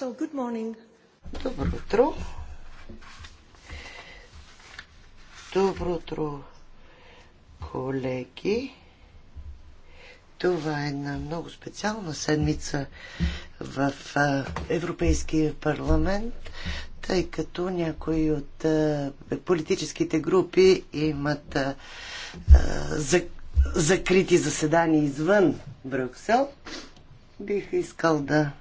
So, good morning. Добро утро. Добро утро, колеги. Това е една много специална седмица в Европейския парламент, тъй като някои от политическите групи имат закрити заседания извън Брюксел. Бих искал да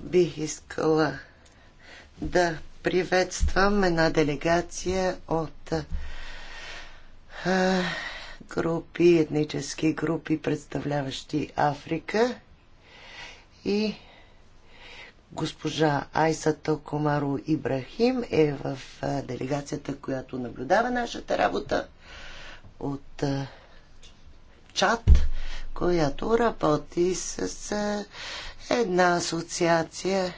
бих искала да приветствам една делегация от групи, етнически групи, представляващи Африка и госпожа Айсата Комаро Ибрахим е в делегацията, която наблюдава нашата работа от чат, която работи с една асоциация,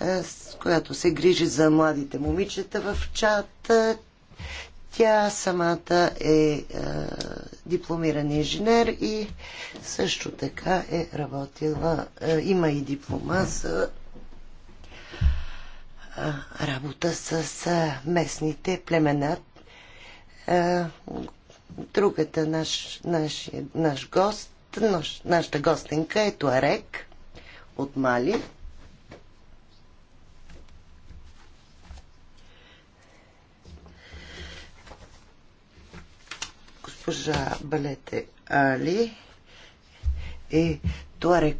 е, с която се грижи за младите момичета в чат. Тя самата е, е дипломиран инженер и също така е работила, е, има и диплома за работа с местните племена. Другата наш, наш, наш гост, наш, нашата гостенка е Туарек от Мали. Госпожа Балете Али е Туарек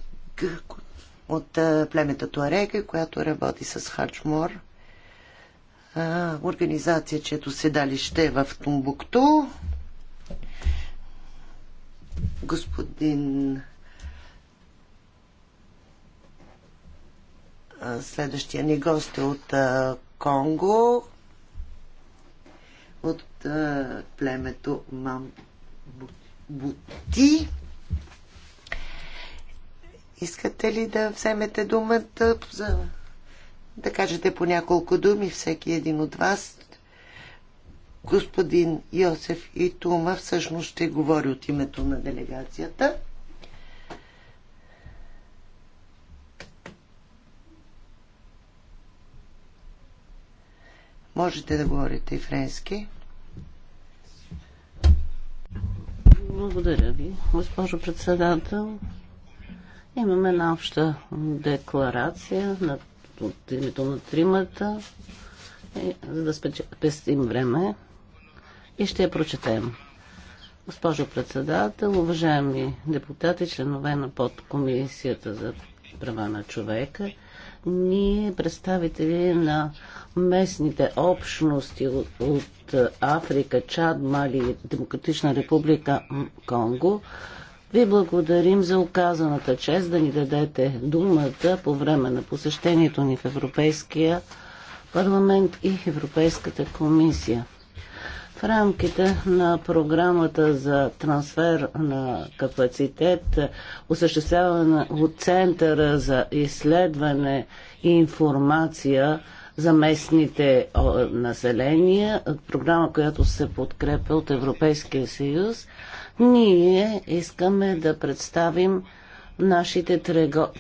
от племето Туарека, която работи с Хачмор – организация, чието седалище е в Тумбукту. Господин Следващия ни гост е от Конго, от племето Мамбути. Искате ли да вземете думата за да кажете по няколко думи всеки един от вас? Господин Йосеф Итума всъщност ще говори от името на делегацията. Можете да говорите и френски. Благодаря ви, госпожо председател. Имаме една обща декларация на, от името на тримата, за да спестим време и ще я прочетем. Госпожо председател, уважаеми депутати, членове на подкомисията за права на човека, ние, представители на местните общности от, от Африка, Чад, Мали, Демократична република Конго, ви благодарим за оказаната чест да ни дадете думата по време на посещението ни в Европейския парламент и Европейската комисия. В рамките на програмата за трансфер на капацитет, осъществявана от Центъра за изследване и информация за местните населения, програма, която се подкрепя от Европейския съюз, ние искаме да представим нашите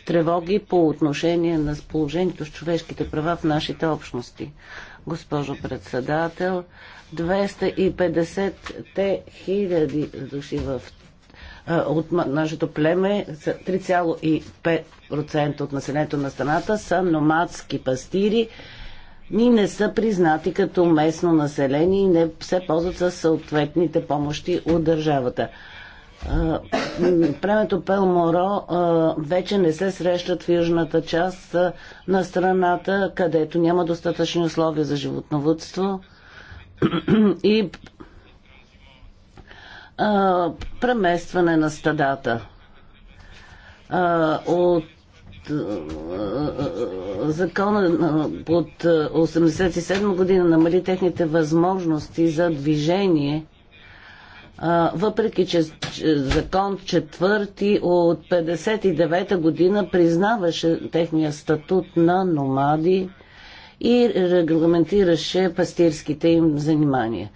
тревоги по отношение на положението с човешките права в нашите общности. Госпожо председател, 250-те хиляди души в, а, от нашето племе, 3,5% от населението на страната са номадски пастири. Ни не са признати като местно население и не се ползват с съответните помощи от държавата. Премето Пелморо вече не се срещат в южната част на страната, където няма достатъчни условия за животновътство и а, преместване на стадата. А, от закона от 87 година намали техните възможности за движение, въпреки че закон четвърти от 59 година признаваше техния статут на номади, и регламентираше пастирските им занимания.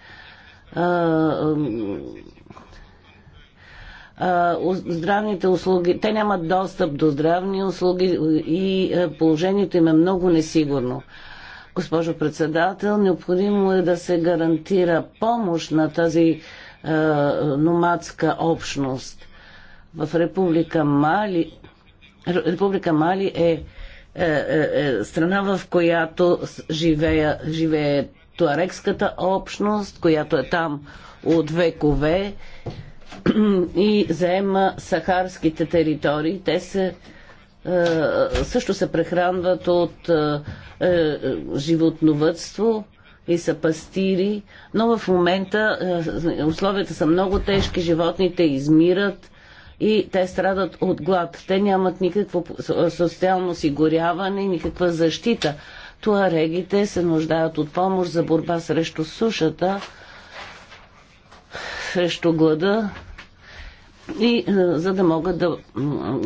Здравните услуги, те нямат достъп до здравни услуги и положението им е много несигурно. Госпожо председател, необходимо е да се гарантира помощ на тази е, номадска общност. В Република Мали, Република Мали е е, е, е, страна, в която живее, живее туарекската общност, която е там от векове и заема сахарските територии. Те се е, също се прехранват от е, е, животновътство и са пастири, но в момента е, условията са много тежки, животните измират, и те страдат от глад. Те нямат никакво социално осигуряване, никаква защита. Туарегите се нуждаят от помощ за борба срещу сушата, срещу глада и е, за да могат да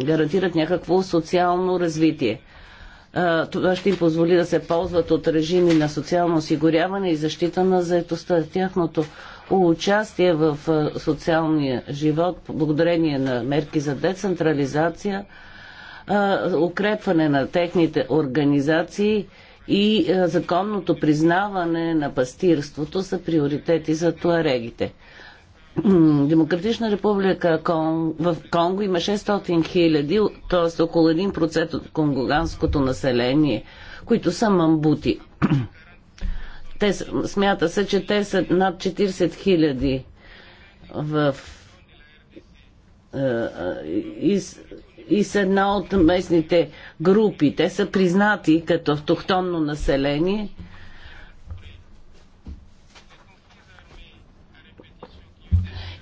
гарантират някакво социално развитие. Е, това ще им позволи да се ползват от режими на социално осигуряване и защита на заетостта. Тяхното участие в социалния живот, благодарение на мерки за децентрализация, укрепване на техните организации и законното признаване на пастирството са приоритети за туарегите. Демократична република в Конго има 600 хиляди, т.е. около 1% от конгоганското население, които са мамбути. Те, смята се, че те са над 40 хиляди в и, и с една от местните групи. Те са признати като автохтонно население.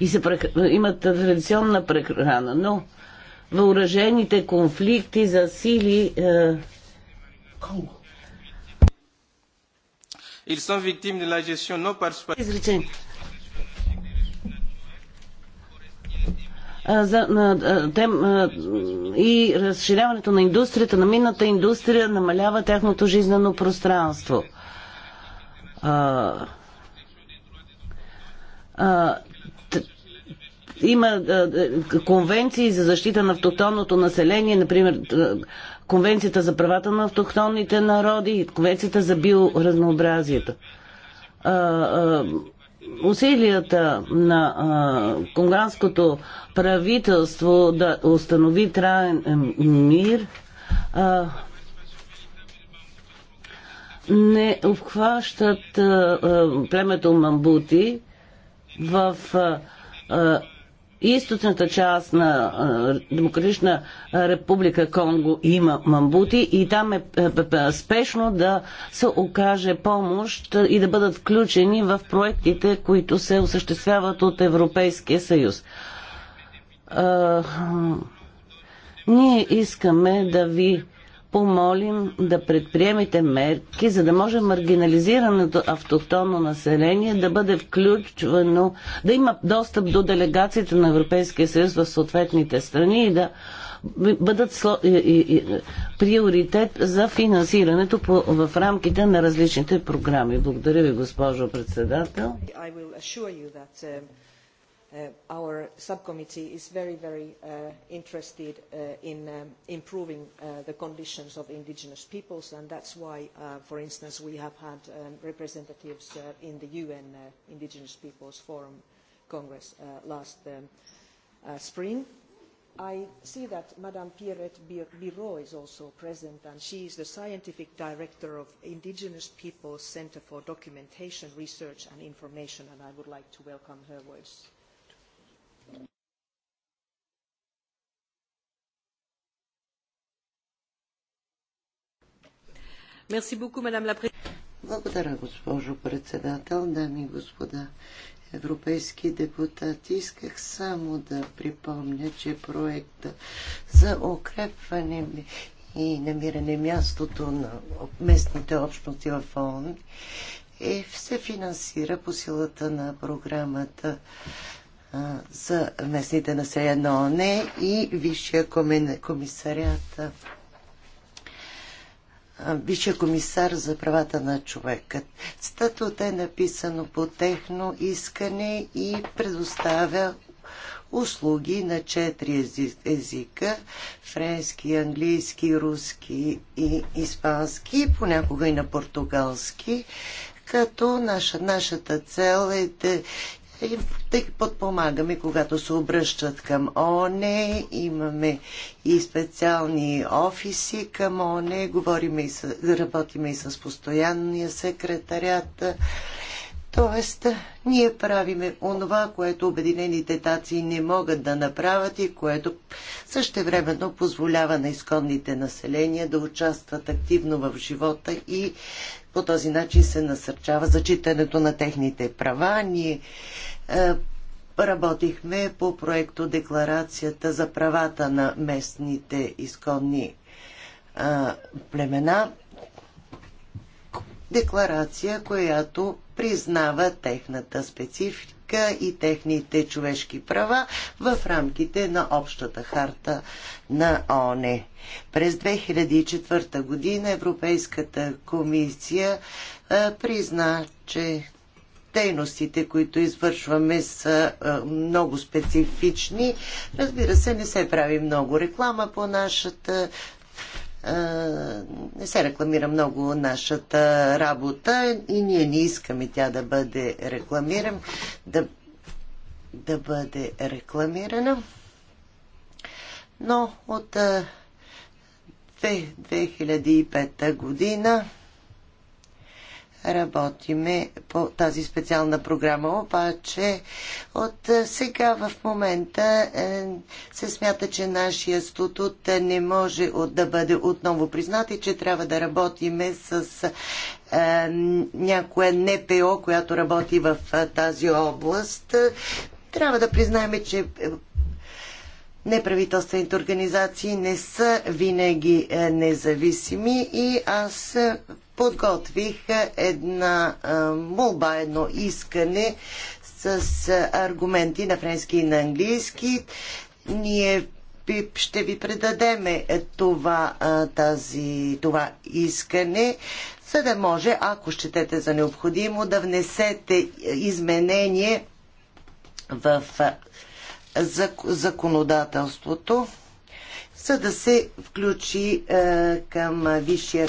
И се, имат традиционна прехрана, но въоръжените конфликти сили. е, Ils sont victimes de la gestion non participative. за, на, тем, и разширяването на индустрията, на минната индустрия намалява тяхното жизнено пространство. А, а, т, има а, конвенции за защита на автотонното население, например Конвенцията за правата на автохтонните народи и Конвенцията за биоразнообразието. Усилията на конганското правителство да установи траен мир не обхващат племето Мамбути в източната част на Демократична република Конго има мамбути и там е, е, е, е спешно да се окаже помощ и да бъдат включени в проектите, които се осъществяват от Европейския съюз. Ние искаме да ви помолим да предприемите мерки, за да може маргинализираното автохтонно население да бъде включвано, да има достъп до делегациите на Европейския съюз в съответните страни и да бъдат приоритет за финансирането в рамките на различните програми. Благодаря ви, госпожо председател our subcommittee is very, very interested in improving the conditions of indigenous peoples, and that is why, for instance, we have had representatives in the UN Indigenous Peoples Forum Congress last spring. I see that Madame Pierrette Biro is also present, and she is the Scientific Director of Indigenous Peoples Centre for Documentation, Research and Information, and I would like to welcome her words Благодаря, госпожо председател, дами и господа европейски депутати. Исках само да припомня, че проекта за укрепване и намиране мястото на местните общности в ООН е, се финансира по силата на програмата а, за местните населения на ООН и Висшия комисариат. Висшия комисар за правата на човека. Статут е написано по техно искане и предоставя услуги на четири езика френски, английски, руски и испански, понякога и на португалски, като наша, нашата цел е да и тъй подпомагаме, когато се обръщат към ОНЕ. Имаме и специални офиси към ОНЕ. Говориме и с, работиме и с постоянния секретарят. Тоест, ние правиме онова, което Обединените таци не могат да направят и което същевременно позволява на изконните населения да участват активно в живота и по този начин се насърчава зачитането на техните права. Ние е, работихме по проекто Декларацията за правата на местните изконни е, племена. Декларация, която признава техната специфика човека и техните човешки права в рамките на общата харта на ООН. През 2004 година Европейската комисия а, призна, че дейностите, които извършваме са много специфични. Разбира се, не се прави много реклама по нашата не се рекламира много нашата работа и ние не искаме тя да бъде рекламирана, да, да бъде рекламирана. Но от 2005 година работиме по тази специална програма. Обаче от е, сега в момента е, се смята, че нашия статут не може да бъде отново признат и че трябва да работиме с е, някоя НПО, която работи в тази област. Трябва да признаем, че неправителствените организации не са винаги независими и аз подготвих една молба, едно искане с аргументи на френски и на английски. Ние ще ви предадеме това, тази, това искане, за да може, ако щетете за необходимо, да внесете изменение в законодателството, за да се включи е, към Висшия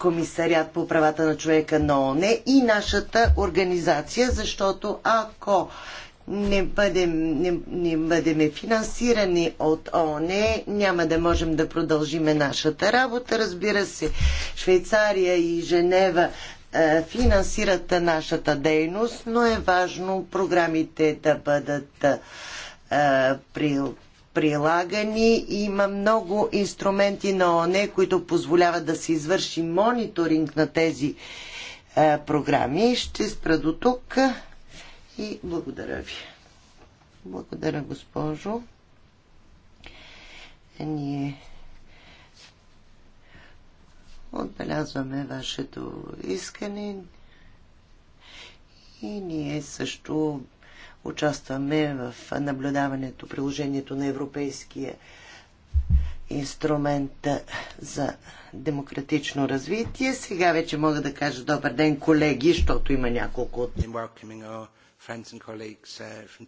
комисарят по правата на човека на ООН и нашата организация, защото ако не бъдем, не, не бъдем финансирани от ООН, няма да можем да продължиме нашата работа. Разбира се, Швейцария и Женева е, финансират нашата дейност, но е важно програмите да бъдат е, прилагани. Има много инструменти на ОНЕ, които позволяват да се извърши мониторинг на тези е, програми. Ще спра до тук и благодаря ви. Благодаря, госпожо. Ние отбелязваме вашето искане и ние също Участваме в наблюдаването, приложението на европейския инструмент за демократично развитие. Сега вече мога да кажа добър ден, колеги, защото има няколко от friends and colleagues uh, from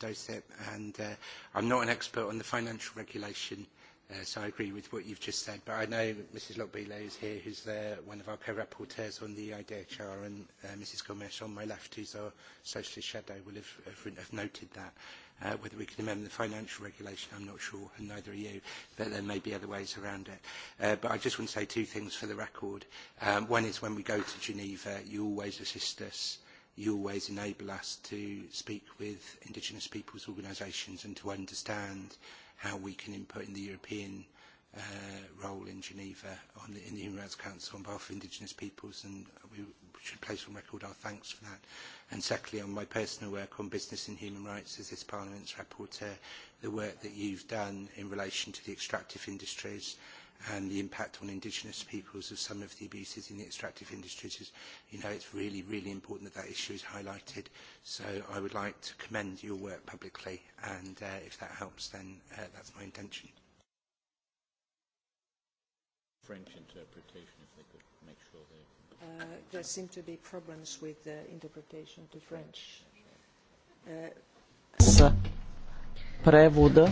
and uh, I'm not an expert on the financial regulation so I agree with what you've just said. But I know Mrs. Lockbilo is here, who's there, one of our co-rapporteurs on the IDHR, and uh, Mrs. Gomes on my left, who's our socialist shadow, will have, have, have noted that. Uh, whether we can amend the financial regulation, I'm not sure, and neither are you, but there may be other ways around it. Uh, but I just want to say two things for the record. Um, one is when we go to Geneva, you always assist us you always enable us to speak with Indigenous people's organisations and to understand uh, how we can input in the European uh, role in Geneva on the, in the Human Rights Council on behalf of Indigenous peoples, and we should place on record our thanks for that. And secondly, on my personal work on business and human rights as this Parliament's rapporteur, the work that you've done in relation to the extractive industries, and the impact on indigenous peoples of some of the abuses in the extractive industries is, you know, it's really, really important that that issue is highlighted. So I would like to commend your work publicly, and uh, if that helps, then uh, that's my intention. French interpretation, if they could make sure they... Uh, there seem to be problems with the uh, interpretation to French. Uh, превода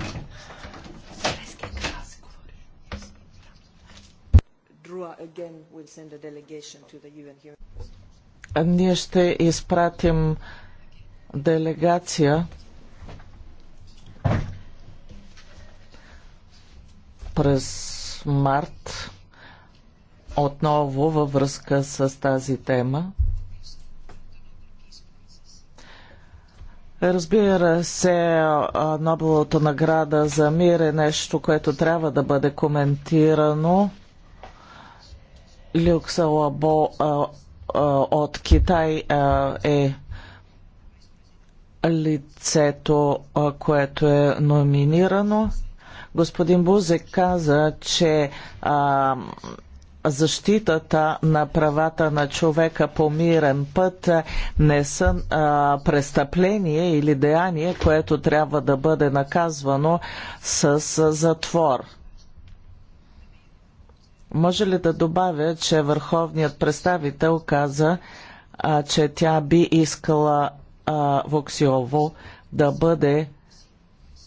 Ние ще изпратим делегация през март отново във връзка с тази тема. Разбира се, Нобеловата награда за мир е нещо, което трябва да бъде коментирано. Люксалабо от Китай е лицето, което е номинирано. Господин Бузек каза, че а, защитата на правата на човека по мирен път не са а, престъпление или деяние, което трябва да бъде наказвано с затвор. Може ли да добавя, че върховният представител каза, а, че тя би искала а, Воксиово да бъде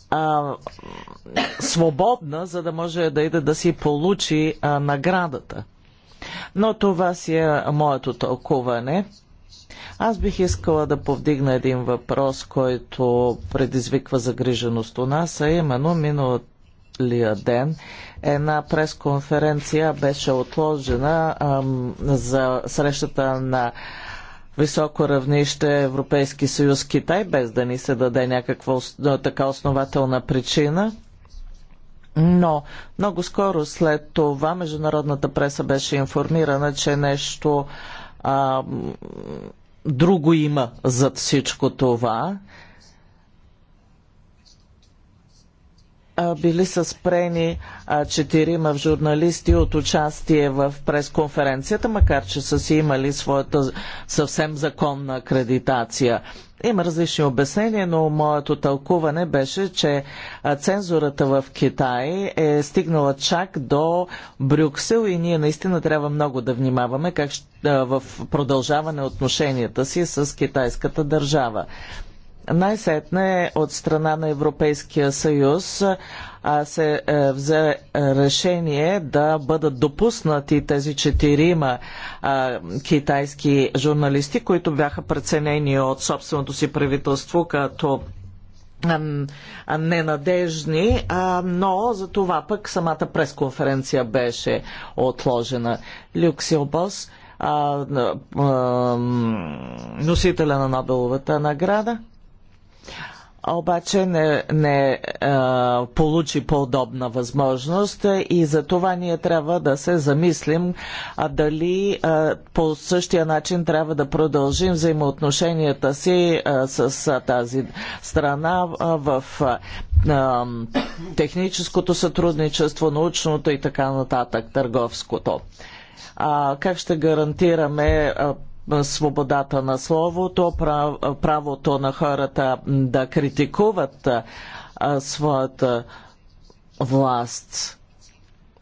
а, свободна, за да може да иде да си получи а, наградата. Но това си е моето тълкуване. Аз бих искала да повдигна един въпрос, който предизвиква загриженост у нас, а именно миналата миналия ден една пресконференция беше отложена ам, за срещата на високо равнище Европейски съюз Китай, без да ни се даде някаква така основателна причина. Но много скоро след това международната преса беше информирана, че нещо а, друго има зад всичко това. били са спрени четирима журналисти от участие в пресконференцията, макар че са си имали своята съвсем законна акредитация. Има различни обяснения, но моето тълкуване беше, че цензурата в Китай е стигнала чак до Брюксел и ние наистина трябва много да внимаваме как в продължаване отношенията си с китайската държава най-сетне от страна на Европейския съюз се е, взе е, решение да бъдат допуснати тези четирима китайски журналисти, които бяха преценени от собственото си правителство като ненадежни, но за това пък самата пресконференция беше отложена. Люксил носителя на Нобеловата награда, обаче не, не а, получи подобна възможност и за това ние трябва да се замислим а дали а, по същия начин трябва да продължим взаимоотношенията си а, с а, тази страна а, в а, техническото сътрудничество, научното и така нататък, търговското. А, как ще гарантираме а, свободата на словото, правото на хората да критикуват своята власт.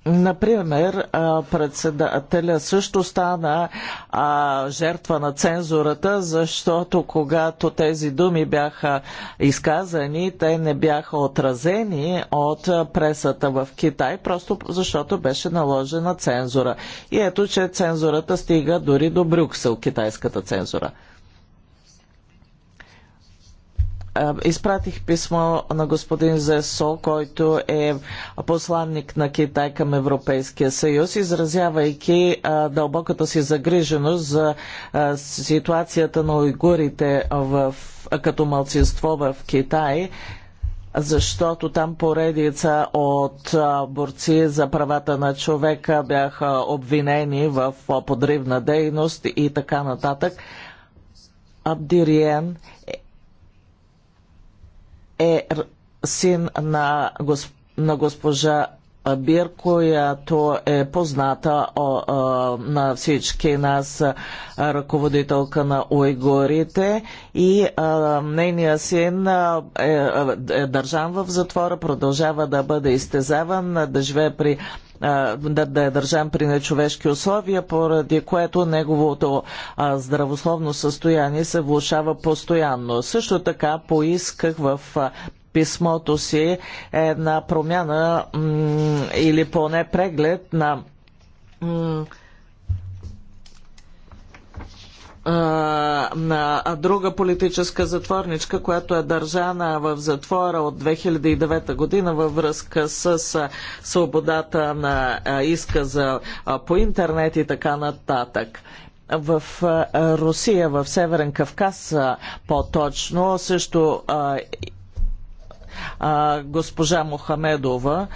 Например, председателя също стана а, жертва на цензурата, защото когато тези думи бяха изказани, те не бяха отразени от пресата в Китай, просто защото беше наложена цензура. И ето, че цензурата стига дори до Брюксел, китайската цензура. Е, изпратих писмо на господин Зесо, който е посланник на Китай към Европейския съюз, изразявайки е, дълбоката си загриженост за е, ситуацията на уйгурите в, като малцинство в Китай защото там поредица от борци за правата на човека бяха обвинени в подривна дейност и така нататък. Абдириен е син на, госп... на госпожа Бир, която е позната о, о, на всички нас ръководителка на уйгурите и нейният син е, е, е държан в затвора, продължава да бъде изтезаван, да живее при да, да е държан при нечовешки условия, поради което неговото здравословно състояние се влушава постоянно. Също така поисках в писмото си една промяна или поне преглед на на друга политическа затворничка, която е държана в затвора от 2009 година във връзка с свободата на изказа по интернет и така нататък в Русия, в Северен Кавказ по-точно, също госпожа Мохамедова,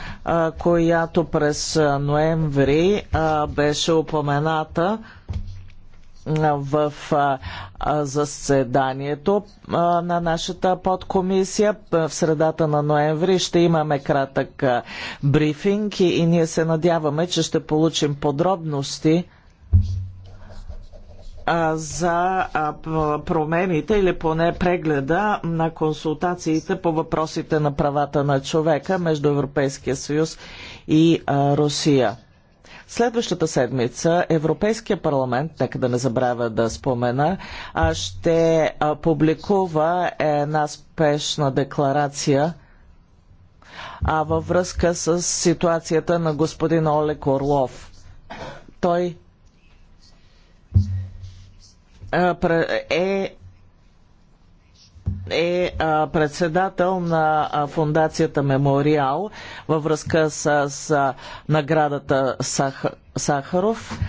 която през ноември беше упомената в заседанието на нашата подкомисия. В средата на ноември ще имаме кратък брифинг и, и ние се надяваме, че ще получим подробности за промените или поне прегледа на консултациите по въпросите на правата на човека между Европейския съюз и Русия. Следващата седмица Европейския парламент, нека да не забравя да спомена, ще публикува една спешна декларация а във връзка с ситуацията на господин Олег Орлов. Той е е председател на фундацията Мемориал във връзка с наградата Сах... Сахаров.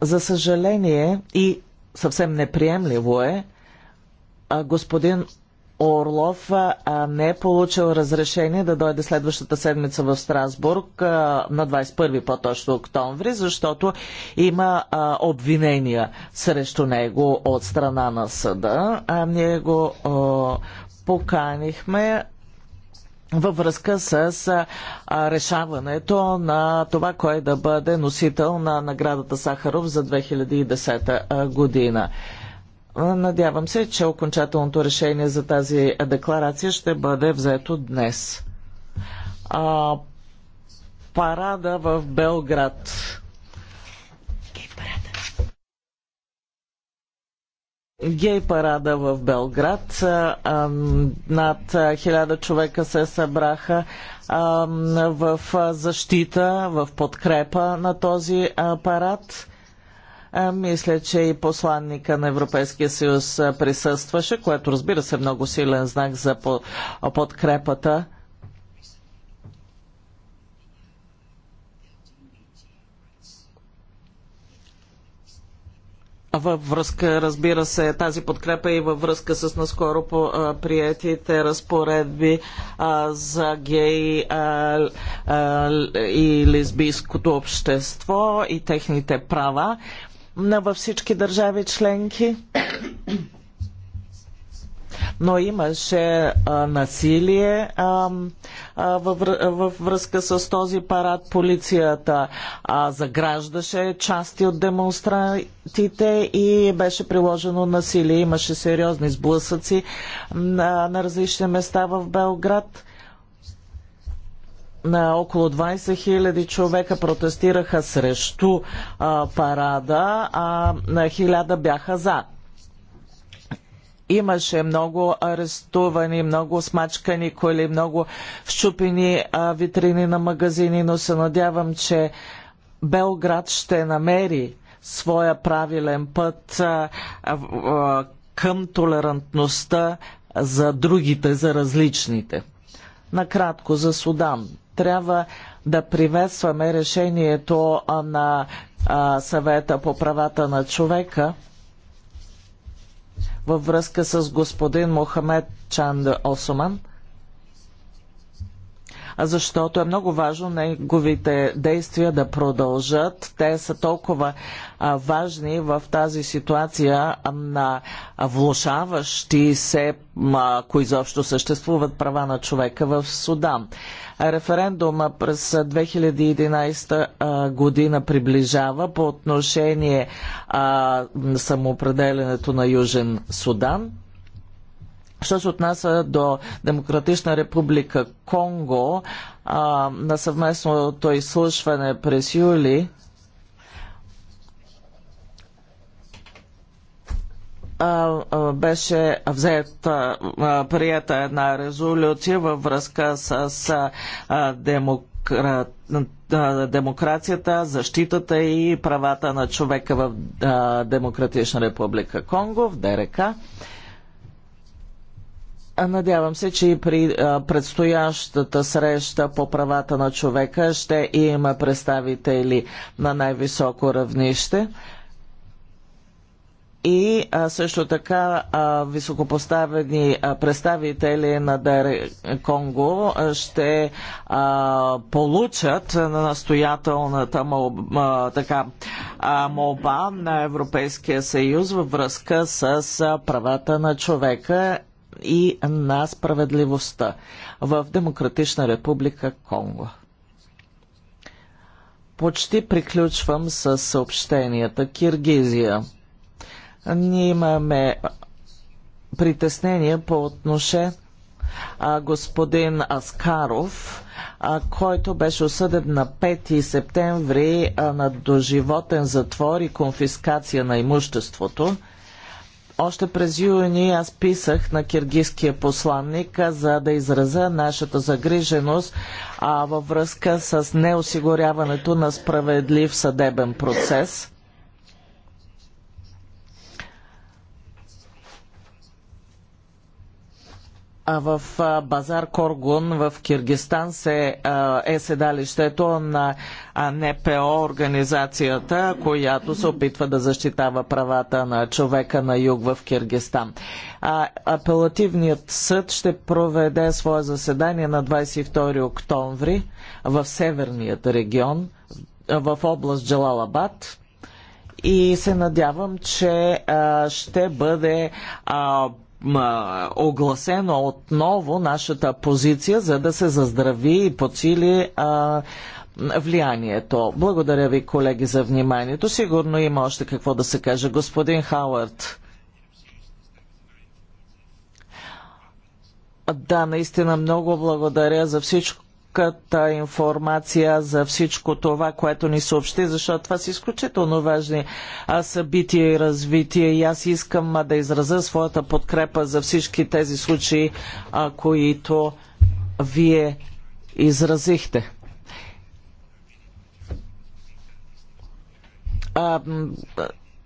За съжаление и съвсем неприемливо е господин Орлов а, не е получил разрешение да дойде следващата седмица в Страсбург а, на 21 по-точно октомври, защото има а, обвинения срещу него от страна на съда. А, ние го а, поканихме във връзка с а, решаването на това, кой да бъде носител на наградата Сахаров за 2010 година. Надявам се, че окончателното решение за тази декларация ще бъде взето днес. А, парада в Белград. Гей парада. Гей парада в Белград. А, над хиляда човека се събраха а, в защита, в подкрепа на този парад мисля, че и посланника на Европейския съюз присъстваше, което разбира се е много силен знак за подкрепата. Във връзка, разбира се, тази подкрепа и във връзка с наскоро приетите разпоредби а, за гей а, а, и лесбийското общество и техните права на във всички държави членки. Но имаше а, насилие а, а, във, във връзка с този парад. Полицията а, заграждаше части от демонстрантите и беше приложено насилие. Имаше сериозни сблъсъци на различни места в Белград на около 20 000 човека протестираха срещу а, парада, а на 1000 бяха за. Имаше много арестувани, много смачкани коли, много щупени а, витрини на магазини, но се надявам, че Белград ще намери своя правилен път а, а, към толерантността за другите, за различните. Накратко за Судан трябва да приветстваме решението на съвета по правата на човека във връзка с господин Мохамед Чанд Осоман – защото е много важно неговите действия да продължат. Те са толкова важни в тази ситуация на влушаващи се, ако изобщо съществуват права на човека в Судан. Референдума през 2011 година приближава по отношение самоопределенето на Южен Судан. Що се отнася до Демократична република Конго, а, на съвместното изслушване през юли, беше взета, прията една резолюция във връзка с демокра... демокрацията, защитата и правата на човека в Демократична република Конго, в ДРК. Надявам се, че и при предстоящата среща по правата на човека ще има представители на най-високо равнище и също така високопоставени представители на ДР Конго ще получат настоятелната молба на Европейския съюз във връзка с правата на човека и на справедливостта в Демократична република Конго. Почти приключвам с съобщенията. Киргизия. Ние имаме притеснения по отношение господин Аскаров, който беше осъден на 5 септември на доживотен затвор и конфискация на имуществото. Още през юни аз писах на киргизския посланник, за да изразя нашата загриженост а, във връзка с неосигуряването на справедлив съдебен процес в Базар Коргун в Киргистан се, е седалището на НПО организацията, която се опитва да защитава правата на човека на юг в Киргистан. А, апелативният съд ще проведе свое заседание на 22 октомври в северният регион, в област Джалалабад, и се надявам, че а, ще бъде а, огласено отново нашата позиция, за да се заздрави и подсили а, влиянието. Благодаря ви, колеги, за вниманието. Сигурно има още какво да се каже. Господин Хауърд. Да, наистина много благодаря за всичко кратката информация за всичко това, което ни съобщи, защото това са изключително важни събития и развитие. И аз искам да изразя своята подкрепа за всички тези случаи, които вие изразихте.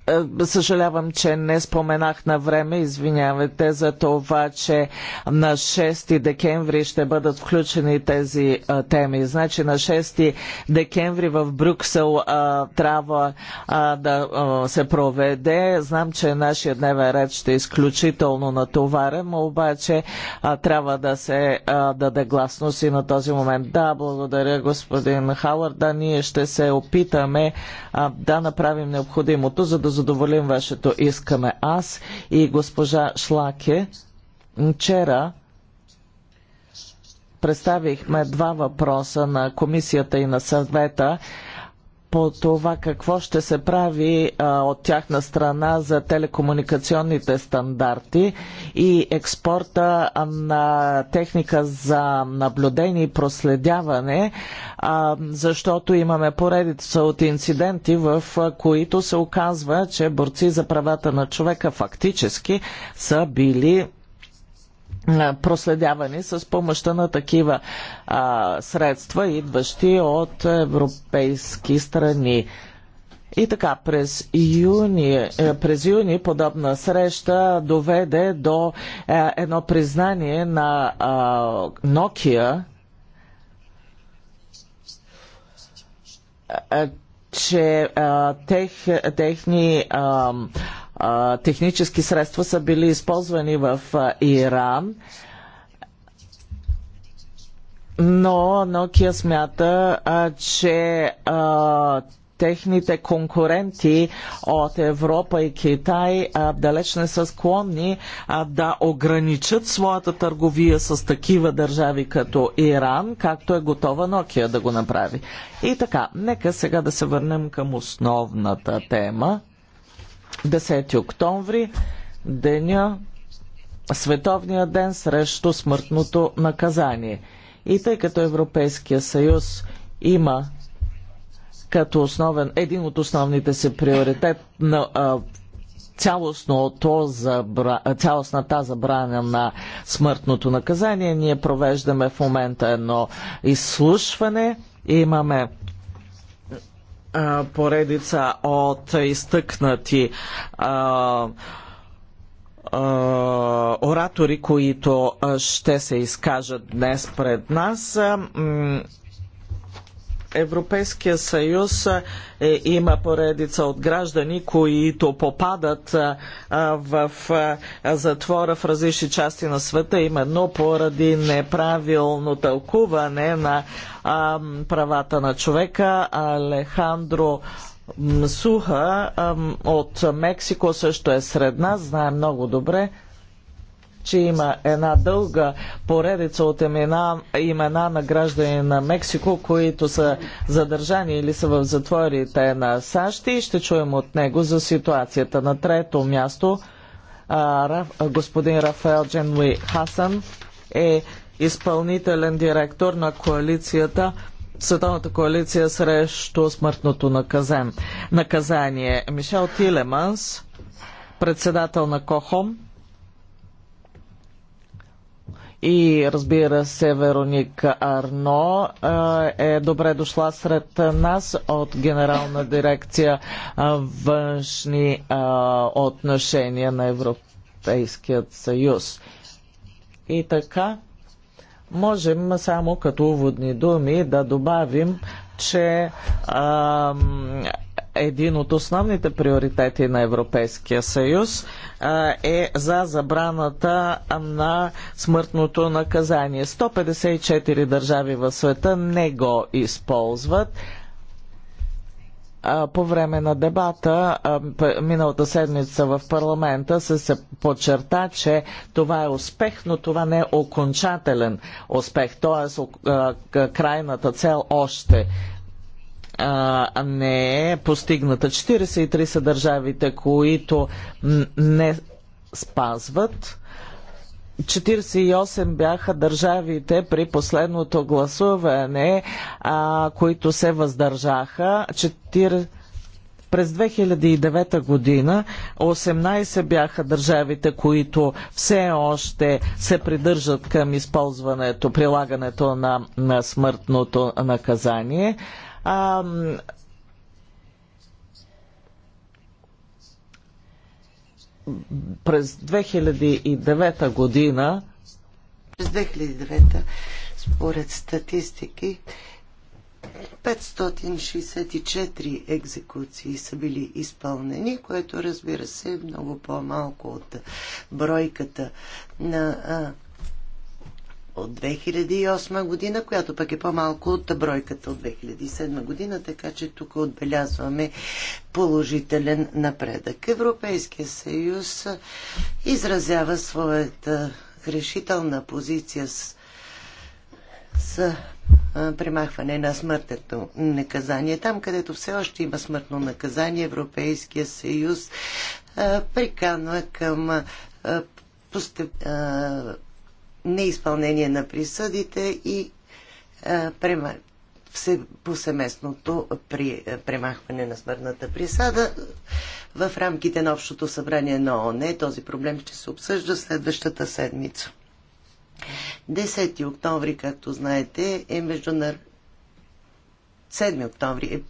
Е, съжалявам, че не споменах на време. Извинявайте за това, че на 6 декември ще бъдат включени тези а, е, теми. Значи на 6 декември в Брюксел а, е, трябва а, да се проведе. Знам, че нашия дневен ред ще е изключително натоварен, обаче трябва да се даде гласност и на този момент. Да, благодаря господин Хауърд. Да, ние ще се опитаме да направим необходимото, за да задоволим вашето искаме аз и госпожа Шлаке. Вчера представихме два въпроса на комисията и на съвета по това какво ще се прави а, от тяхна страна за телекомуникационните стандарти и експорта на техника за наблюдение и проследяване, а, защото имаме поредица от инциденти, в които се оказва, че борци за правата на човека фактически са били проследявани с помощта на такива а, средства, идващи от европейски страни. И така, през юни, е, през юни подобна среща доведе до е, едно признание на е, Nokia, е, че е, тех, техни е, технически средства са били използвани в Иран. Но Nokia смята, а, че а, техните конкуренти от Европа и Китай а, далеч не са склонни а, да ограничат своята търговия с такива държави като Иран, както е готова Nokia да го направи. И така, нека сега да се върнем към основната тема. 10 октомври, деня, Световния ден срещу смъртното наказание. И тъй като Европейския съюз има като основен, един от основните си приоритет на а, то забра... цялостната забрана на смъртното наказание. Ние провеждаме в момента едно изслушване. Имаме поредица от изтъкнати а, оратори, които ще се изкажат днес пред нас. Европейския съюз е, има поредица от граждани, които попадат а, в а, затвора в различни части на света, именно поради неправилно тълкуване на а, правата на човека. Алехандро Суха а, от Мексико също е сред нас. Знае много добре че има една дълга поредица от имена, имена на граждани на Мексико, които са задържани или са в затворите на САЩ и ще чуем от него за ситуацията. На трето място а, господин Рафаел Дженуи Хасан е изпълнителен директор на коалицията Световната коалиция срещу смъртното наказание. Мишел Тилеманс, председател на КОХОМ и разбира се Вероника Арно е добре дошла сред нас от Генерална дирекция външни отношения на Европейският съюз. И така, Можем само като уводни думи да добавим, че а, един от основните приоритети на Европейския съюз а, е за забраната на смъртното наказание. 154 държави в света не го използват по време на дебата миналата седмица в парламента се, се подчерта, че това е успех, но това не е окончателен успех, т.е. крайната цел още не е постигната. 43 са държавите, които не спазват 48 бяха държавите при последното гласуване, а, които се въздържаха. 4... През 2009 година 18 бяха държавите, които все още се придържат към използването, прилагането на, на смъртното наказание. А, през 2009 година през 2009 според статистики 564 екзекуции са били изпълнени, което разбира се е много по-малко от бройката на от 2008 година, която пък е по-малко от бройката от 2007 година, така че тук отбелязваме положителен напредък. Европейския съюз изразява своята решителна позиция с, с примахване на смъртното наказание. Там, където все още има смъртно наказание, Европейския съюз приканва към постеп неизпълнение на присъдите и е, повсеместното при е, премахване на смъртната присада. В рамките на Общото събрание на ООН този проблем ще се обсъжда следващата седмица. 10 октомври, както знаете, е международ... 7 октомври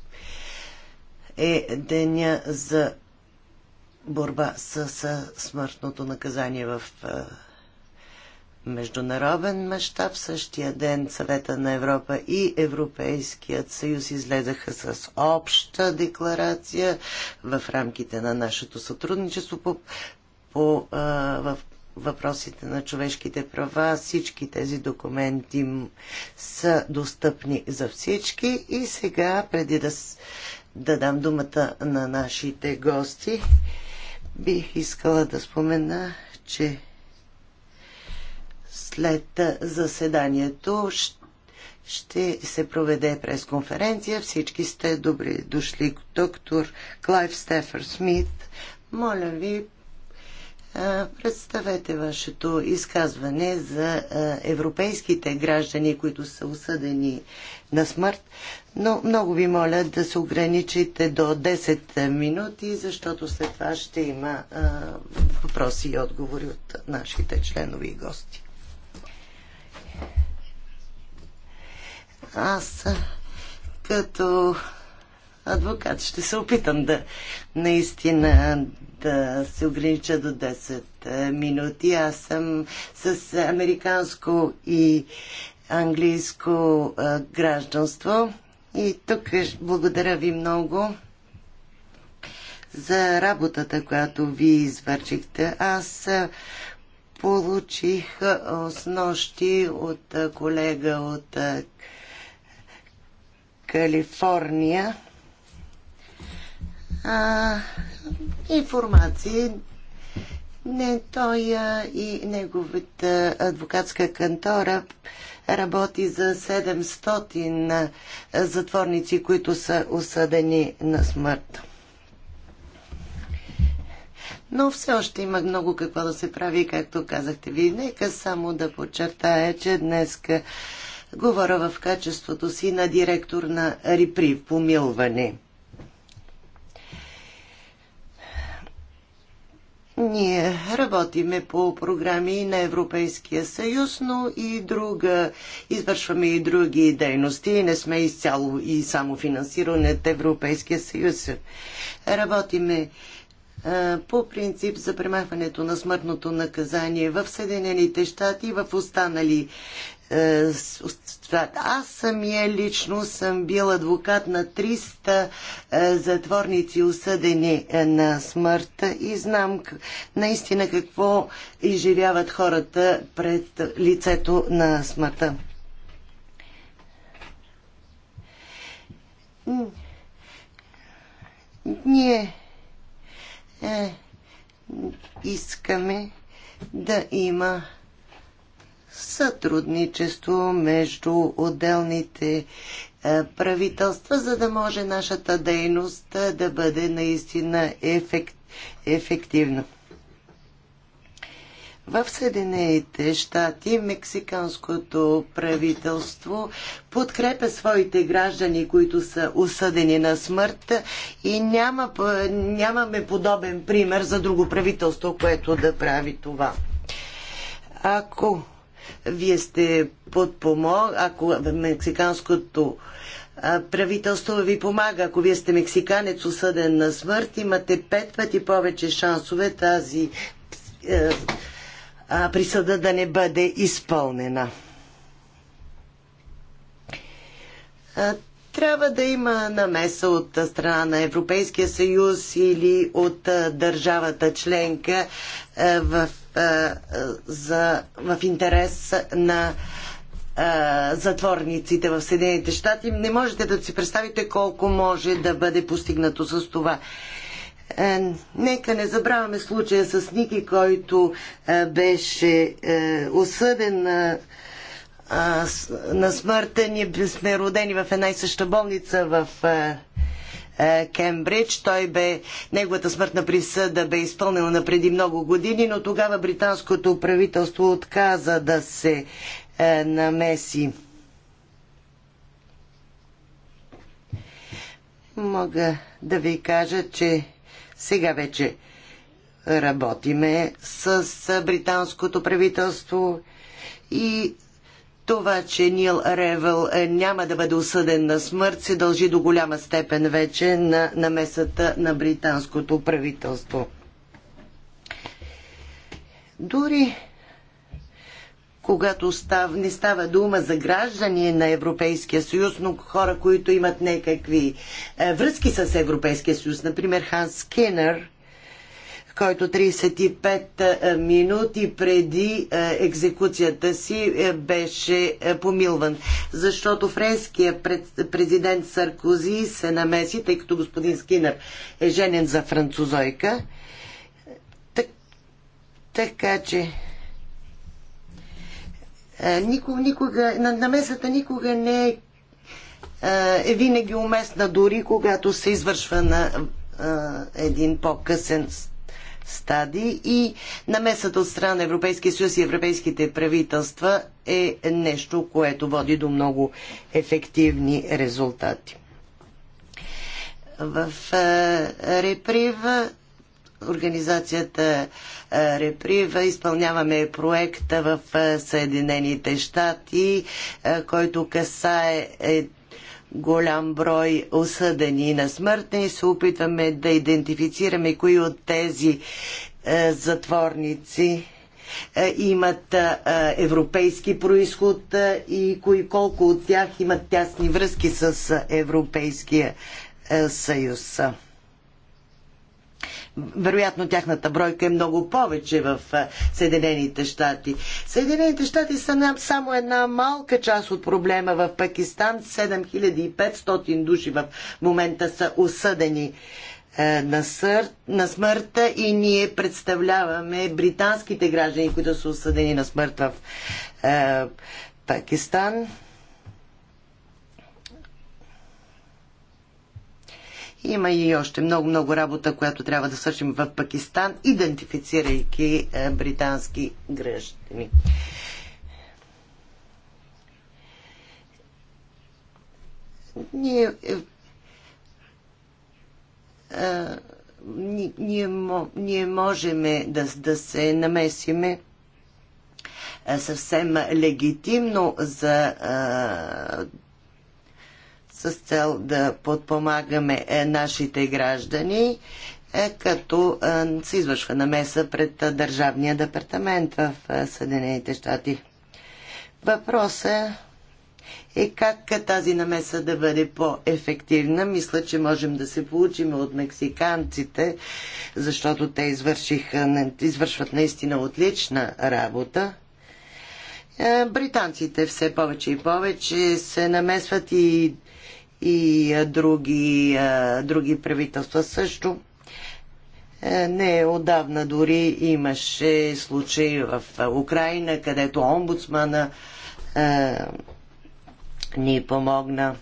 е, е деня за борба с, с смъртното наказание в е, международен мащаб. Същия ден Съвета на Европа и Европейският съюз излезаха с обща декларация в рамките на нашето сътрудничество по, по а, в въпросите на човешките права. Всички тези документи са достъпни за всички. И сега, преди да, да дам думата на нашите гости, бих искала да спомена, че след заседанието ще се проведе пресконференция. Всички сте добри дошли. Доктор Клайв Стефър Смит, моля ви, представете вашето изказване за европейските граждани, които са осъдени на смърт, но много ви моля да се ограничите до 10 минути, защото след това ще има въпроси и отговори от нашите членови и гости. Аз като адвокат ще се опитам да наистина да се огранича до 10 е, минути. Аз съм с американско и английско е, гражданство и тук е, благодаря ви много за работата, която ви извършихте. Аз получих с нощи от колега от Калифорния а, информации. Не, той а, и неговата адвокатска кантора работи за 700 затворници, които са осъдени на смърт. Но все още има много какво да се прави, както казахте ви. Нека само да подчертая, че днес Говоря в качеството си на директор на Рипри в помилване. Ние работиме по програми на Европейския съюз, но и друга, извършваме и други дейности не сме изцяло и само финансиране от Европейския съюз. Работиме а, по принцип за премахването на смъртното наказание в Съединените щати и в останали е, аз самия лично съм бил адвокат на 300 е, затворници, осъдени е, на смърт и знам наистина какво изживяват хората пред лицето на смъртта. Ние е, искаме да има сътрудничество между отделните е, правителства, за да може нашата дейност е, да бъде наистина ефект, ефективна. В Съединените щати мексиканското правителство подкрепя своите граждани, които са осъдени на смърт и няма, нямаме подобен пример за друго правителство, което да прави това. Ако вие сте подпомог, ако мексиканското правителство ви помага. Ако вие сте мексиканец, осъден на смърт, имате пет пъти повече шансове тази а, е, а, присъда да не бъде изпълнена. А, трябва да има намеса от страна на Европейския съюз или от държавата членка в, за, в интерес на затворниците в Съединените щати. Не можете да си представите колко може да бъде постигнато с това. Е, нека не забравяме случая с Ники, който беше е, осъден на смъртта. Ние сме родени в една и съща болница в Кембридж. Той бе, неговата смъртна присъда бе изпълнена на преди много години, но тогава британското правителство отказа да се намеси. Мога да ви кажа, че сега вече работиме с британското правителство и това, че Нил Ревел е, няма да бъде осъден на смърт, се дължи до голяма степен вече на намесата на британското правителство. Дори когато став, не става дума за граждани на Европейския съюз, но хора, които имат някакви е, връзки с Европейския съюз. Например, Ханс Скинер който 35 е, е, минути преди е, екзекуцията си беше помилван. Защото френският президент Саркози се намеси, тъй като господин Скинър е женен за французойка. Так, така че никога, никога, намесата никога не е, е винаги уместна, дори когато се извършва на е, един по-късен стадии и намесата от страна на Европейския съюз и европейските правителства е нещо, което води до много ефективни резултати. В е, реприва организацията е, Реприва. Изпълняваме проекта в е, Съединените щати, който касае голям брой осъдени на смърт и се опитваме да идентифицираме кои от тези е, затворници е, имат е, европейски происход е, и кои колко от тях имат тясни връзки с е, Европейския е, съюз вероятно тяхната бройка е много повече в е, Съединените щати. Съединените щати са само една малка част от проблема в Пакистан. 7500 души в момента са осъдени е, на, сър... на смърт и ние представляваме британските граждани, които са осъдени на смърт в е, Пакистан. Има и още много-много работа, която трябва да свършим в Пакистан, идентифицирайки е, британски граждани. Ние е, е, ние, ние можем да, да се намесиме съвсем легитимно за с цел да подпомагаме е, нашите граждани, е, като е, се извършва намеса пред Държавния департамент в Съединените щати. Въпросът е как тази намеса да бъде по-ефективна. Мисля, че можем да се получим от мексиканците, защото те извършват наистина отлична работа. Британците все повече и повече се намесват и и други, други правителства също. Е, не, отдавна дори имаше случаи в Украина, където омбудсмана е, ни помогна.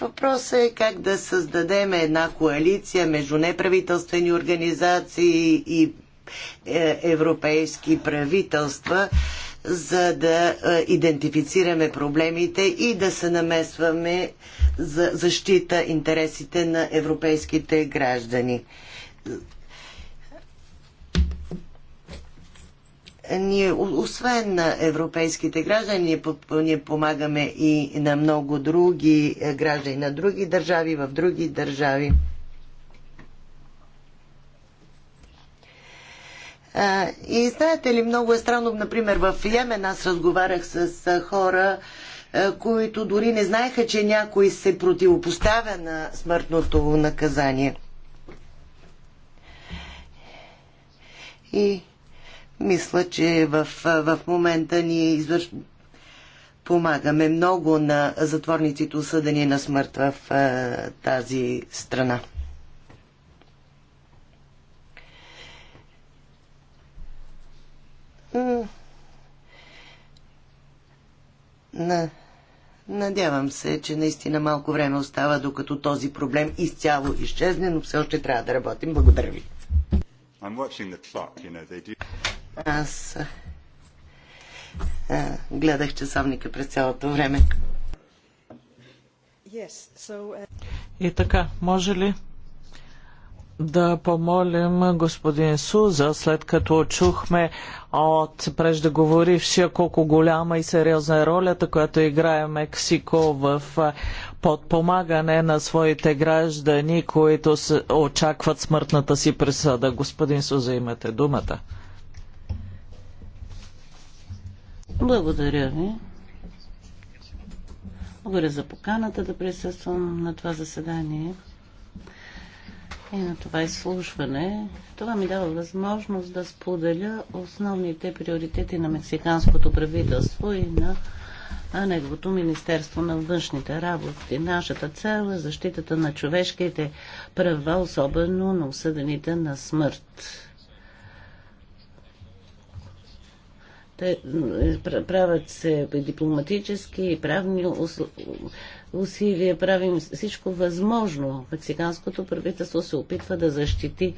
Въпросът е как да създадем една коалиция между неправителствени организации и е, европейски правителства, за да идентифицираме проблемите и да се намесваме за защита интересите на европейските граждани. Ние, освен на европейските граждани, ние помагаме и на много други е, граждани на други държави, в други държави. И знаете ли, много е странно, например, в Йемен аз разговарях с хора, които дори не знаеха, че някой се противопоставя на смъртното наказание. И мисля, че в, в момента ние извърш... помагаме много на затворниците осъдени на смърт в тази страна. На... Надявам се, че наистина малко време остава, докато този проблем изцяло изчезне, но все още трябва да работим. Благодаря ви. Clock, you know, do... Аз а, гледах часовника през цялото време. Yes, so, uh... И така, може ли да помолим господин Суза, след като чухме от преждеговорившия колко голяма и сериозна е ролята, която играе Мексико в подпомагане на своите граждани, които очакват смъртната си присъда. Господин Суза, имате думата. Благодаря ви. Благодаря за поканата да присъствам на това заседание и на това изслушване. Това ми дава възможност да споделя основните приоритети на мексиканското правителство и на неговото Министерство на външните работи. Нашата цел е защитата на човешките права, особено на осъдените на смърт. Те е, правят се дипломатически и правни усилия правим всичко възможно. Мексиканското правителство се опитва да защити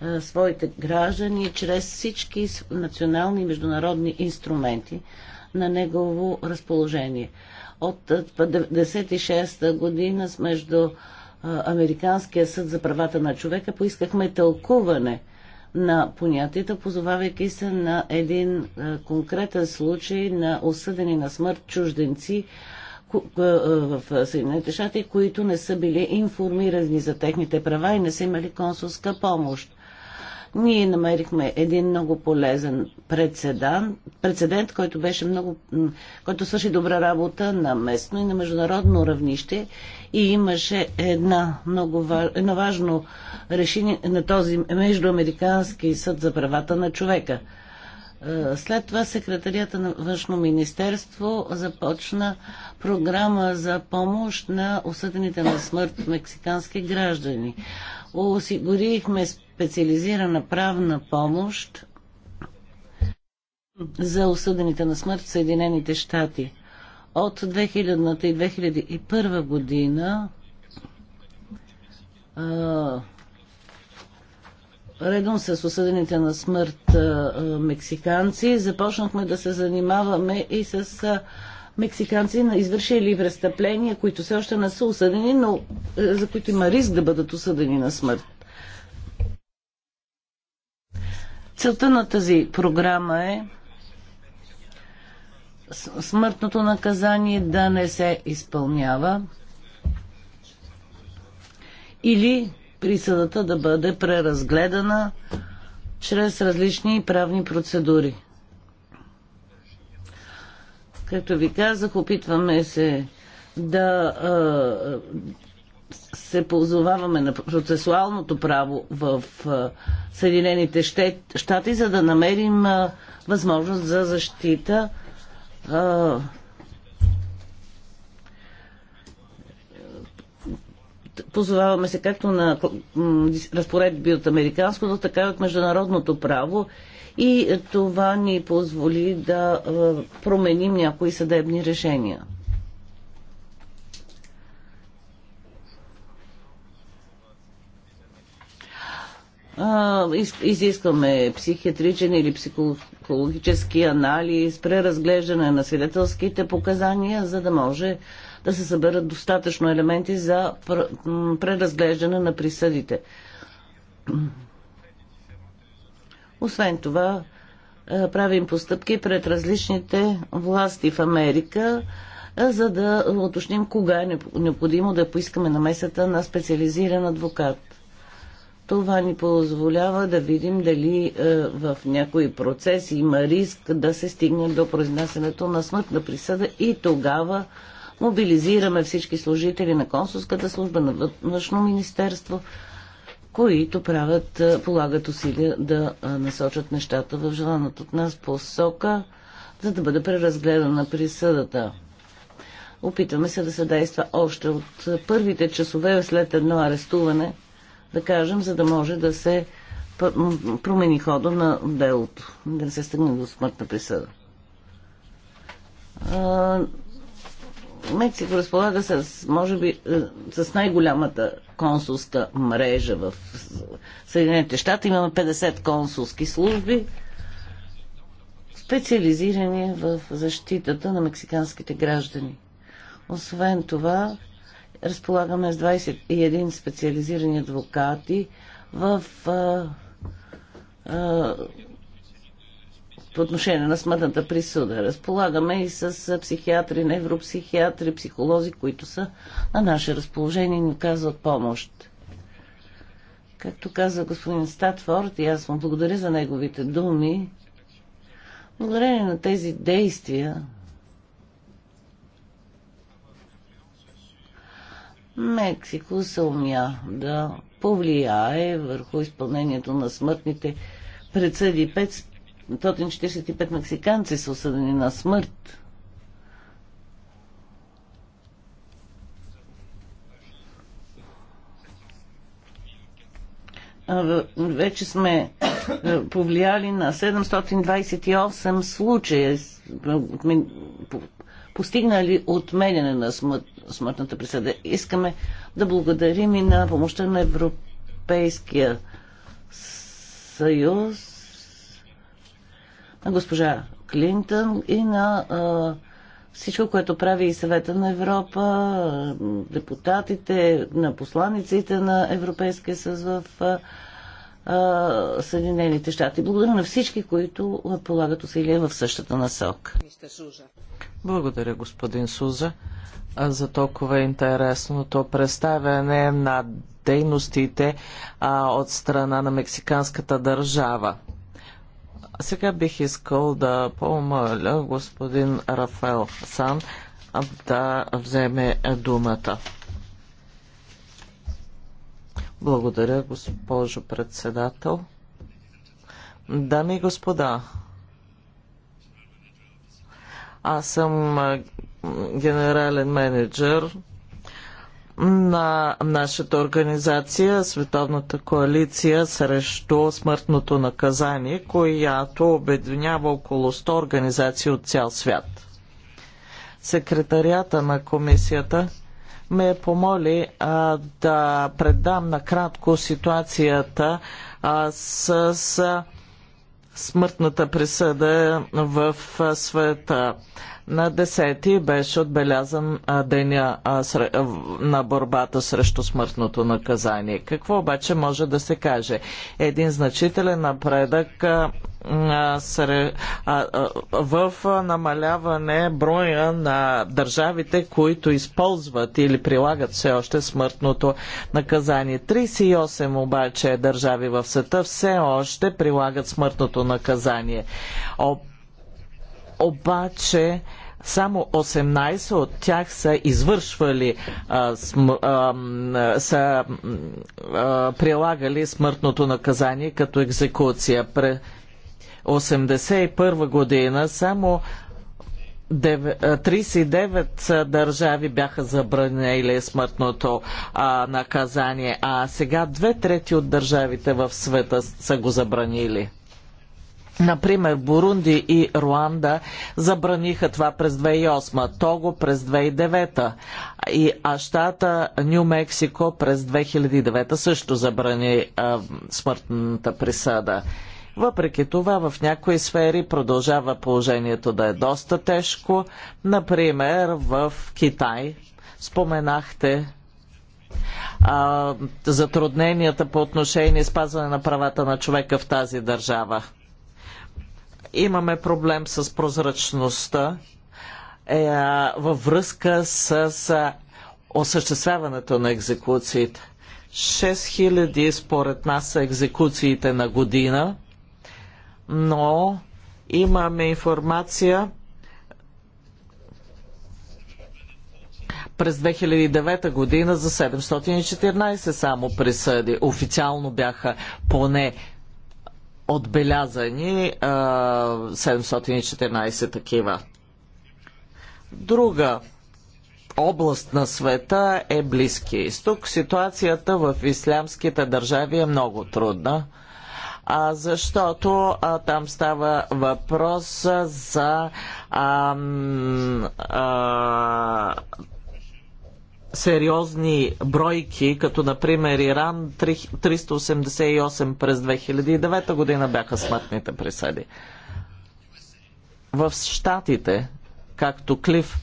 а, своите граждани чрез всички национални и международни инструменти на негово разположение. От 1996-та година между Американския съд за правата на човека поискахме тълкуване на понятията, позовавайки се на един конкретен случай на осъдени на смърт чужденци в Съединените щати, които не са били информирани за техните права и не са имали консулска помощ. Ние намерихме един много полезен прецедент, прецедент който, беше много, който свърши добра работа на местно и на международно равнище и имаше една много едно важно решение на този Междуамерикански съд за правата на човека – е, след това секретарията на Външно министерство започна програма за помощ на осъдените на смърт мексикански граждани. Осигурихме специализирана правна помощ за осъдените на смърт в Съединените щати. От 2000 и 2001 година редом с осъдените на смърт мексиканци, започнахме да се занимаваме и с мексиканци, извършили престъпления, които все още не са осъдени, но е, за които има риск да бъдат осъдени на смърт. Целта на тази програма е смъртното наказание да не се изпълнява или присъдата да бъде преразгледана чрез различни правни процедури. Както ви казах, опитваме се да се ползоваваме на процесуалното право в Съединените щати, за да намерим възможност за защита Позоваваме се както на разпоредби от американското, така и от международното право и това ни позволи да променим някои съдебни решения. изискваме психиатричен или психологически анализ, преразглеждане на свидетелските показания, за да може да се съберат достатъчно елементи за преразглеждане на присъдите. Освен това, е, правим постъпки пред различните власти в Америка, е, за да уточним кога е необходимо да поискаме намесата на специализиран адвокат. Това ни позволява да видим дали е, в някои процеси има риск да се стигне до произнасянето на смъртна присъда и тогава мобилизираме всички служители на консулската служба, на външно министерство, които правят, полагат усилия да насочат нещата в желаната от нас посока, за да бъде преразгледана присъдата. Опитваме се да се действа още от първите часове след едно арестуване, да кажем, за да може да се промени хода на делото, да не се стигне до смъртна присъда. Мексико разполага с, може би, е, с най-голямата консулска мрежа в Съединените щати. Имаме 50 консулски служби, специализирани в защитата на мексиканските граждани. Освен това, разполагаме с 21 специализирани адвокати в а, е, а, е, по отношение на смъртната присъда. Разполагаме и с психиатри, невропсихиатри, психолози, които са на наше разположение и ни оказват помощ. Както каза господин Статфорд, и аз му благодаря за неговите думи, благодарение на тези действия, Мексико се умя да повлияе върху изпълнението на смъртните присъди. 545 мексиканци са осъдени на смърт. Вече сме е, повлияли на 728 случая, е, постигнали отменяне на смърт, смъртната присъда. Искаме да благодарим и на помощта на Европейския съюз на госпожа Клинтън и на а, всичко, което прави и съвета на Европа, депутатите, на посланиците на Европейския съюз в а, Съединените щати. Благодаря на всички, които полагат усилия в същата насок. Благодаря, господин Суза, за толкова интересното представяне на дейностите а, от страна на мексиканската държава. Сега бих искал да помоля господин Рафаел Сан да вземе думата. Благодаря, госпожо председател. Дами и господа, аз съм генерален менеджер на нашата организация, Световната коалиция срещу смъртното наказание, която обединява около 100 организации от цял свят. Секретарията на комисията ме помоли а, да предам накратко ситуацията а, с, с смъртната присъда в света. На 10 беше отбелязан деня на борбата срещу смъртното наказание. Какво обаче може да се каже? Един значителен напредък в намаляване броя на държавите, които използват или прилагат все още смъртното наказание. 38 обаче държави в света все още прилагат смъртното наказание обаче само 18 от тях са извършвали, а, см, а, са а, прилагали смъртното наказание като екзекуция. Пре 81 година само 39 държави бяха забранили смъртното а, наказание, а сега две трети от държавите в света са го забранили. Например, Бурунди и Руанда забраниха това през 2008, Того през 2009 и а щата Нью Мексико през 2009 също забрани а, смъртната присъда. Въпреки това, в някои сфери продължава положението да е доста тежко. Например, в Китай споменахте а, затрудненията по отношение спазване на правата на човека в тази държава имаме проблем с прозрачността е, във връзка с, с осъществяването на екзекуциите. 6000 според нас са екзекуциите на година, но имаме информация през 2009 година за 714 само присъди. Официално бяха поне отбелязани 714 такива. Друга област на света е Близкия изток. Ситуацията в ислямските държави е много трудна, а, защото а, там става въпрос за а, а, сериозни бройки, като например Иран 388 през 2009 година бяха смъртните присъди. В Штатите, както Клиф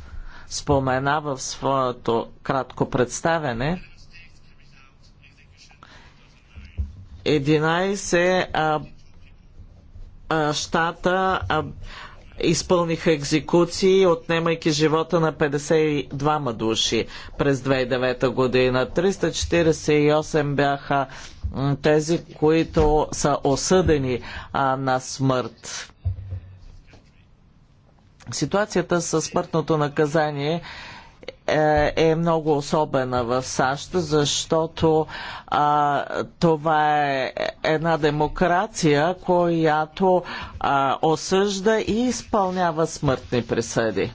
спомена в своето кратко представене, 11 а, а, щата а, изпълниха екзекуции, отнемайки живота на 52 души през 2009 година. 348 бяха тези, които са осъдени а, на смърт. Ситуацията със смъртното наказание е, е много особена в САЩ, защото а, това е една демокрация, която а, осъжда и изпълнява смъртни присъди.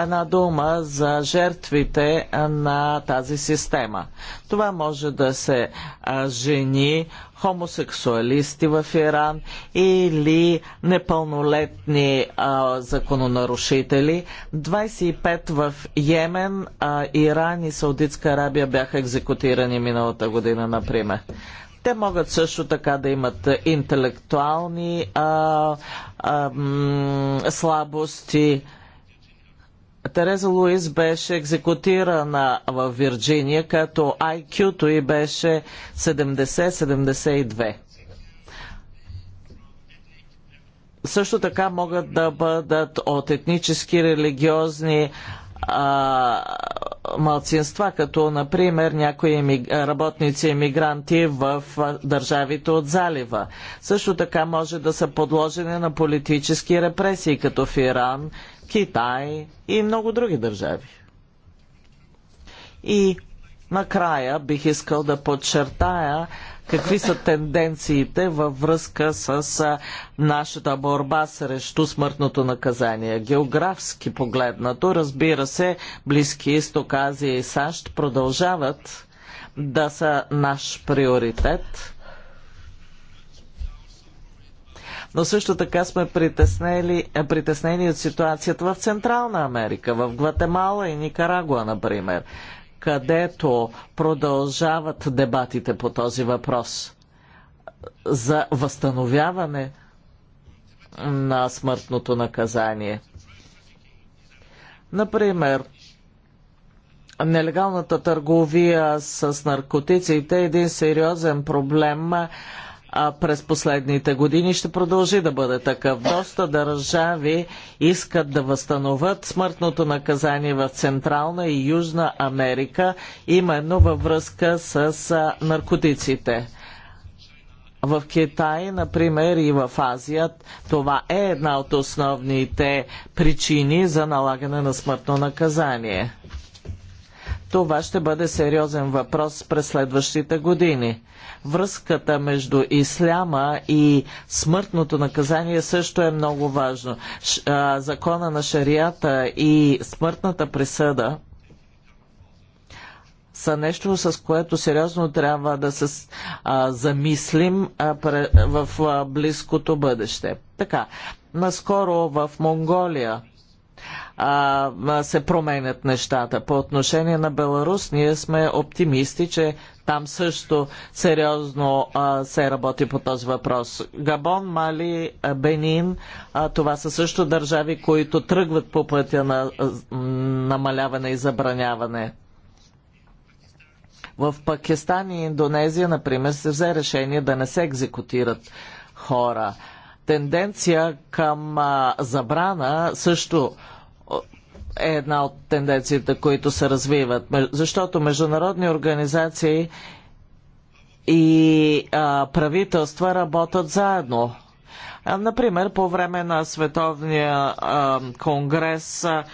една дума за жертвите на тази система. Това може да се жени хомосексуалисти в Иран или непълнолетни а, закононарушители. 25 в Йемен, а, Иран и Саудитска Арабия бяха екзекутирани миналата година, например. Те могат също така да имат интелектуални а, а, слабости, Тереза Луис беше екзекутирана в Вирджиния, като IQ-то й беше 70-72. Също така могат да бъдат от етнически, религиозни а, малцинства, като например някои работници емигранти в държавите от залива. Също така може да са подложени на политически репресии, като в Иран Китай и много други държави. И накрая бих искал да подчертая какви са тенденциите във връзка с нашата борба срещу смъртното наказание. Географски погледнато, разбира се, Близки изток, Азия и САЩ продължават да са наш приоритет но също така сме притеснени, е, притеснени от ситуацията в Централна Америка, в Гватемала и Никарагуа, например, където продължават дебатите по този въпрос за възстановяване на смъртното наказание. Например, нелегалната търговия с наркотиците е един сериозен проблем а, през последните години ще продължи да бъде такъв. Доста държави искат да възстановят смъртното наказание в Централна и Южна Америка, именно във връзка с а, наркотиците. В Китай, например, и в Азия това е една от основните причини за налагане на смъртно наказание. Това ще бъде сериозен въпрос през следващите години. Връзката между исляма и смъртното наказание също е много важно. Закона на шарията и смъртната присъда са нещо, с което сериозно трябва да се а, замислим а, пре, в а, близкото бъдеще. Така, наскоро в Монголия а, се променят нещата. По отношение на Беларус, ние сме оптимисти, че там също сериозно а, се работи по този въпрос. Габон, Мали, Бенин, а, това са също държави, които тръгват по пътя на намаляване и забраняване. В Пакистан и Индонезия, например, се взе решение да не се екзекутират хора. Тенденция към а, забрана също е една от тенденциите, които се развиват. Защото международни организации и а, правителства работят заедно. А, например, по време на Световния а, конгрес а,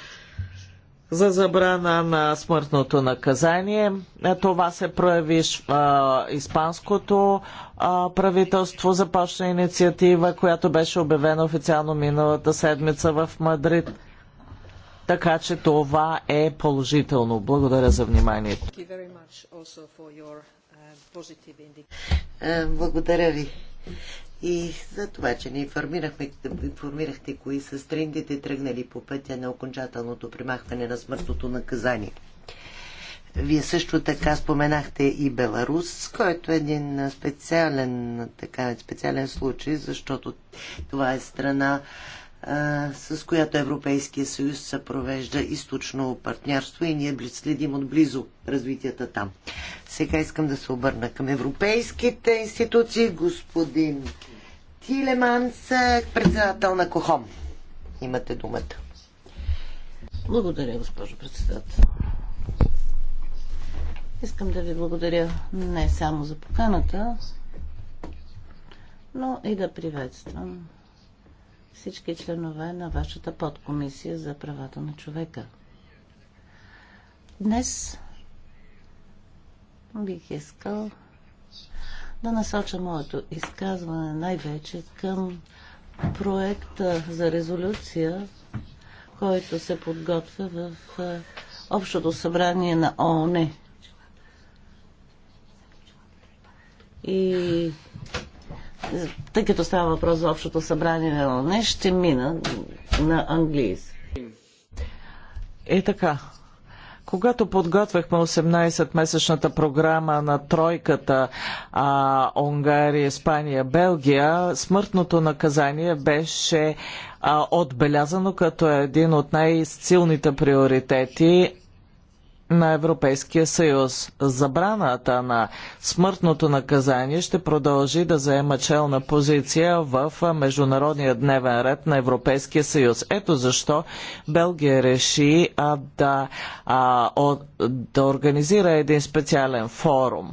за забрана на смъртното наказание, а, това се прояви а, испанското а, правителство започна инициатива, която беше обявена официално миналата седмица в Мадрид – така че това е положително. Благодаря за вниманието. Uh, е, благодаря ви. И за това, че ни информирахме, информирахте кои са страните тръгнали по пътя на окончателното примахване на смъртното наказание. Вие също така споменахте и Беларус, който е един специален, така, специален случай, защото това е страна, с която Европейския съюз се провежда източно партньорство и ние следим отблизо развитията там. Сега искам да се обърна към европейските институции. Господин Тилеманс, председател на КОХОМ. Имате думата. Благодаря, госпожо председател. Искам да ви благодаря не само за поканата, но и да приветствам всички членове на вашата подкомисия за правата на човека. Днес бих искал да насоча моето изказване най-вече към проекта за резолюция, който се подготвя в Общото събрание на ООН. И тъй като става въпрос за общото събрание на ООН, ще мина на английски. Е така. Когато подготвяхме 18-месечната програма на тройката а, Унгария, Испания, Белгия, смъртното наказание беше а, отбелязано като един от най-силните приоритети на Европейския съюз. Забраната на смъртното наказание ще продължи да заема челна позиция в Международния дневен ред на Европейския съюз. Ето защо Белгия реши а, да, а, о, да организира един специален форум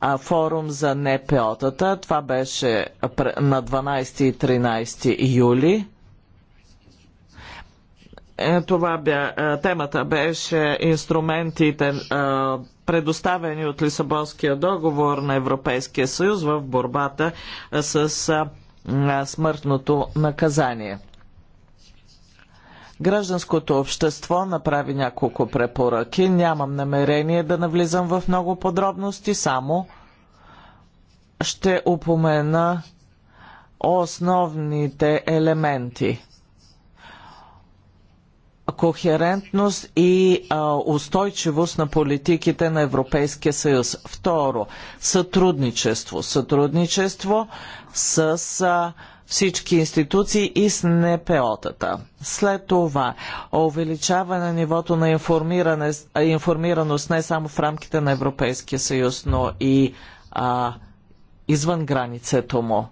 а, форум за НПО-тата. Това беше на 12 и 13 юли е, това бе, е, темата беше инструментите, е, предоставени от Лисабонския договор на Европейския съюз в борбата с смъртното наказание. Гражданското общество направи няколко препоръки. Нямам намерение да навлизам в много подробности, само ще упомена основните елементи кохерентност и устойчивост на политиките на Европейския съюз. Второ, сътрудничество. Сътрудничество с всички институции и с НПО-тата. След това увеличаване нивото на информираност не само в рамките на Европейския съюз, но и а, извън границето му.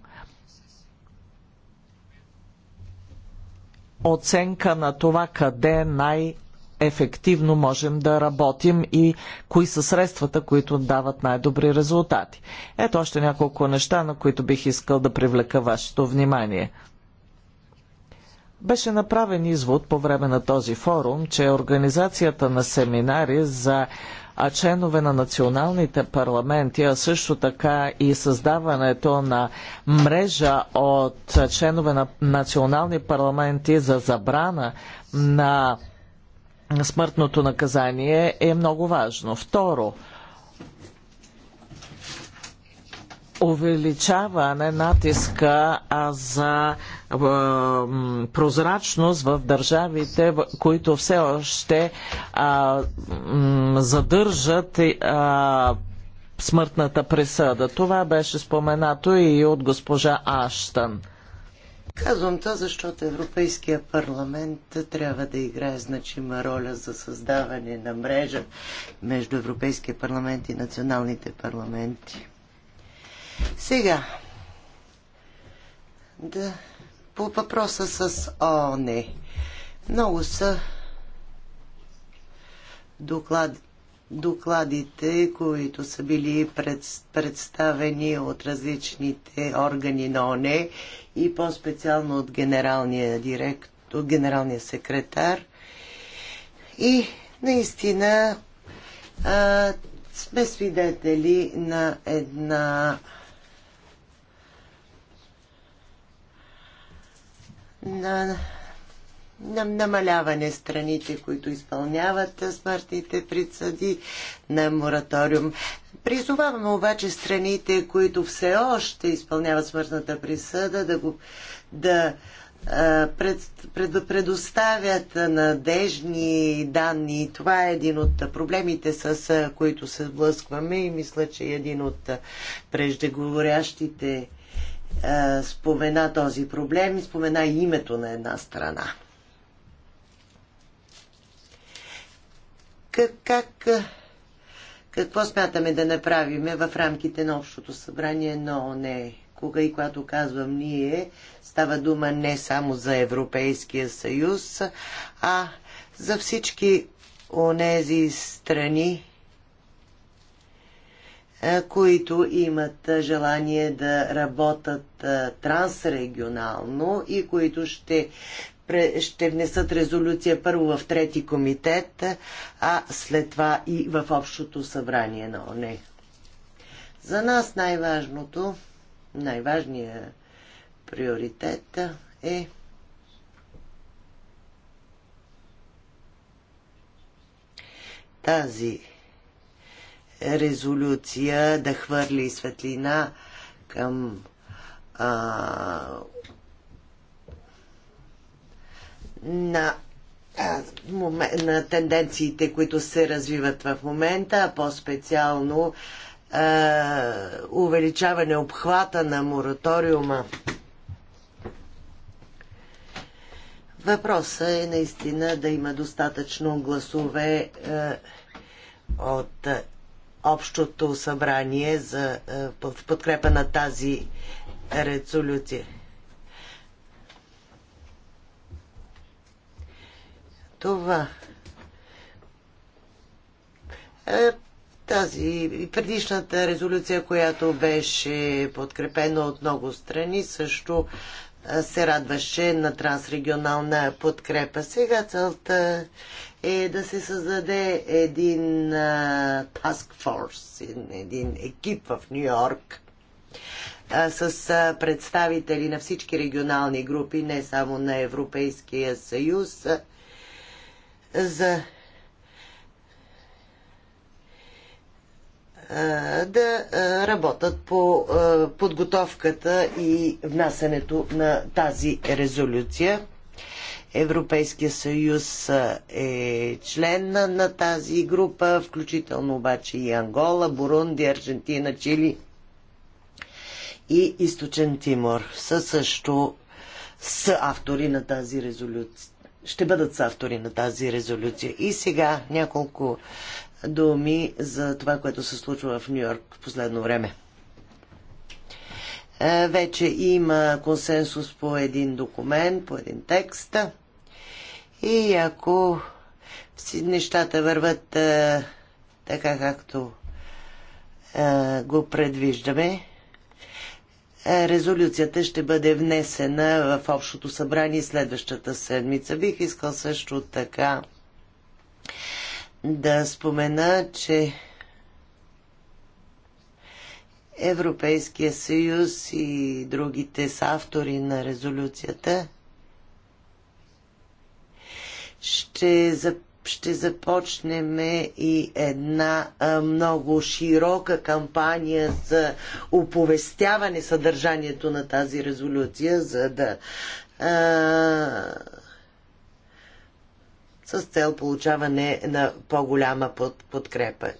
оценка на това къде най- ефективно можем да работим и кои са средствата, които дават най-добри резултати. Ето още няколко неща, на които бих искал да привлека вашето внимание. Беше направен извод по време на този форум, че организацията на семинари за а членове на националните парламенти, а също така и създаването на мрежа от членове на национални парламенти за забрана на смъртното наказание е много важно. Второ, увеличаване натиска за прозрачност в държавите, които все още задържат смъртната присъда. Това беше споменато и от госпожа Аштън. Казвам то, защото Европейския парламент трябва да играе значима роля за създаване на мрежа между Европейския парламент и националните парламенти. Сега, да, по въпроса с ООН. Много са доклад, докладите, които са били пред, представени от различните органи на ОНЕ и по-специално от генералния директ, от генералния секретар. И наистина а, сме свидетели на една на, на намаляване страните, които изпълняват смъртните присъди на мораториум. Призоваваме обаче страните, които все още изпълняват смъртната присъда, да го да пред, пред, предоставят надежни данни. Това е един от проблемите, с които се сблъскваме и мисля, че е един от преждеговорящите е, спомена този проблем и спомена и името на една страна. Как, как, е, какво смятаме да направиме в рамките на Общото събрание на ОНЕ? Кога и когато казвам ние, става дума не само за Европейския съюз, а за всички онези страни, е, които имат е, желание да работят е, трансрегионално и които ще, ще внесат резолюция първо в трети комитет, а след това и в Общото събрание на ОНЕ. За нас най-важното, най-важният приоритет е тази резолюция да хвърли светлина към а, на, а, момен, на тенденциите, които се развиват в момента, а по-специално увеличаване обхвата на мораториума. Въпросът е наистина да има достатъчно гласове е, от общото събрание за, е, в подкрепа на тази резолюция. Това. Е, тази предишната резолюция, която беше подкрепена от много страни, също е, се радваше на трансрегионална подкрепа. Сега целта е да се създаде един task force, един екип в Нью Йорк с представители на всички регионални групи, не само на Европейския съюз, за да работят по подготовката и внасенето на тази резолюция. Европейския съюз е член на, на тази група, включително обаче и Ангола, Бурунди, Аржентина, Чили и Източен Тимор са също са автори на тази резолюция. Ще бъдат са автори на тази резолюция. И сега няколко думи за това, което се случва в Нью-Йорк в последно време. Е, вече има консенсус по един документ, по един текст. И ако нещата върват а, е, така, както а, е, го предвиждаме, резолюцията ще бъде внесена в Общото събрание следващата седмица. Бих искал също така да спомена, че Европейския съюз и другите са автори на резолюцията. Ще, за, ще започнем и една а, много широка кампания за оповестяване съдържанието на тази резолюция, за да а, с цел получаване на по-голяма под, подкрепа.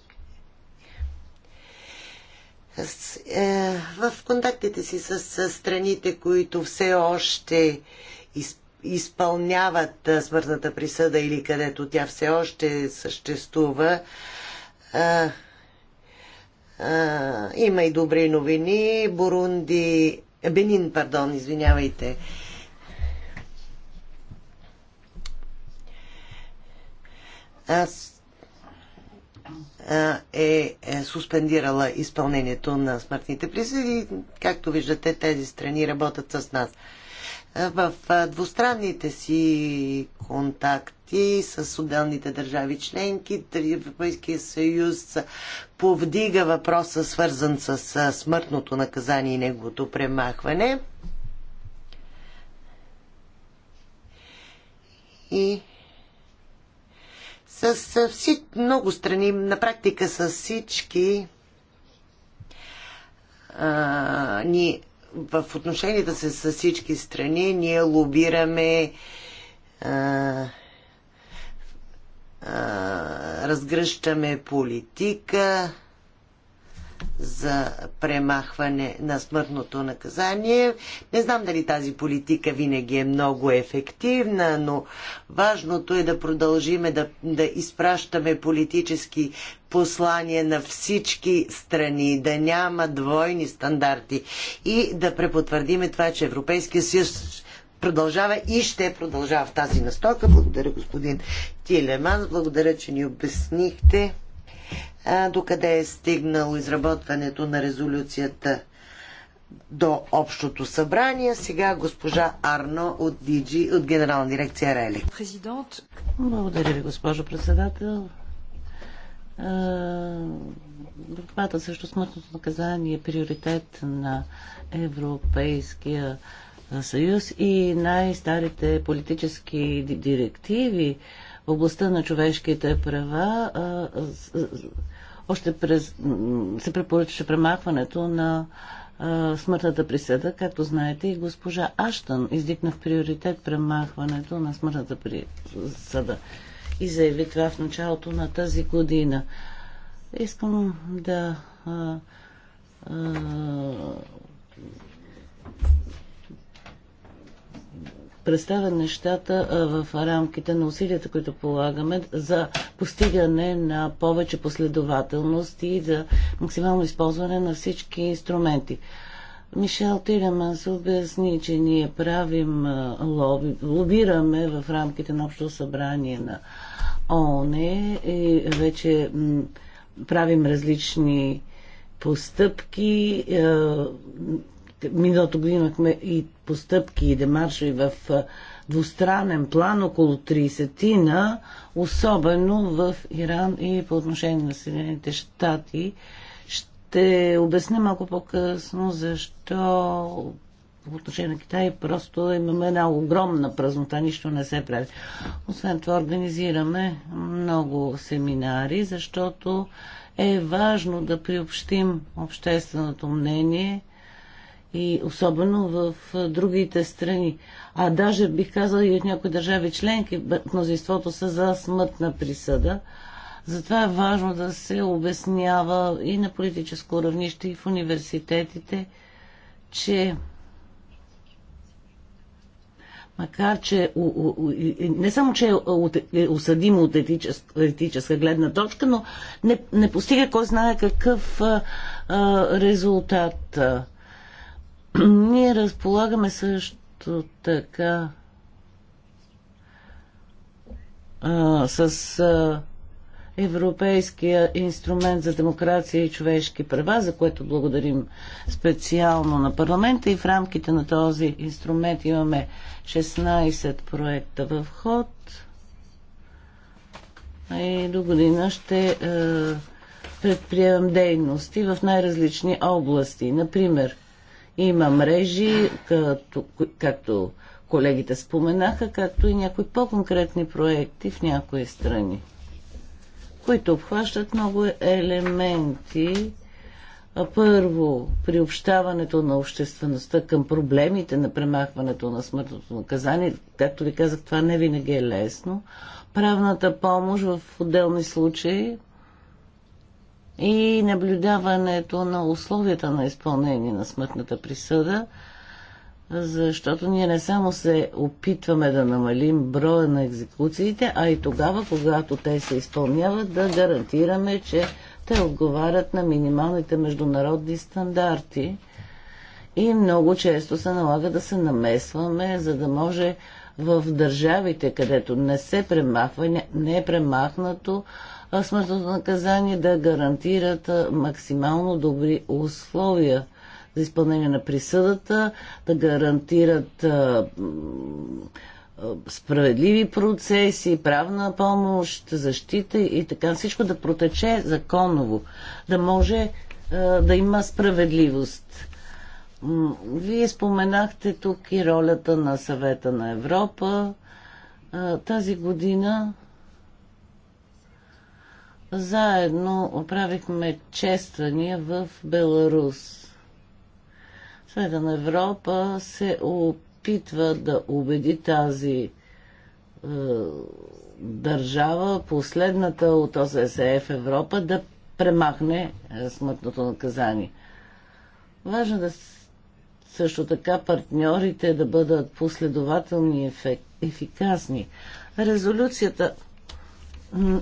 Е, в контактите си с страните, които все още изпълняват е, смъртната присъда или където тя все още съществува, е, има и добри новини. Бурунди, Бенин, пардон, извинявайте. Аз е, е, суспендирала изпълнението на смъртните присъди. Както виждате, тези страни работят с нас. Е, в е, двустранните си контакти с отделните държави членки, Европейския съюз повдига въпроса, свързан с смъртното наказание и неговото премахване. И с всич... много страни, на практика с всички а, ни в отношенията се с всички страни ние лобираме а, а, разгръщаме политика за премахване на смъртното наказание. Не знам дали тази политика винаги е много ефективна, но важното е да продължиме да, да изпращаме политически послания на всички страни, да няма двойни стандарти и да препотвърдиме това, че Европейския съюз продължава и ще продължава в тази настока. Благодаря, господин Тилеман. Благодаря, че ни обяснихте докъде е стигнало изработването на резолюцията до Общото събрание. Сега госпожа Арно от Диджи, от Генерална дирекция Рели. Президент. Благодаря ви, госпожо председател. Групата също смъртното наказание е приоритет на Европейския съюз и най-старите политически директиви в областта на човешките права още през, се препоръчаше премахването на а, смъртната присъда, както знаете, и госпожа Аштън издигна в приоритет премахването на смъртната присъда и заяви това в началото на тази година. Искам да а, а, представя нещата в рамките на усилията, които полагаме за постигане на повече последователност и за максимално използване на всички инструменти. Мишел се обясни, че ние правим лоби, лобираме в рамките на Общо събрание на ООН и вече правим различни постъпки. Миналото година имахме и постъпки и демарши в двустранен план, около 30-тина, особено в Иран и по отношение на Съединените щати. Ще обясня малко по-късно защо по отношение на Китай просто имаме една огромна празнота, нищо не се прави. Освен това организираме много семинари, защото е важно да приобщим общественото мнение – и особено в другите страни. А даже бих казал и от някои държави членки мнозинството са за смътна присъда. Затова е важно да се обяснява и на политическо равнище, и в университетите, че макар че не само, че е, е осъдимо от етическа гледна точка, но не, не постига кой знае какъв резултат. Ние разполагаме също така а, с а, Европейския инструмент за демокрация и човешки права, за което благодарим специално на парламента и в рамките на този инструмент имаме 16 проекта в ход. И до година ще е, предприемам дейности в най-различни области. Например, има мрежи, като, както колегите споменаха, както и някои по-конкретни проекти в някои страни, които обхващат много елементи. Първо, приобщаването на обществеността към проблемите на премахването на смъртното наказание. Както ви казах, това не винаги е лесно. Правната помощ в отделни случаи, и наблюдаването на условията на изпълнение на смъртната присъда, защото ние не само се опитваме да намалим броя на екзекуциите, а и тогава, когато те се изпълняват, да гарантираме, че те отговарят на минималните международни стандарти. И много често се налага да се намесваме, за да може в държавите, където не се премахва, не е премахнато смъртното наказание да гарантират максимално добри условия за изпълнение на присъдата, да гарантират справедливи процеси, правна помощ, защита и така всичко да протече законово, да може да има справедливост. Вие споменахте тук и ролята на съвета на Европа. Тази година заедно оправихме чествания в Беларус. Света на Европа се опитва да убеди тази е, държава, последната от в Европа, да премахне е, смъртното наказание. Важно е да също така партньорите да бъдат последователни и ефикасни. Резолюцията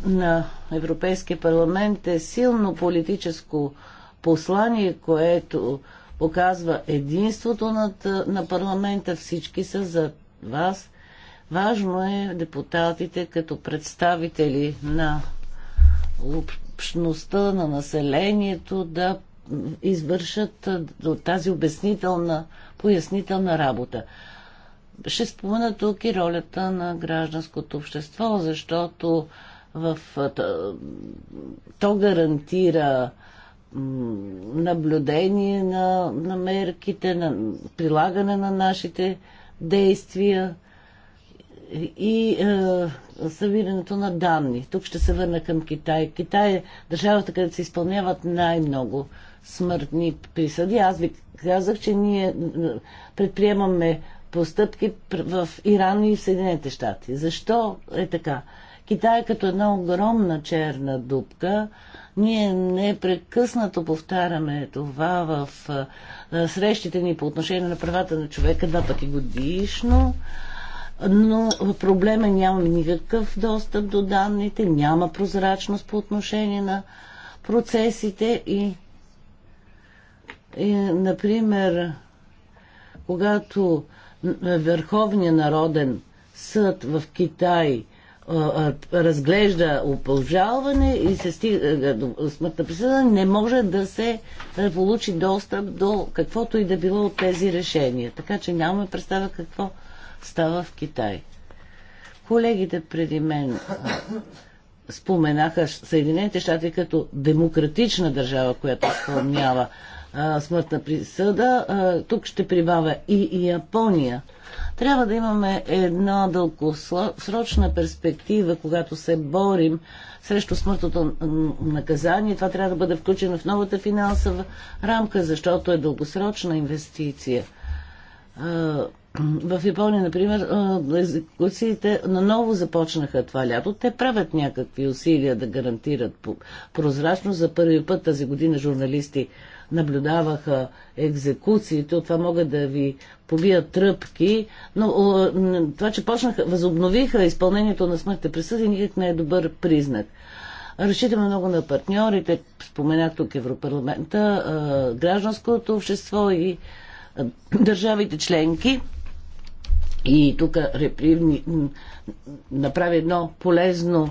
на Европейския парламент е силно политическо послание, което показва единството над, на парламента. Всички са за вас. Важно е депутатите като представители на общността, на населението да извършат тази обяснителна, пояснителна работа. Ще спомена тук и ролята на гражданското общество, защото в, то гарантира наблюдение на, на мерките, на прилагане на нашите действия и е, събирането на данни. Тук ще се върна към Китай. Китай е държавата, където се изпълняват най-много смъртни присъди. Аз ви казах, че ние предприемаме постъпки в Иран и в Съединените щати. Защо е така? Китай е като една огромна черна дупка. Ние непрекъснато повтаряме това в срещите ни по отношение на правата на човека два пъти годишно но проблема няма никакъв достъп до данните, няма прозрачност по отношение на процесите и, и например, когато Върховния народен съд в Китай разглежда обжалване и се стига до смъртна присъда, не може да се получи достъп до каквото и да било от тези решения. Така че нямаме представа какво става в Китай. Колегите преди мен споменаха Съединените щати като демократична държава, която изпълнява смъртна присъда. А, тук ще прибавя и, и Япония. Трябва да имаме една дългосрочна перспектива, когато се борим срещу смъртното наказание. Това трябва да бъде включено в новата финансова рамка, защото е дългосрочна инвестиция. В Япония, например, екзекуциите наново започнаха това лято. Те правят някакви усилия да гарантират прозрачност. За първи път тази година журналисти наблюдаваха екзекуциите, от това могат да ви повият тръпки, но това, че почнаха, възобновиха изпълнението на смъртните присъди, никак не е добър признак. Разчитаме много на партньорите, споменах тук Европарламента, гражданското общество и държавите членки. И тук направи едно полезно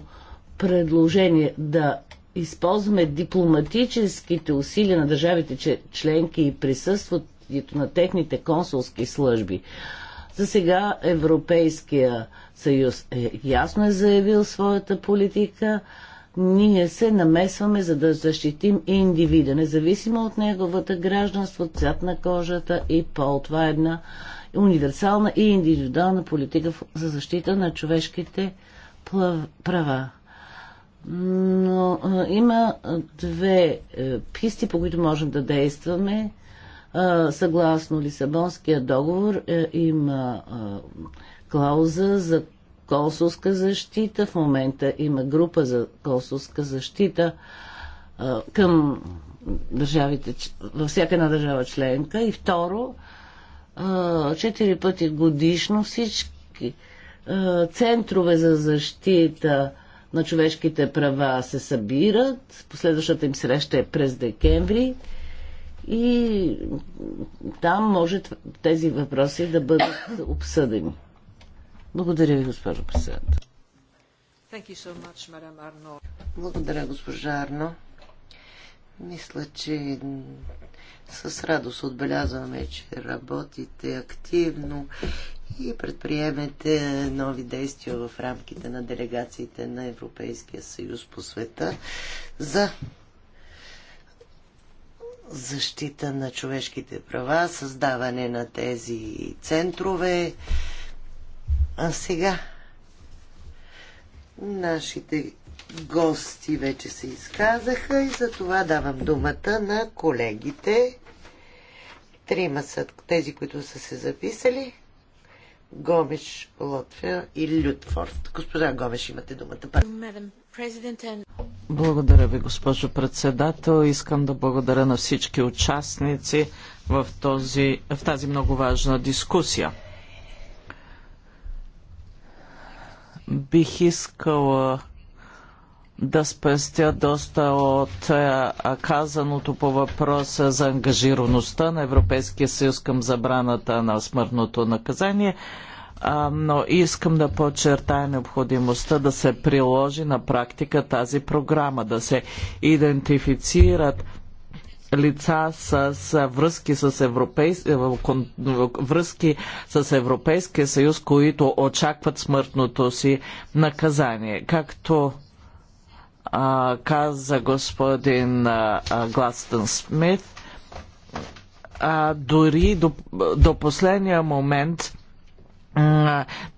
предложение да използваме дипломатическите усилия на държавите членки и присъствието на техните консулски служби. За сега Европейския съюз е, ясно е заявил своята политика. Ние се намесваме, за да защитим индивида, независимо от неговата гражданство, цвят на кожата и пол. Това е една универсална и индивидуална политика за защита на човешките права. Но има две е, писти, по които можем да действаме. съгласно Лисабонския договор е, има клауза за консулска защита. В момента има група за консулска защита към държавите, във всяка една държава членка. И второ, четири пъти годишно всички центрове за защита на човешките права се събират. Последващата им среща е през декември. И там може тези въпроси да бъдат обсъдени. Благодаря ви, госпожо председател. So Благодаря, госпожа Арно. Мисля, че с радост отбелязваме, че работите активно и предприемете нови действия в рамките на делегациите на Европейския съюз по света за защита на човешките права, създаване на тези центрове. А сега нашите гости вече се изказаха и за това давам думата на колегите. Трима са тези, които са се записали. Гомеш, Лотфер и Лютфорд. Госпожа Гомеш, имате думата. Благодаря ви, госпожо председател. Искам да благодаря на всички участници в, този, в тази много важна дискусия. Бих искала да спестя доста от е, казаното по въпроса за ангажираността на Европейския съюз към забраната на смъртното наказание, но искам да подчертая необходимостта да се приложи на практика тази програма, да се идентифицират лица с, връзки с, е, връзки с Европейския съюз, които очакват смъртното си наказание. Както а, каза господин Гластън Смит, дори до, до последния момент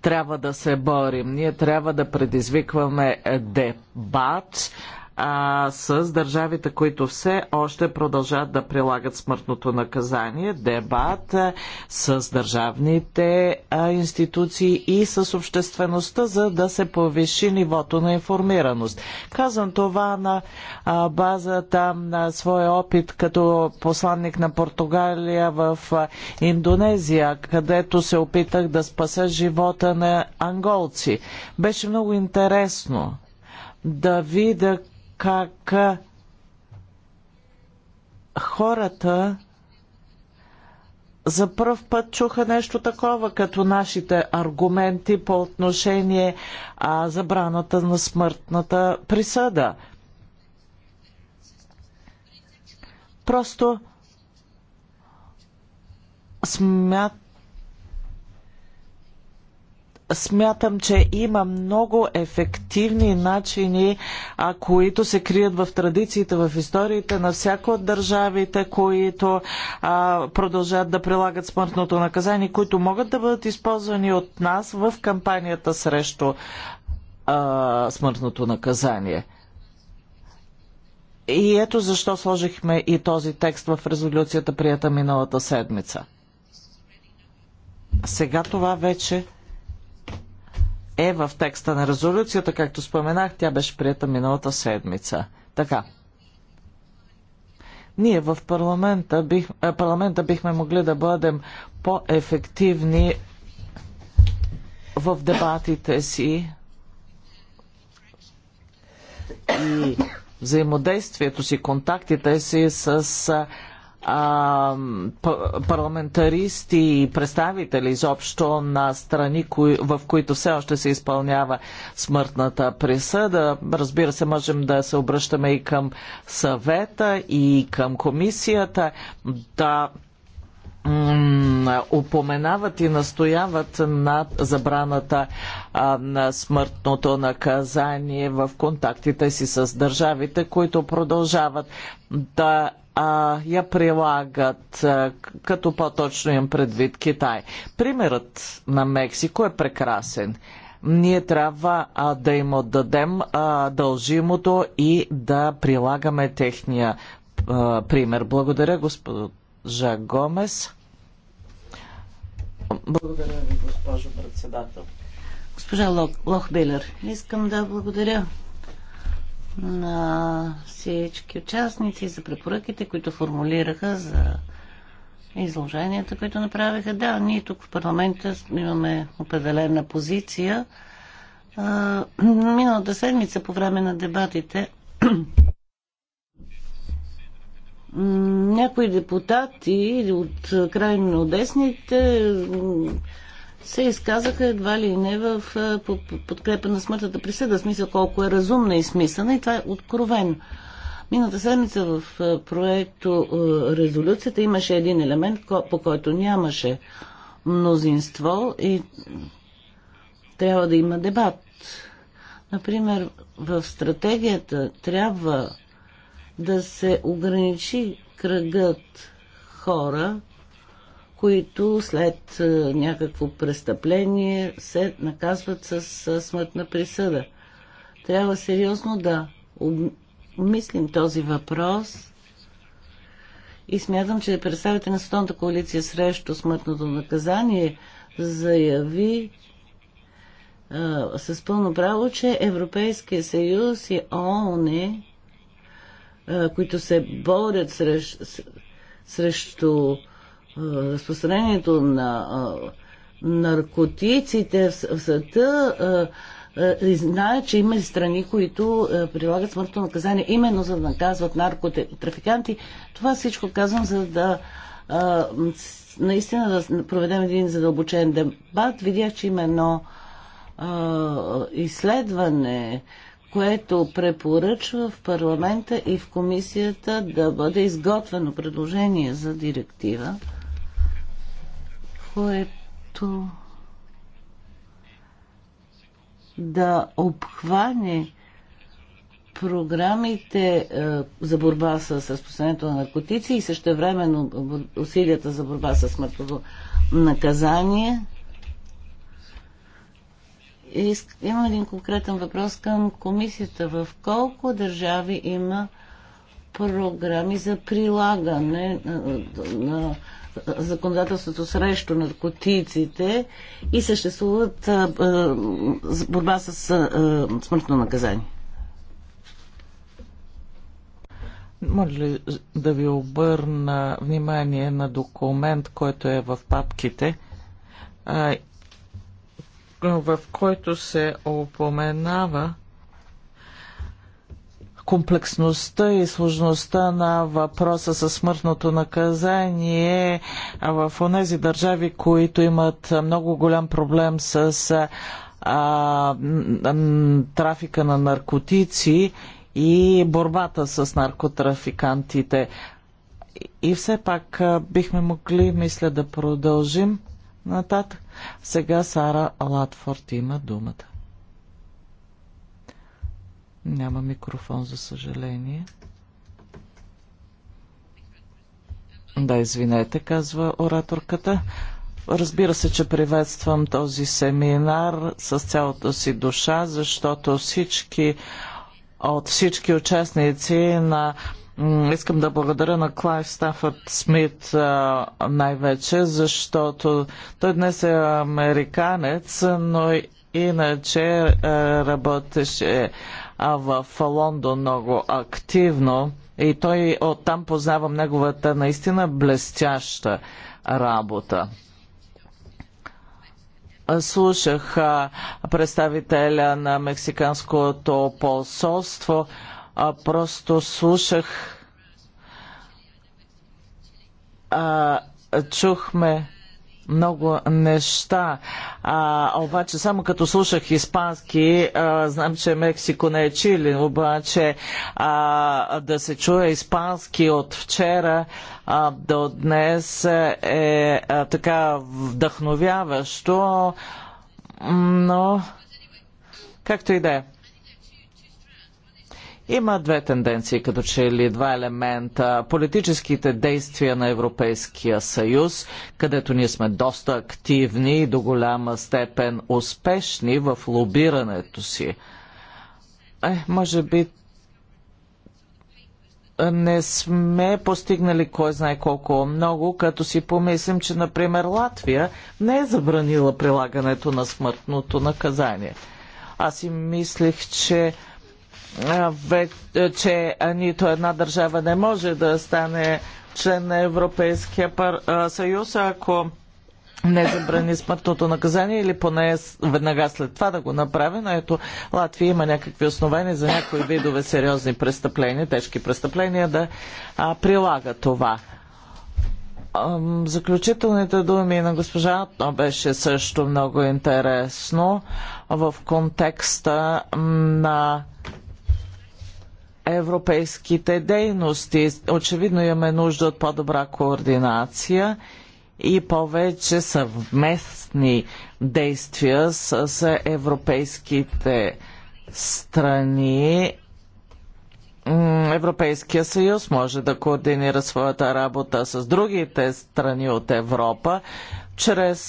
трябва да се борим. Ние трябва да предизвикваме дебат а, с държавите, които все още продължат да прилагат смъртното наказание, дебат с държавните а, институции и с обществеността, за да се повиши нивото на информираност. Казвам това на а, базата на своя опит като посланник на Португалия в а, Индонезия, където се опитах да спася живота на анголци. Беше много интересно да видя как хората за първ път чуха нещо такова, като нашите аргументи по отношение а, забраната на смъртната присъда. Просто смят смятам, че има много ефективни начини, а, които се крият в традициите, в историите на всяко от държавите, които а, продължат да прилагат смъртното наказание, които могат да бъдат използвани от нас в кампанията срещу а, смъртното наказание. И ето защо сложихме и този текст в резолюцията, прията миналата седмица. Сега това вече е в текста на резолюцията, както споменах, тя беше прията миналата седмица. Така. Ние в парламента, бих, е, парламента бихме могли да бъдем по-ефективни в дебатите си и взаимодействието си, контактите си с парламентаристи и представители изобщо на страни, в които все още се изпълнява смъртната присъда. Разбира се, можем да се обръщаме и към съвета, и към комисията, да упоменават и настояват над забраната на смъртното наказание в контактите си с държавите, които продължават да а, я прилагат, а, като по-точно им предвид Китай. Примерът на Мексико е прекрасен. Ние трябва а, да им отдадем а, дължимото и да прилагаме техния а, пример. Благодаря, госпожа Гомес. Благодаря ви, госпожо председател. Госпожа Лох, искам да благодаря на всички участници за препоръките, които формулираха за изложенията, които направиха. Да, ние тук в парламента имаме определена позиция. Миналата седмица по време на дебатите някои депутати от крайно десните се изказаха едва ли не в подкрепа на смъртната присъда, смисъл колко е разумна и смислена и това е откровено. Мината седмица в проекто резолюцията имаше един елемент, по който нямаше мнозинство и трябва да има дебат. Например, в стратегията трябва да се ограничи кръгът хора, които след някакво престъпление се наказват с смъртна присъда. Трябва сериозно да обмислим този въпрос и смятам, че представите на Световната коалиция срещу смъртното наказание заяви а, с пълно право, че Европейския съюз и ООН, а, които се борят срещ, срещу е, разпространението на е, наркотиците в света е, знаят, че има и страни, които прилагат смъртно наказание, именно за да наказват наркотрафиканти. Това всичко казвам, за да наистина да проведем един задълбочен дебат. Видях, че има едно изследване, което препоръчва в парламента и в комисията да бъде изготвено предложение за директива което да обхване програмите е, за борба с разпространението на наркотици и също времено усилията за борба с смъртното наказание. Имам един конкретен въпрос към комисията. В колко държави има програми за прилагане е, на, на, на законодателството срещу наркотиците и съществуват а, а, борба с а, смъртно наказание. Може ли да ви обърна внимание на документ, който е в папките, в който се опоменава комплексността и сложността на въпроса със смъртното наказание в онези държави, които имат много голям проблем с а, трафика на наркотици и борбата с наркотрафикантите. И все пак бихме могли, мисля, да продължим нататък. Сега Сара Латфорд има думата. Няма микрофон, за съжаление. Да, извинете, казва ораторката. Разбира се, че приветствам този семинар с цялата си душа, защото всички от всички участници на Искам да благодаря на Клайв Стафърд Смит най-вече, защото той днес е американец, но иначе е, работеше в Лондон много активно и той оттам познавам неговата наистина блестяща работа. Слушах представителя на Мексиканското посолство, просто слушах, чухме много неща. А, обаче, само като слушах испански, а, знам, че Мексико не е Чили, обаче а, да се чуе испански от вчера а, до днес е а, така вдъхновяващо, но както и да е. Има две тенденции, като че ли два елемента. Политическите действия на Европейския съюз, където ние сме доста активни и до голяма степен успешни в лобирането си. Е, може би не сме постигнали кой знае колко много, като си помислим, че, например, Латвия не е забранила прилагането на смъртното наказание. Аз си мислех, че е, че нито една държава не може да стане член на Европейския съюз, ако не забрани смъртното наказание или поне веднага след това да го направи, но ето Латвия има някакви основания за някои видове сериозни престъпления, тежки престъпления да а, прилага това. Заключителните думи на госпожа беше също много интересно в контекста на европейските дейности. Очевидно имаме нужда от по-добра координация и повече съвместни действия с европейските страни. Европейския съюз може да координира своята работа с другите страни от Европа чрез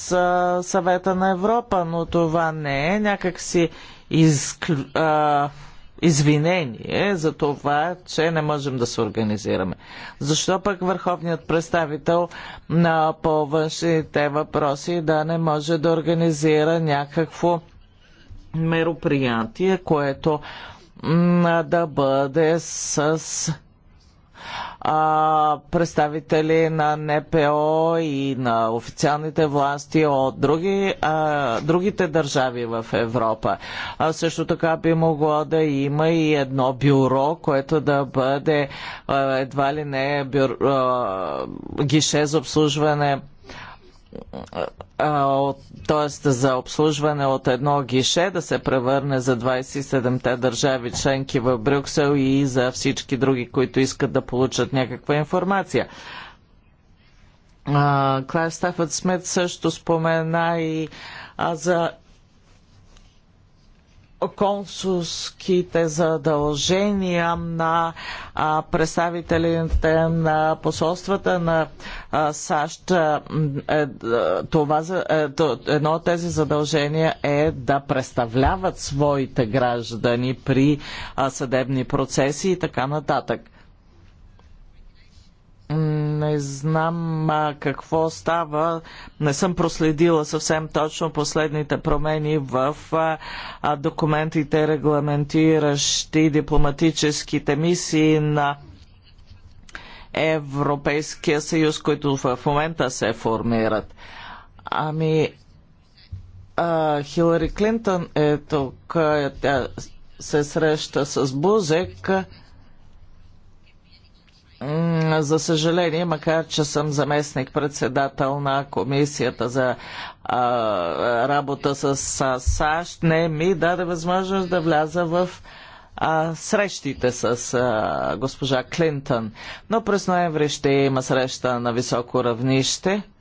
съвета на Европа, но това не е някакси изклю извинение за това, че не можем да се организираме. Защо пък върховният представител на по външните въпроси да не може да организира някакво мероприятие, което да бъде с а, представители на НПО и на официалните власти от други, а, другите държави в Европа. А също така би могло да има и едно бюро, което да бъде а, едва ли не бюро, а, гише за обслужване т.е. за обслужване от едно гише да се превърне за 27-те държави членки в Брюксел и за всички други, които искат да получат някаква информация. Клайв Стафът Смит също спомена и за консулските задължения на представителите на посолствата на САЩ. Е, е, това, е, едно от тези задължения е да представляват своите граждани при съдебни процеси и така нататък не знам а, какво става. Не съм проследила съвсем точно последните промени в а, документите, регламентиращи дипломатическите мисии на Европейския съюз, които в момента се формират. Ами, а, Хилари Клинтон е тук, тя се среща с Бузек. А, за съжаление, макар че съм заместник-председател на комисията за а, работа с а, САЩ, не ми даде възможност да вляза в а, срещите с а, госпожа Клинтон. Но през ноември ще има среща на високо равнище –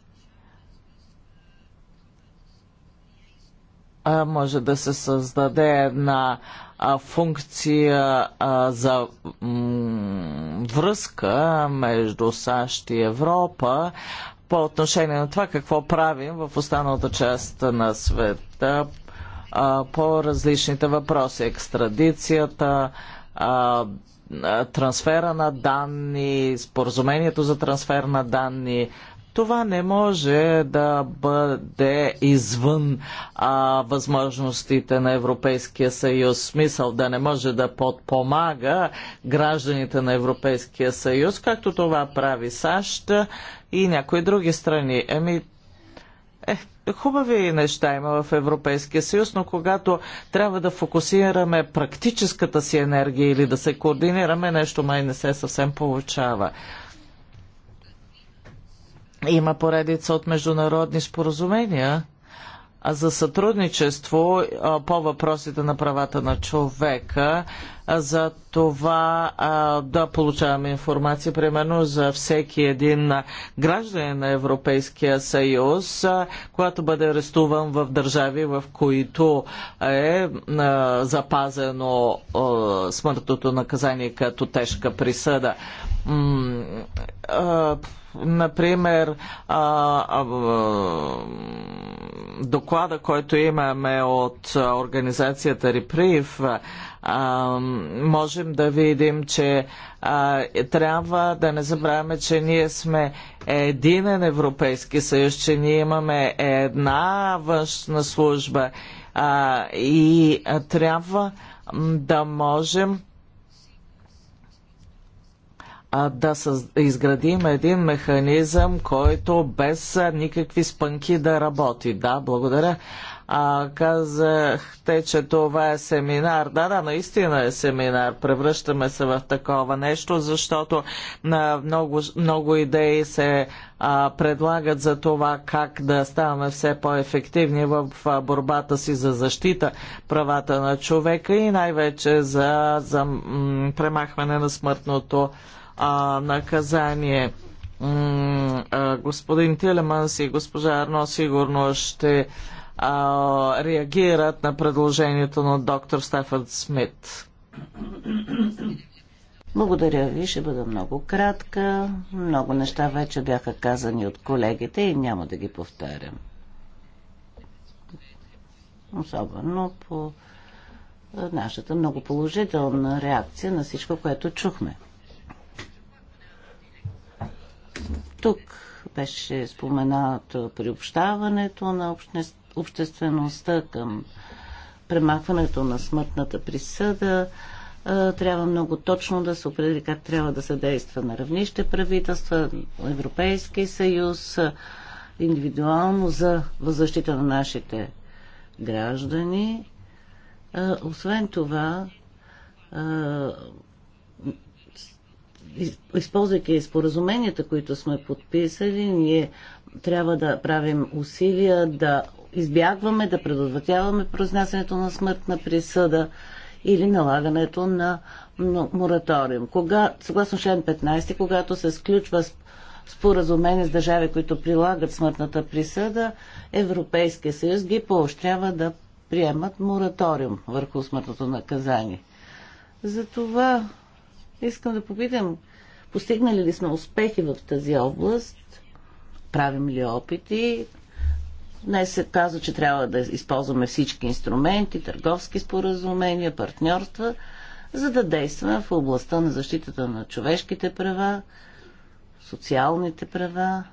може да се създаде една функция за връзка между САЩ и Европа по отношение на това какво правим в останалата част на света по различните въпроси. Екстрадицията, трансфера на данни, споразумението за трансфер на данни, това не може да бъде извън а, възможностите на Европейския съюз. Смисъл да не може да подпомага гражданите на Европейския съюз, както това прави САЩ и някои други страни. Еми, е, хубави неща има в Европейския съюз, но когато трябва да фокусираме практическата си енергия или да се координираме, нещо май не се съвсем получава. Има поредица от международни споразумения за сътрудничество по въпросите на правата на човека, за това да получаваме информация, примерно за всеки един гражданин на Европейския съюз, когато бъде арестуван в държави, в които е запазено смъртното наказание като тежка присъда например, доклада, който имаме от организацията Реприв, можем да видим, че трябва да не забравяме, че ние сме единен Европейски съюз, че ние имаме една външна служба и трябва да можем да изградим един механизъм, който без никакви спънки да работи. Да, благодаря. А, казахте, че това е семинар. Да, да, наистина е семинар. Превръщаме се в такова нещо, защото на много, много идеи се а, предлагат за това как да ставаме все по-ефективни в борбата си за защита правата на човека и най-вече за, за м, премахване на смъртното а, наказание. господин Телеманс и госпожа Арно сигурно ще а, реагират на предложението на доктор Стефан Смит. Благодаря ви, ще бъда много кратка. Много неща вече бяха казани от колегите и няма да ги повтарям. Особено по нашата много положителна реакция на всичко, което чухме. Тук беше споменато приобщаването на обще... обществеността към премахването на смъртната присъда. Трябва много точно да се определи как трябва да се действа на равнище правителства, Европейски съюз, индивидуално за защита на нашите граждани. Освен това, използвайки споразуменията, които сме подписали, ние трябва да правим усилия да избягваме, да предотвратяваме произнасянето на смъртна присъда или налагането на мораториум. Кога, съгласно член 15, когато се сключва споразумение с държави, които прилагат смъртната присъда, Европейския съюз ги поощрява да приемат мораториум върху смъртното наказание. Затова Искам да попитам, постигнали ли сме успехи в тази област? Правим ли опити? Днес се казва, че трябва да използваме всички инструменти, търговски споразумения, партньорства, за да действаме в областта на защитата на човешките права, социалните права.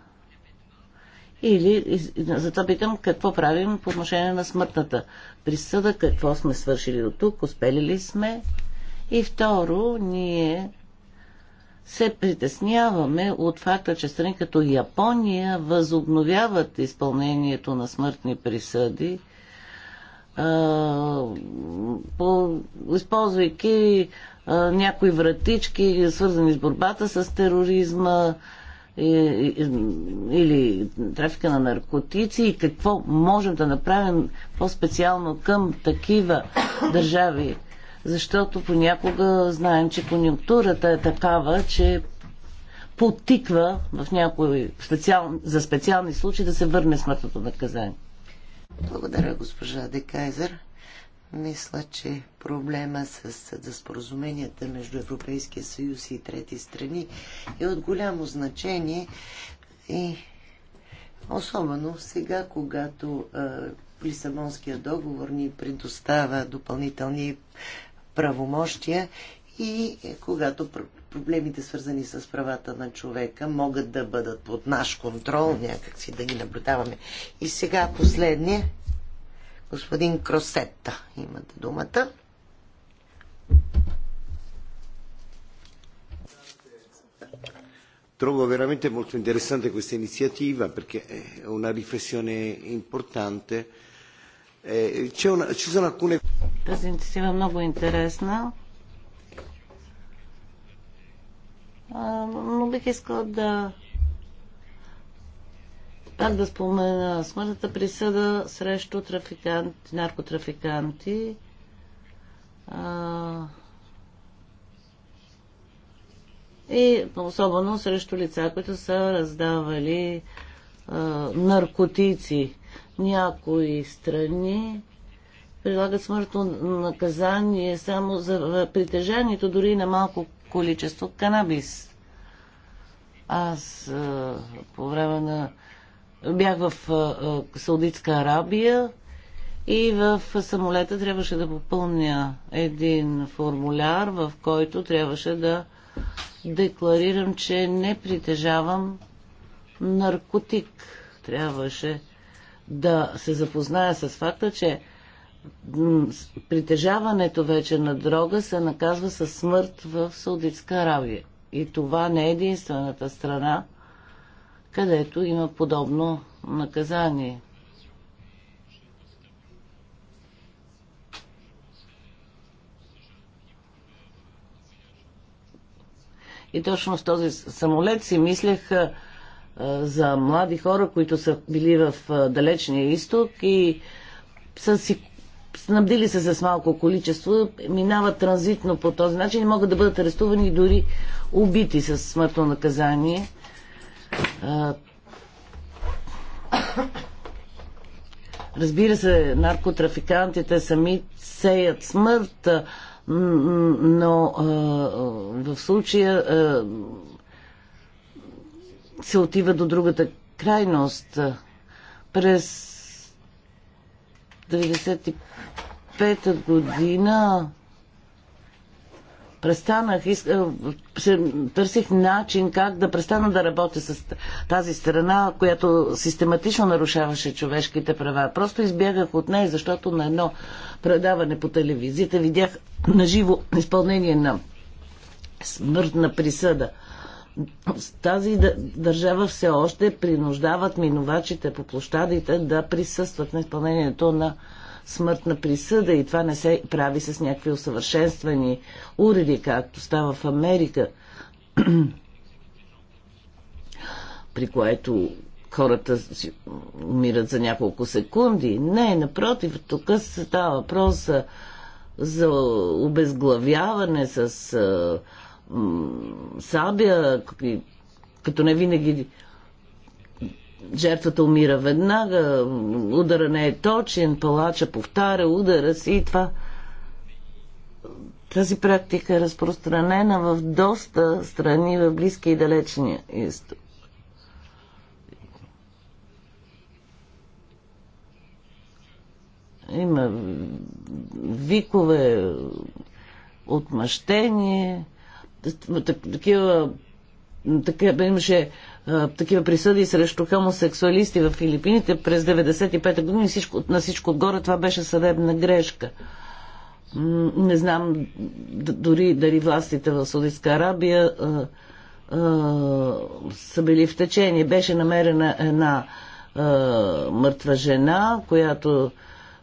Или, зато питам, какво правим по отношение на смъртната присъда, какво сме свършили до тук, успели ли сме, и второ, ние се притесняваме от факта, че страни като Япония възобновяват изпълнението на смъртни присъди, по, използвайки някои вратички, свързани с борбата с тероризма или трафика на наркотици и какво можем да направим по-специално към такива държави защото понякога знаем, че конъюнктурата е такава, че потиква в някои специал, за специални случаи да се върне смъртното наказание. Благодаря, госпожа Декайзер. Мисля, че проблема с споразуменията между Европейския съюз и трети страни е от голямо значение и особено сега, когато Лисабонския договор ни предоставя допълнителни правомощия и когато проблемите свързани с правата на човека могат да бъдат под наш контрол, някакси да ги наблюдаваме. И сега последния, господин Кросетта, имате думата. Trovo veramente molto interessante questa iniziativa perché è una riflessione importante eh, е, eh, че, ci sono alcune... Тази инициатива е много интересна. А, но бих искала да пак да спомена смъртната присъда срещу трафиканти, наркотрафиканти. А, и особено срещу лица, които са раздавали а, наркотици. Някои страни прилагат смъртно наказание само за притежанието дори на малко количество канабис. Аз по време на... бях в Саудитска Арабия и в самолета трябваше да попълня един формуляр, в който трябваше да декларирам, че не притежавам наркотик. Трябваше да се запозная с факта, че притежаването вече на дрога се наказва със смърт в Саудитска Аравия. И това не е единствената страна, където има подобно наказание. И точно в този самолет си мислех за млади хора, които са били в далечния изток и са си снабдили се с малко количество, минават транзитно по този начин и могат да бъдат арестувани и дори убити с смъртно наказание. Разбира се, наркотрафикантите сами сеят смърт, но в случая се отива до другата крайност. През 95-та година престанах, търсих начин как да престана да работя с тази страна, която систематично нарушаваше човешките права. Просто избягах от нея, защото на едно предаване по телевизията видях наживо изпълнение на смъртна присъда – тази държава все още принуждават минувачите по площадите да присъстват на изпълнението на смъртна присъда и това не се прави с някакви усъвършенствани уреди, както става в Америка, при което хората умират за няколко секунди. Не, напротив, тук става въпрос за, за обезглавяване с Сабия, като не винаги жертвата умира веднага, удара не е точен, палача повтаря удара си и това. Тази практика е разпространена в доста страни в близки и Далечния изток. Има викове, отмъщение, такива такива, имаше такива присъди срещу хомосексуалисти в Филипините през 95-та година и всичко, на всичко отгоре това беше съдебна грешка. не знам дори дали властите в Саудитска Арабия а, а, са били в течение. Беше намерена една а, мъртва жена, която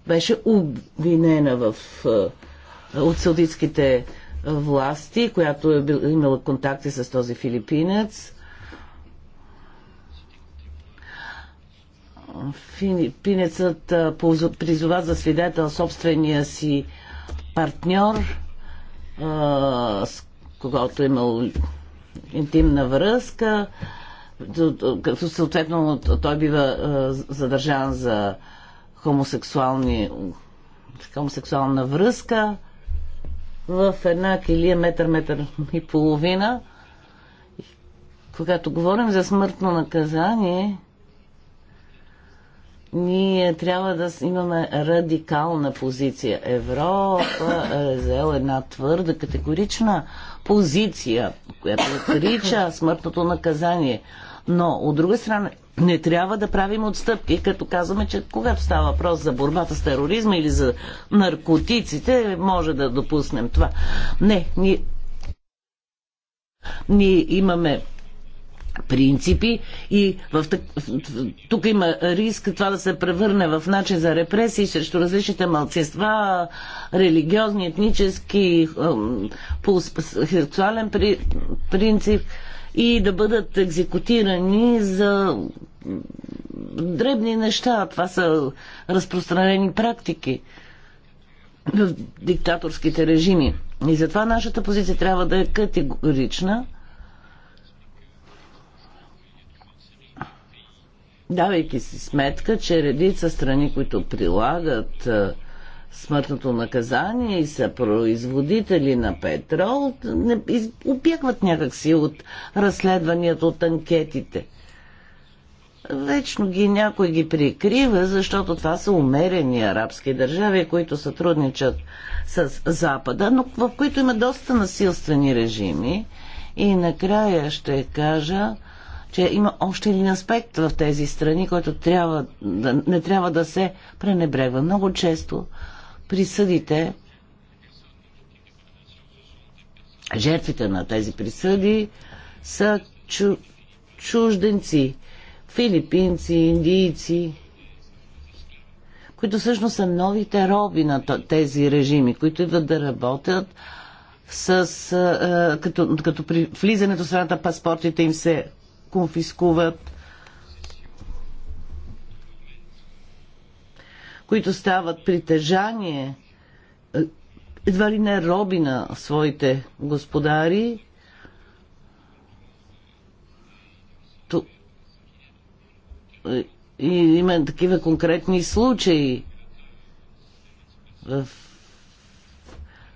беше обвинена в, а, от саудитските а, власти, която е имала контакти с този филипинец. Филипинецът призова за свидетел собствения си партньор, с когото е имал интимна връзка, като съответно той бива задържан за хомосексуални, хомосексуална връзка в една килия метър, метър и половина. Когато говорим за смъртно наказание, ние трябва да имаме радикална позиция. Европа е взела една твърда, категорична позиция, която отрича смъртното наказание но от друга страна не трябва да правим отстъпки, като казваме, че когато става въпрос за борбата с тероризма или за наркотиците, може да допуснем това. Не, ние, ние имаме принципи и в, тук има риск това да се превърне в начин за репресии срещу различните малцинства, религиозни, етнически, по сексуален принцип и да бъдат екзекутирани за дребни неща. Това са разпространени практики в диктаторските режими. И затова нашата позиция трябва да е категорична, давайки си сметка, че редица страни, които прилагат смъртното наказание и са производители на петрол, не, из, обягват някакси от разследванията, от анкетите. Вечно ги някой ги прикрива, защото това са умерени арабски държави, които сътрудничат с Запада, но в които има доста насилствени режими. И накрая ще кажа, че има още един аспект в тези страни, който трябва да, не трябва да се пренебрегва. Много често присъдите, жертвите на тези присъди са чу, чужденци, филипинци, индийци, които всъщност са новите роби на тези режими, които идват да работят с, като, като при влизането в страната паспортите им се конфискуват които стават притежание, едва ли не роби на своите господари, то... Е, и има такива конкретни случаи, в,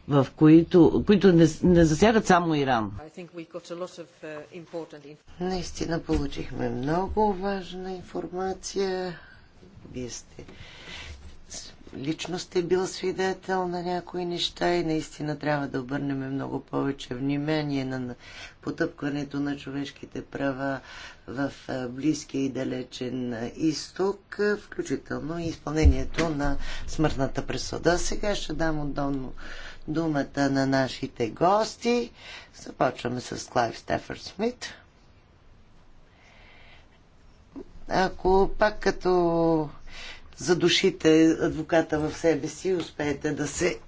в които, които не, не засягат само Иран. Uh, Наистина получихме много важна информация. Вие сте лично сте бил свидетел на някои неща и наистина трябва да обърнем много повече внимание на потъпкването на човешките права в Близкия и Далечен изток, включително и изпълнението на смъртната пресъда. Сега ще дам отдолно думата на нашите гости. Започваме с Клайв Стефър Смит. Ако пак като задушите адвоката в себе си и успеете да се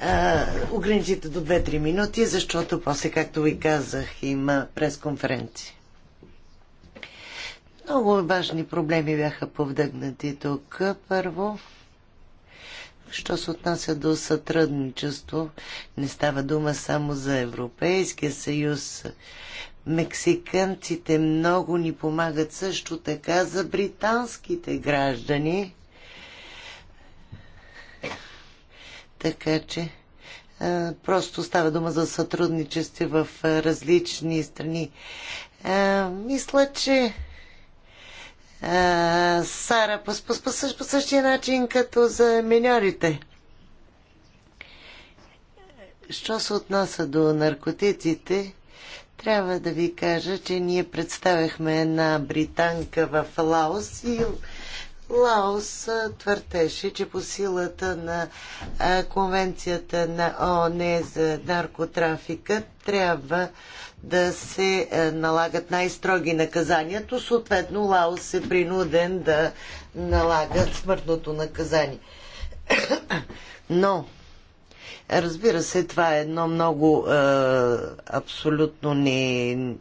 а, ограничите до 2-3 минути, защото после, както ви казах, има пресконференция. Много важни проблеми бяха повдъгнати тук. Първо, що се отнася до сътрудничество, не става дума само за Европейския съюз. Мексиканците много ни помагат също така за британските граждани. Така че просто става дума за сътрудничество в различни страни. Мисля, че Сара по, по, по, по същия начин като за миньорите. Що се отнася до наркотиците, трябва да ви кажа, че ние представяхме една британка в Лаос и Лаос твърдеше, че по силата на конвенцията на ООН за наркотрафика трябва да се налагат най-строги наказанието. Съответно, Лаос е принуден да налагат смъртното наказание. Но Разбира се, това е едно много е, абсолютно не, не,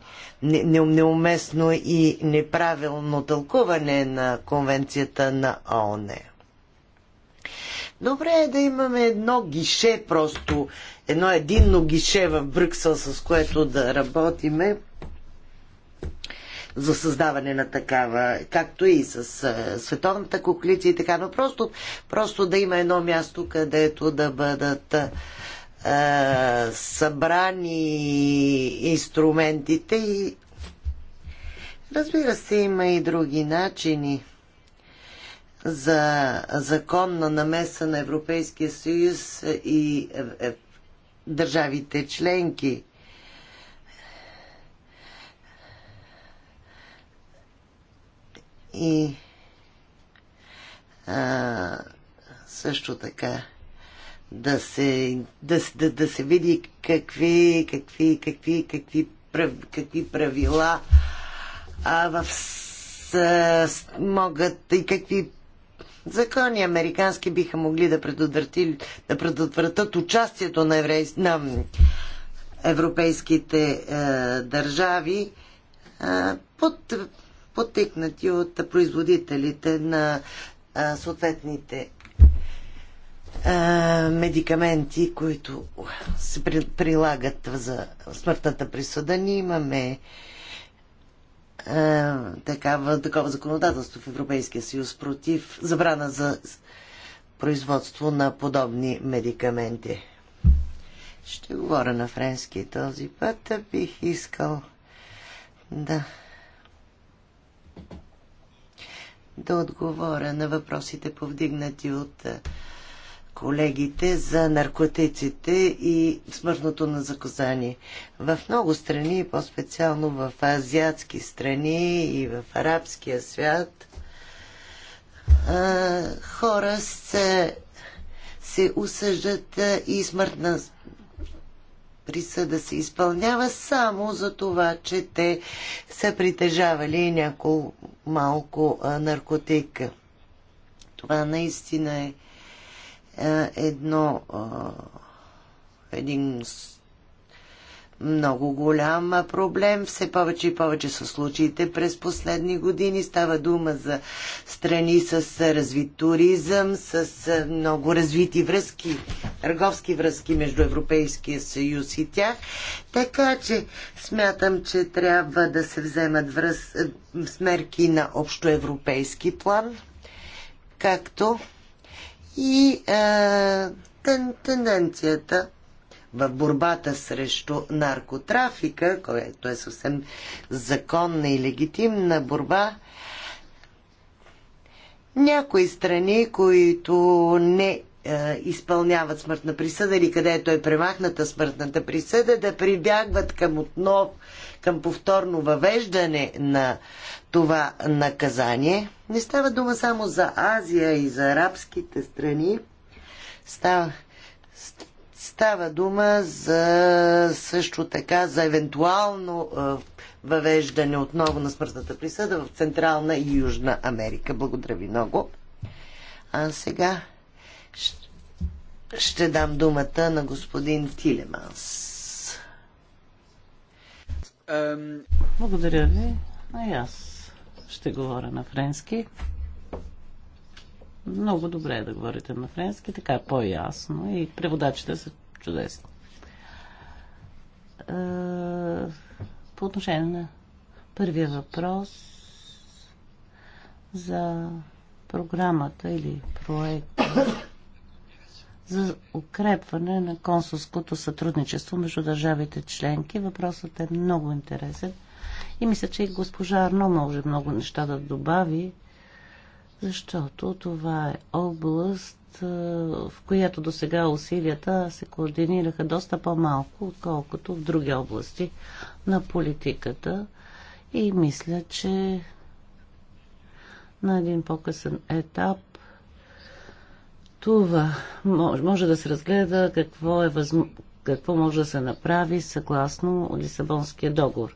не, неуместно и неправилно тълкуване на конвенцията на ООН. Добре е да имаме едно гише, просто едно единно гише в Брюксел, с което да работиме за създаване на такава, както и с световната куклица и така, но просто, просто да има едно място, където да бъдат а, събрани инструментите и разбира се, има и други начини за законна намеса на Европейския съюз и е, е, държавите членки и а, също така да се, да, да, да се види какви, какви, какви, какви, прав, какви правила а, в, с, с, могат и какви закони американски биха могли да, да предотвратят участието на, еврей, на европейските е, държави е, под потикнати от производителите на съответните медикаменти, които се прилагат за смъртната присъда. Ние имаме такава, такова законодателство в Европейския съюз против забрана за производство на подобни медикаменти. Ще говоря на френски този път. Бих искал да да отговоря на въпросите повдигнати от е, колегите за наркотиците и смъртното наказание. В много страни, по-специално в азиатски страни и в арабския свят, е, хора се, се осъждат е, и смъртна присъда се изпълнява само за това, че те са притежавали няколко малко наркотика. Това наистина е едно един много голям проблем. Все повече и повече са случаите през последни години. Става дума за страни с развит туризъм, с много развити връзки, търговски връзки между Европейския съюз и тях. Така че смятам, че трябва да се вземат връз... смерки на общоевропейски план, както и е, тенденцията в борбата срещу наркотрафика, което е съвсем законна и легитимна борба, някои страни, които не е, изпълняват смъртна присъда или където е премахната смъртната присъда, да прибягват към отнов, към повторно въвеждане на това наказание. Не става дума само за Азия и за арабските страни. Става, Става дума за също така за евентуално въвеждане отново на смъртната присъда в Централна и Южна Америка. Благодаря ви много. А сега ще дам думата на господин Тилеманс. Благодаря ви. А и аз ще говоря на френски. Много добре е да говорите на френски, така е по-ясно и преводачите са чудесни. Е, по отношение на първия въпрос за програмата или проекта за укрепване на консулското сътрудничество между държавите членки. Въпросът е много интересен и мисля, че и госпожа Арно може много неща да добави защото това е област, в която до сега усилията се координираха доста по-малко, отколкото в други области на политиката. И мисля, че на един по-късен етап това може да се разгледа какво, е възм... какво може да се направи съгласно Лисабонския договор.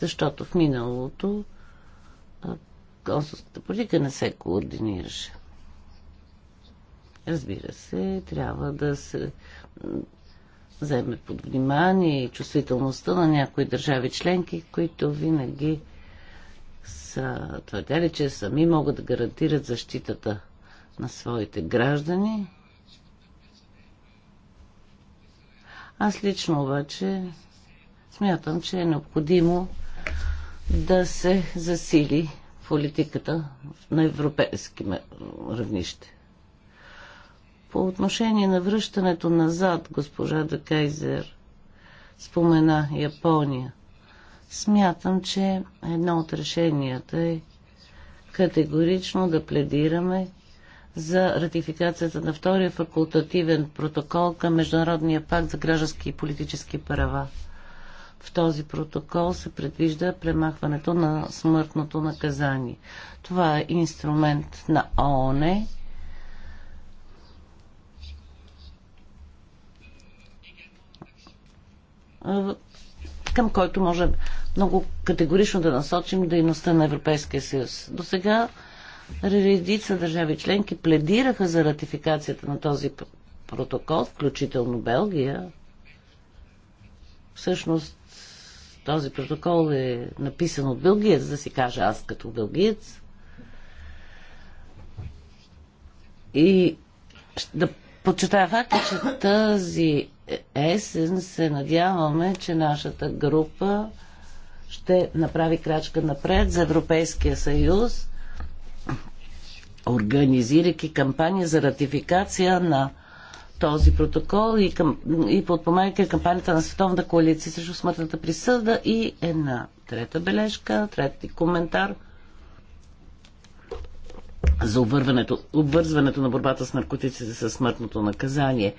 Защото в миналото консулската политика не се координираше. Разбира се, трябва да се вземе под внимание и чувствителността на някои държави членки, които винаги са твърдели, че сами могат да гарантират защитата на своите граждани. Аз лично обаче смятам, че е необходимо да се засили политиката на европейски равнище. По отношение на връщането назад, госпожа Декайзер спомена Япония. Смятам, че едно от решенията е категорично да пледираме за ратификацията на втория факултативен протокол към Международния пакт за граждански и политически права. В този протокол се предвижда премахването на смъртното наказание. Това е инструмент на ООН, към който може много категорично да насочим дейността на Европейския съюз. До сега редица държави членки пледираха за ратификацията на този протокол, включително Белгия. Всъщност този протокол е написан от бългиец, да си кажа аз като бългиец. И да подчертая факта, че тази есен се надяваме, че нашата група ще направи крачка напред за Европейския съюз, организирайки кампания за ратификация на този протокол и, към, и подпомагайки кампанията на Световната коалиция срещу смъртната присъда и една трета бележка, трети коментар за обвързването, обвързването на борбата с наркотиците със смъртното наказание.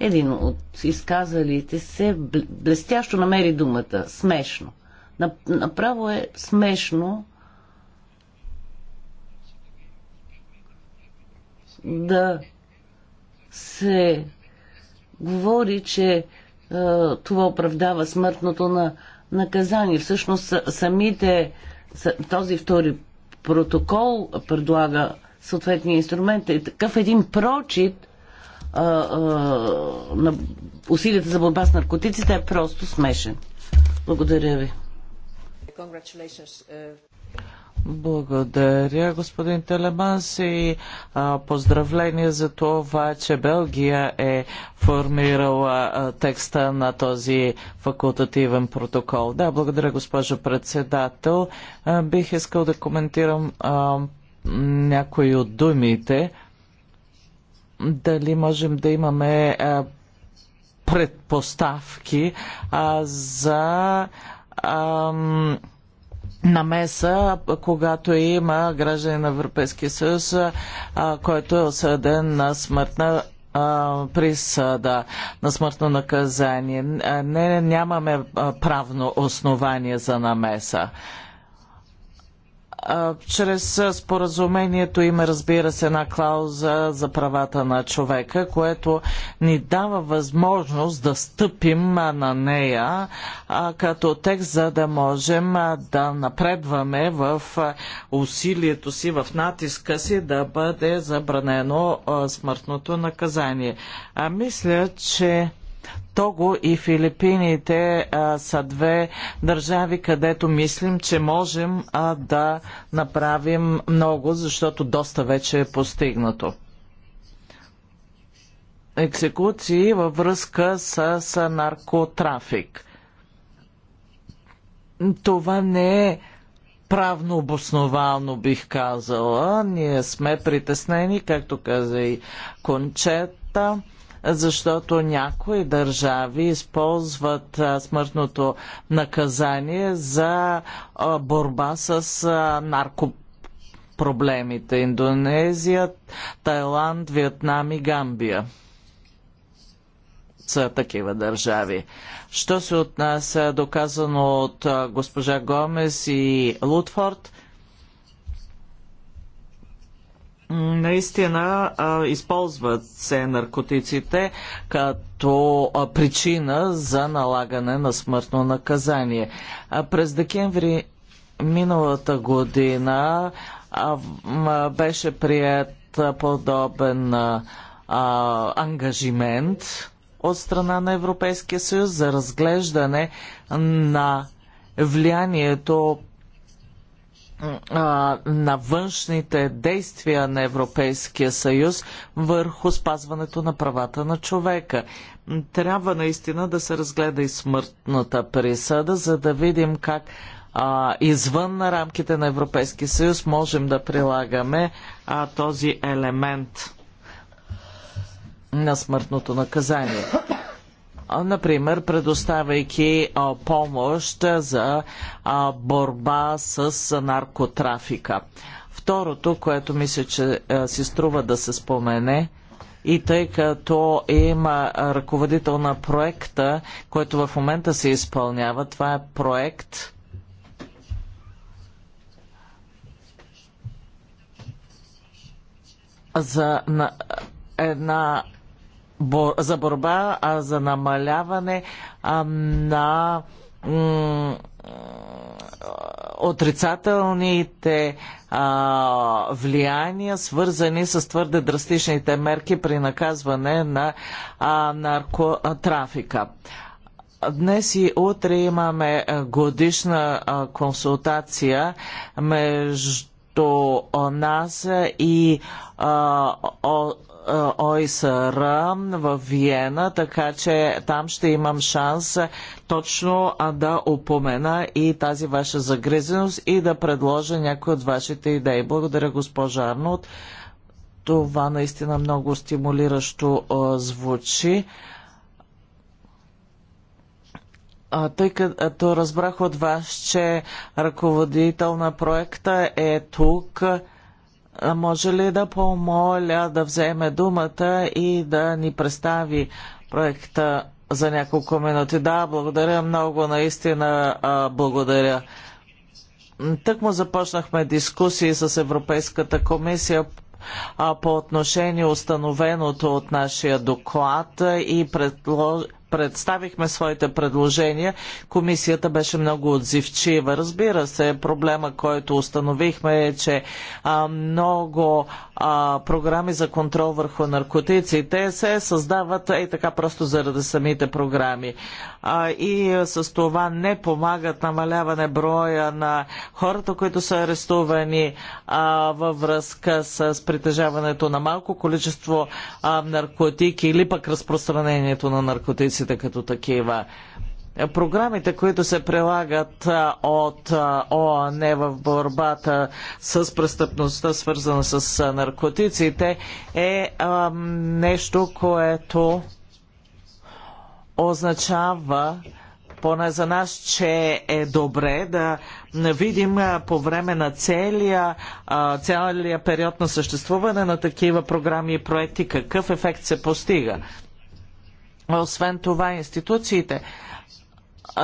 Един от изказалите се блестящо намери думата смешно. Направо е смешно да се говори, че това оправдава смъртното на наказание. Всъщност самите този втори протокол предлага съответния инструмент. И е такъв един прочит а, а, на усилията за борба с наркотиците е просто смешен. Благодаря ви. Благодаря, господин Телеманс и а, поздравление за това, че Белгия е формирала а, текста на този факултативен протокол. Да, благодаря, госпожо председател. А, бих искал да коментирам а, някои от думите. Дали можем да имаме а, предпоставки а, за. А, намеса, когато има гражданин на Европейския съюз, който е осъден на смъртна присъда на смъртно наказание. Е, не, нямаме правно основание за намеса. Чрез споразумението има, разбира се, една клауза за правата на човека, което ни дава възможност да стъпим на нея като текст, за да можем да напредваме в усилието си, в натиска си да бъде забранено смъртното наказание. А мисля, че Того и Филипините а, са две държави, където мислим, че можем а, да направим много, защото доста вече е постигнато екзекуции във връзка с, с наркотрафик. Това не е правно обосновано, бих казала. Ние сме притеснени, както каза и Кончета, защото някои държави използват смъртното наказание за борба с наркопроблемите. Индонезия, Тайланд, Виетнам и Гамбия са такива държави. Що се отнася доказано от госпожа Гомес и Лутфорд, наистина използват се наркотиците като причина за налагане на смъртно наказание. През декември миналата година беше прият подобен ангажимент от страна на Европейския съюз за разглеждане на влиянието на външните действия на Европейския съюз върху спазването на правата на човека. Трябва наистина да се разгледа и смъртната присъда, за да видим как а, извън на рамките на Европейския съюз можем да прилагаме а, този елемент на смъртното наказание например, предоставяйки помощ за борба с наркотрафика. Второто, което мисля, че си струва да се спомене, и тъй като има ръководител на проекта, който в момента се изпълнява, това е проект за една за борба, а за намаляване а, на отрицателните а, влияния, свързани с твърде драстичните мерки при наказване на а, наркотрафика. Днес и утре имаме годишна а, консултация между нас и а, о, ОИСР в Виена, така че там ще имам шанс точно да упомена и тази ваша загризеност и да предложа някои от вашите идеи. Благодаря, госпожа Арнот. Това наистина много стимулиращо звучи. тъй като разбрах от вас, че ръководител на проекта е тук. Може ли да помоля да вземе думата и да ни представи проекта за няколко минути? Да, благодаря много, наистина благодаря. Тък му започнахме дискусии с Европейската комисия по отношение установеното от нашия доклад и представихме своите предложения, комисията беше много отзивчива. Разбира се, проблема, който установихме е, че а, много а, програми за контрол върху наркотиците се създават и така просто заради самите програми. А, и с това не помагат намаляване броя на хората, които са арестувани а, във връзка с притежаването на малко количество а, наркотики или пък разпространението на наркотиците като такива програмите, които се прилагат от ООН в борбата с престъпността, свързана с наркотиците, е нещо, което означава поне за нас, че е добре да видим по време на целия, целия период на съществуване на такива програми и проекти какъв ефект се постига. Освен това, институциите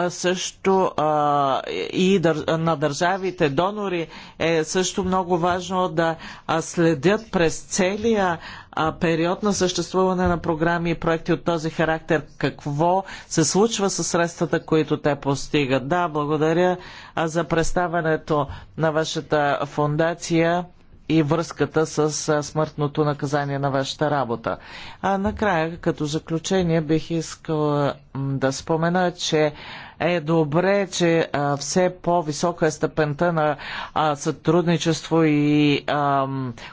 също а, и дър, на държавите донори е също много важно да следят през целия а, период на съществуване на програми и проекти от този характер какво се случва с средствата, които те постигат. Да, благодаря за представането на вашата фундация и връзката с смъртното наказание на вашата работа. А накрая, като заключение, бих искала да спомена, че е добре, че а, все по-висока е степента на а, сътрудничество и а,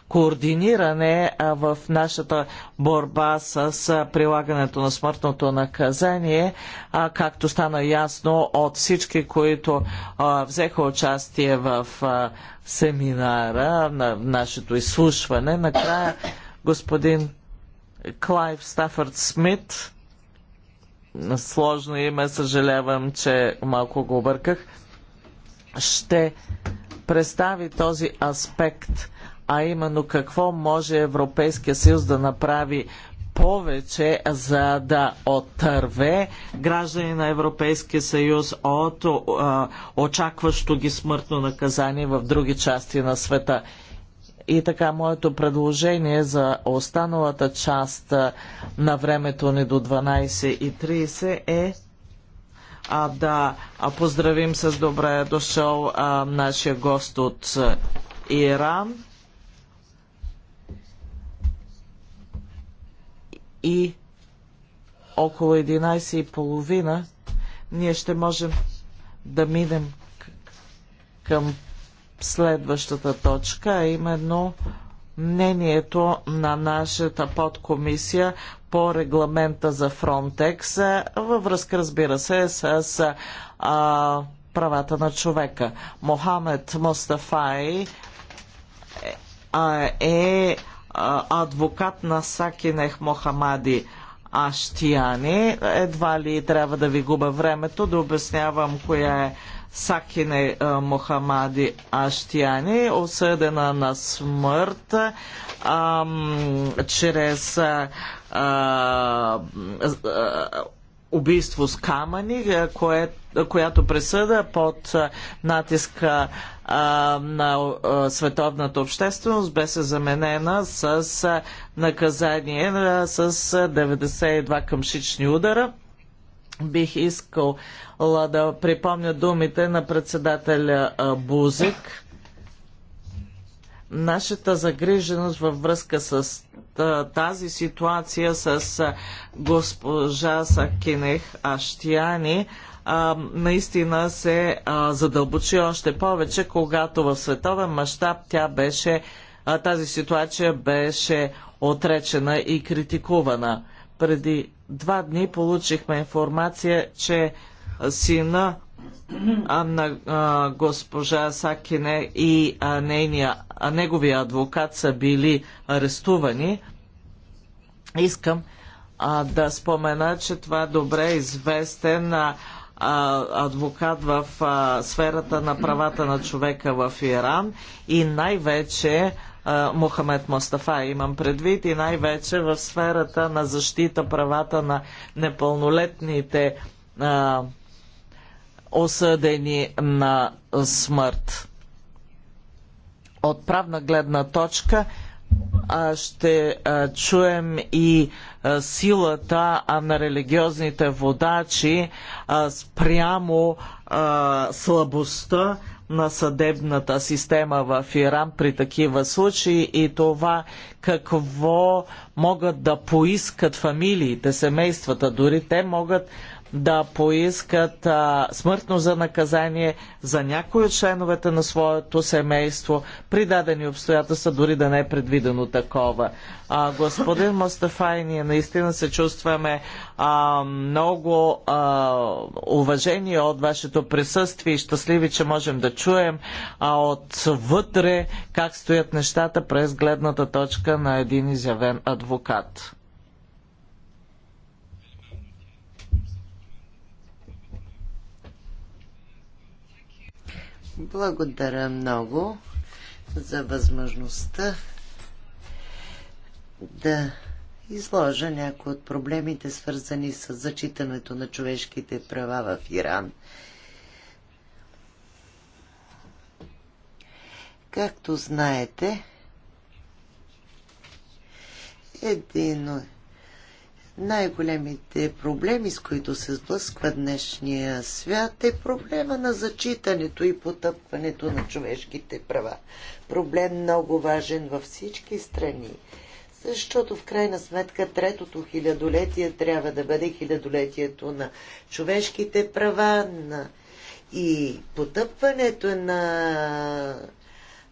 координиране а, в нашата борба с а, прилагането на смъртното наказание, а, както стана ясно от всички, които а, взеха участие в а, семинара, на нашето изслушване. Накрая господин Клайв Стафърд Смит сложно име, е, съжалявам, че малко го обърках, ще представи този аспект, а именно какво може Европейския съюз да направи повече, за да отърве граждани на Европейския съюз от а, очакващо ги смъртно наказание в други части на света. И така, моето предложение за останалата част на времето ни до 12.30 е а, да поздравим с добре дошъл а, нашия гост от Иран. И около 11.30 ние ще можем да минем към следващата точка, а именно мнението на нашата подкомисия по регламента за Фронтекс във връзка, разбира се, с а, правата на човека. Мохамед Мустафай е, е, е адвокат на Сакинех Мохамади Аштияни. Едва ли трябва да ви губа времето да обяснявам коя е Сакине е, Мохамади Аштияни, осъдена на смърт ам, чрез а, е, а, е, убийство с камъни, кое, която присъда под натиска а, на а, световната общественост бе се заменена с а, наказание а, с 92 къмшични удара. Бих искал да припомня думите на председателя Бузик. Нашата загриженост във връзка с тази ситуация с госпожа Сакинех Аштияни наистина се задълбочи още повече, когато в световен мащаб тя беше тази ситуация беше отречена и критикувана. Преди два дни получихме информация, че сина на а, госпожа Сакине и а, нейния, а, неговия адвокат са били арестувани. Искам а, да спомена, че това е добре известен а, адвокат в а, сферата на правата на човека в Иран и най-вече Мохамед Мустафа имам предвид и най-вече в сферата на защита правата на непълнолетните а, осъдени на смърт. От правна гледна точка ще чуем и силата на религиозните водачи спрямо слабостта на съдебната система в Иран при такива случаи и това какво могат да поискат фамилиите, семействата, дори те могат да поискат а, смъртно за наказание за някои от членовете на своето семейство, при дадени обстоятелства, дори да не е предвидено такова. А, господин Мастафай, ние наистина се чувстваме а, много а, уважение от вашето присъствие и щастливи, че можем да чуем а, отвътре как стоят нещата през гледната точка на един изявен адвокат. Благодаря много за възможността да изложа някои от проблемите, свързани с зачитането на човешките права в Иран. Както знаете, един най-големите проблеми, с които се сблъсква днешния свят, е проблема на зачитането и потъпването на човешките права. Проблем много важен във всички страни, защото в крайна сметка третото хилядолетие трябва да бъде хилядолетието на човешките права на... и потъпването на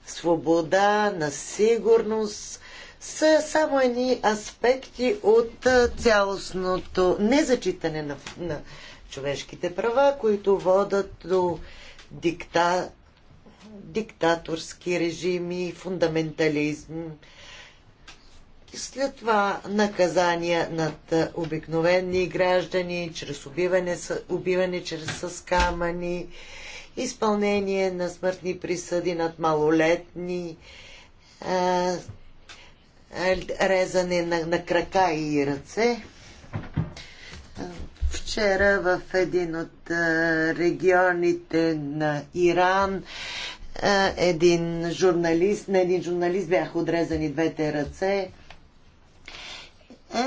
свобода, на сигурност, са само едни аспекти от цялостното незачитане на, на човешките права, които водат до дикта, диктаторски режими, фундаментализм, след това наказания над обикновени граждани, чрез убиване, убиване чрез скамани, изпълнение на смъртни присъди над малолетни, резане на, на крака и ръце. Вчера в един от регионите на Иран един журналист, на един журналист бяха отрезани двете ръце. Е,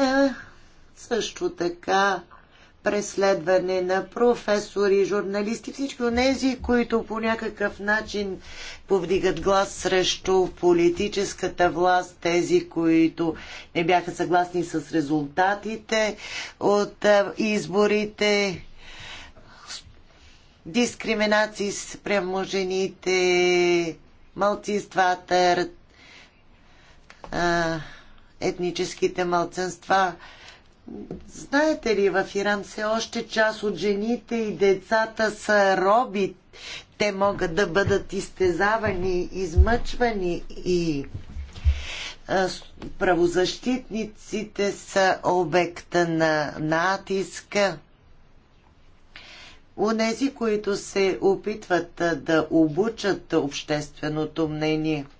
също така преследване на професори, журналисти, всички от тези, които по някакъв начин повдигат глас срещу политическата власт, тези, които не бяха съгласни с резултатите от изборите, дискриминации спрямо жените, малцинствата, етническите малцинства – Знаете ли, в Иран все още част от жените и децата са роби. Те могат да бъдат изтезавани, измъчвани и правозащитниците са обекта на натиска. Унези, които се опитват да обучат общественото мнение –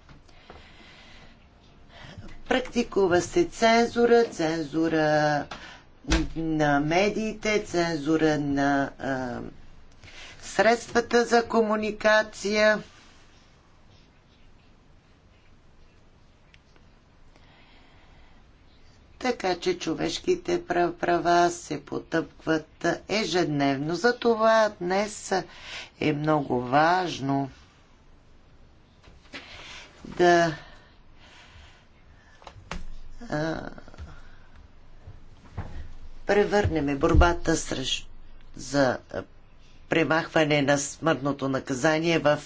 Практикува се цензура, цензура на медиите, цензура на а, средствата за комуникация. така че човешките права се потъпкват ежедневно. Затова днес е много важно да превърнеме борбата срещу, за премахване на смъртното наказание в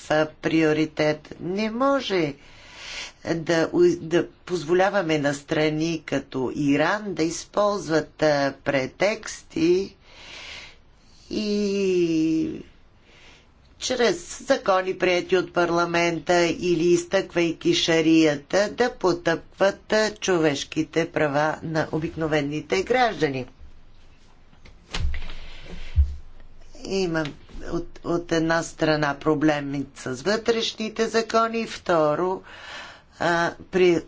приоритет. Не може да, да позволяваме на страни като Иран да използват претексти и чрез закони, прияти от парламента или изтъквайки шарията, да потъпват човешките права на обикновените граждани. Има от, от една страна проблеми с вътрешните закони, второ а, при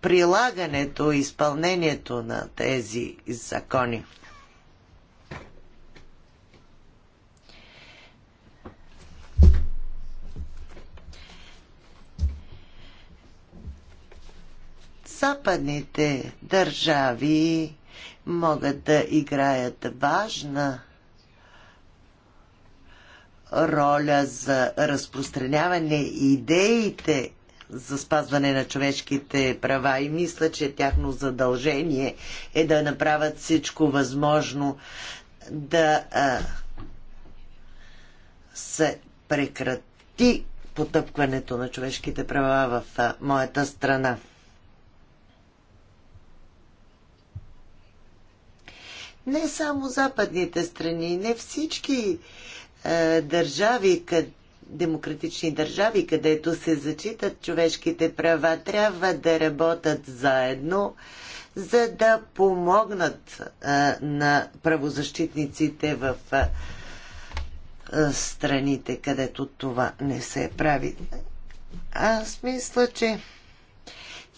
прилагането и изпълнението на тези закони. западните държави могат да играят важна роля за разпространяване идеите за спазване на човешките права и мисля, че тяхно задължение е да направят всичко възможно да а, се прекрати потъпкването на човешките права в а, моята страна. не само западните страни, не всички е, държави, къд, демократични държави, където се зачитат човешките права, трябва да работят заедно, за да помогнат е, на правозащитниците в е, е страните, където това не се прави. Аз мисля, че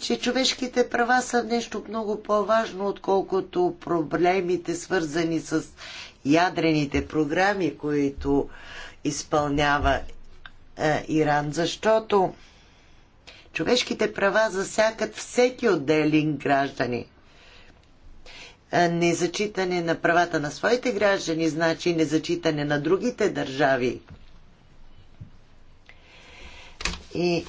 че човешките права са нещо много по-важно, отколкото проблемите, свързани с ядрените програми, които изпълнява е, Иран, защото човешките права засякат всеки отделен граждани. Е, незачитане на правата на своите граждани значи незачитане на другите държави. И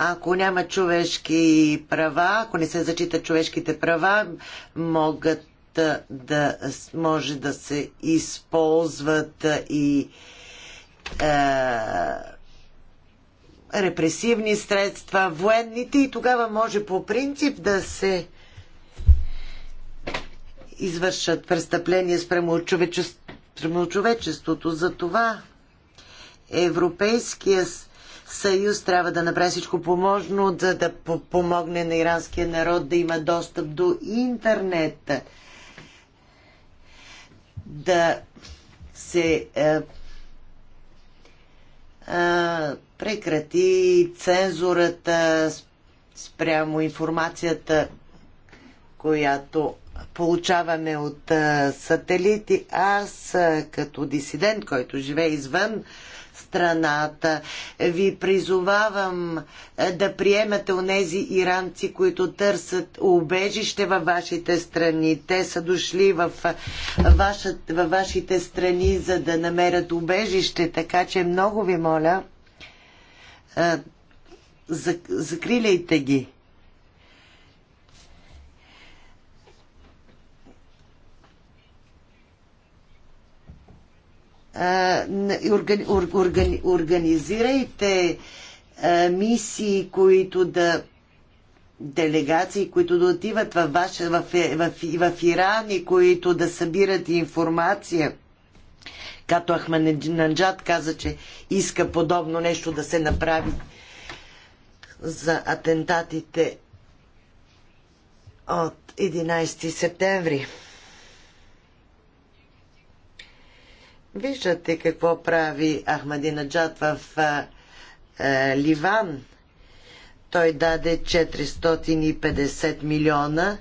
ако няма човешки права, ако не се зачитат човешките права, могат да може да се използват и е, репресивни средства, военните и тогава може по принцип да се извършат престъпления спрямо човечеството. За това Европейския съюз трябва да направи всичко поможно, за да помогне на иранския народ да има достъп до интернет, да се а, е, а, е, прекрати цензурата спрямо информацията, която получаваме от е, сателити. Аз като дисидент, който живее извън страната. Ви призовавам е, да приемате онези иранци, които търсят убежище във вашите страни. Те са дошли в е, ваша, във вашите страни, за да намерят убежище, така че много ви моля, е, закриляйте ги. организирайте мисии, които да делегации, които да отиват във ваше, в, е, в, в, в Иран и които да събират информация. Като Ахманеджад каза, че иска подобно нещо да се направи за атентатите от 11 септември. Виждате какво прави Ахмадина Джад в Ливан. Той даде 450 милиона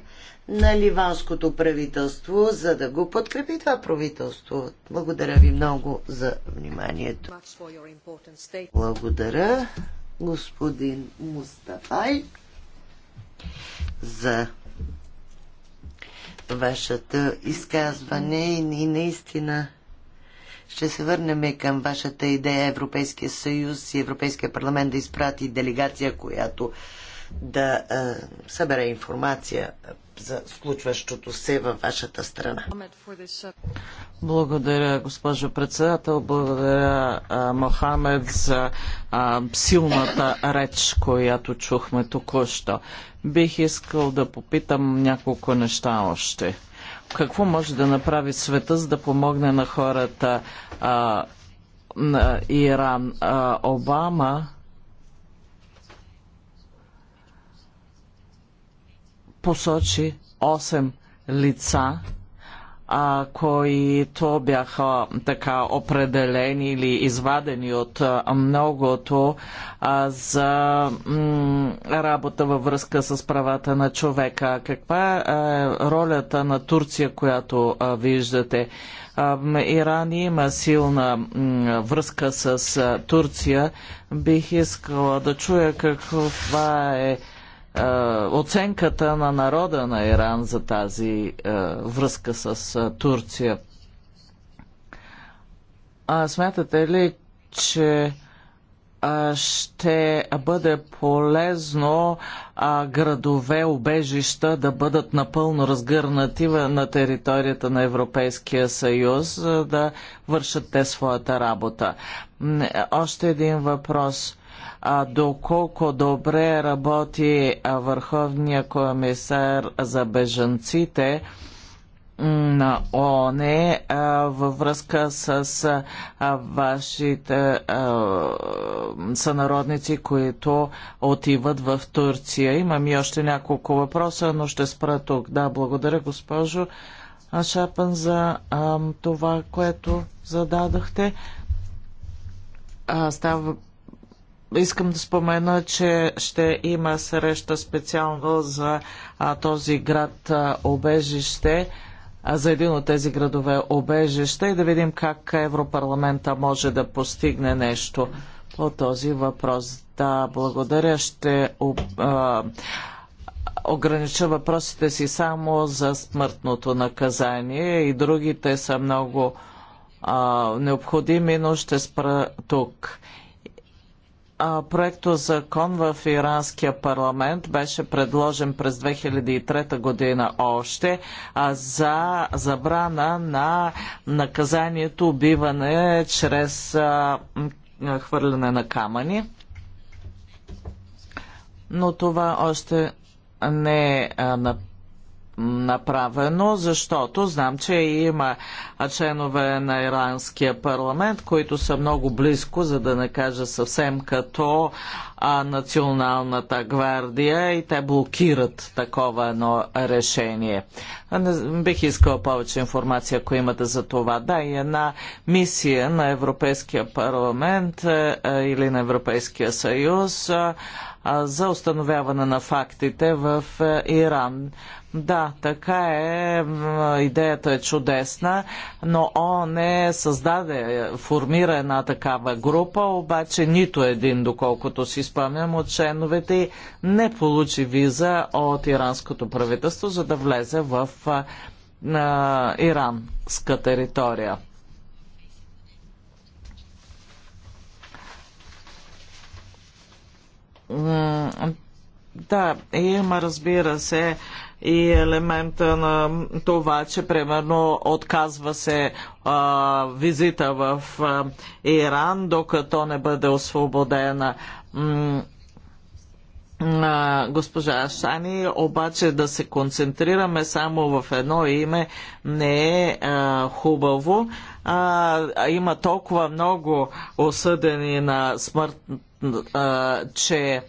на ливанското правителство, за да го подкрепи това правителство. Благодаря ви много за вниманието. Благодаря, господин Мустафай, за вашето изказване и наистина ще се върнем към вашата идея Европейския съюз и Европейския парламент да изпрати делегация, която да а, събере информация за случващото се във вашата страна. Благодаря, госпожо председател. Благодаря, а, Мохамед, за а, силната реч, която чухме току-що. Бих искал да попитам няколко неща още какво може да направи света, за да помогне на хората а, на Иран. А, Обама посочи 8 лица, а, които бяха така определени или извадени от многото а, за работа във връзка с правата на човека. Каква е, е ролята на Турция, която а, виждате? Иран има силна връзка с Турция. Бих искала да чуя каква е е, оценката на народа на Иран за тази е, връзка с е, Турция. А, смятате ли, че ще бъде полезно а, градове, убежища да бъдат напълно разгърнати на територията на Европейския съюз, за да вършат те своята работа. Още един въпрос а, доколко добре работи а, Върховния комисар за бежанците на а, във връзка с а, вашите а, сънародници, които отиват в Турция. Имам и още няколко въпроса, но ще спра тук. Да, благодаря, госпожо Шапан, за а, това, което зададахте. става Искам да спомена, че ще има среща специално за а, този град а, обежище, а, за един от тези градове обежище и да видим как Европарламента може да постигне нещо по този въпрос. Да, благодаря. Ще а, огранича въпросите си само за смъртното наказание и другите са много а, необходими, но ще спра тук проекто закон в иранския парламент беше предложен през 2003 година още за забрана на наказанието убиване чрез хвърляне на камъни. Но това още не е направено, защото знам, че има членове на иранския парламент, които са много близко, за да не кажа съвсем като а, националната гвардия и те блокират такова едно решение. бих искала повече информация, ако имате за това. Да, и една мисия на Европейския парламент а, е, е, или на Европейския съюз а, е, за установяване на фактите в Иран. Да, така е. Идеята е чудесна, но ООН е създаде, формира една такава група, обаче нито един, доколкото си спомням, от членовете не получи виза от иранското правителство, за да влезе в на иранска територия. Да, има, разбира се, и елемента на това, че примерно отказва се а, визита в а, Иран, докато не бъде освободена а, госпожа Шани, обаче да се концентрираме само в едно име не е а, хубаво. А, има толкова много осъдени на смърт че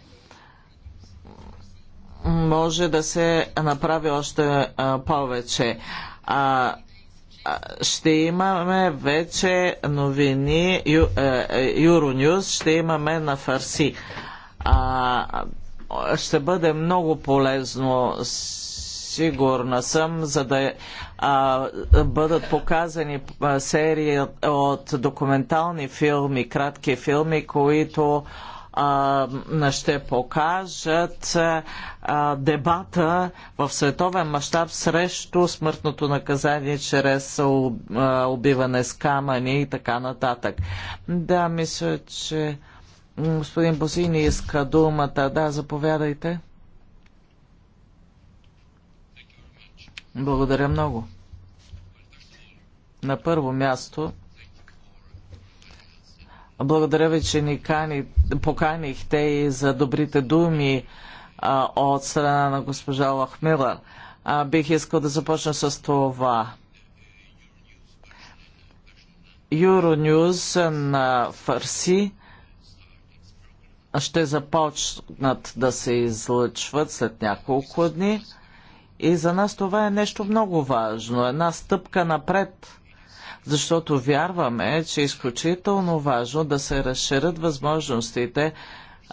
може да се направи още повече. Ще имаме вече новини, е, е, Euronews ще имаме на фарси. Ще бъде много полезно, сигурна съм, за да а, бъдат показани серии от документални филми, кратки филми, които ще покажат дебата в световен мащаб срещу смъртното наказание чрез убиване с камъни и така нататък. Да, мисля, че господин Бозини иска думата. Да, заповядайте. Благодаря много. На първо място, благодаря ви, че ни кани, поканихте и за добрите думи а, от страна на госпожа Лахмилър. А, бих искал да започна с това. Euronews на Фарси ще започнат да се излъчват след няколко дни. И за нас това е нещо много важно, една стъпка напред, защото вярваме, че е изключително важно да се разширят възможностите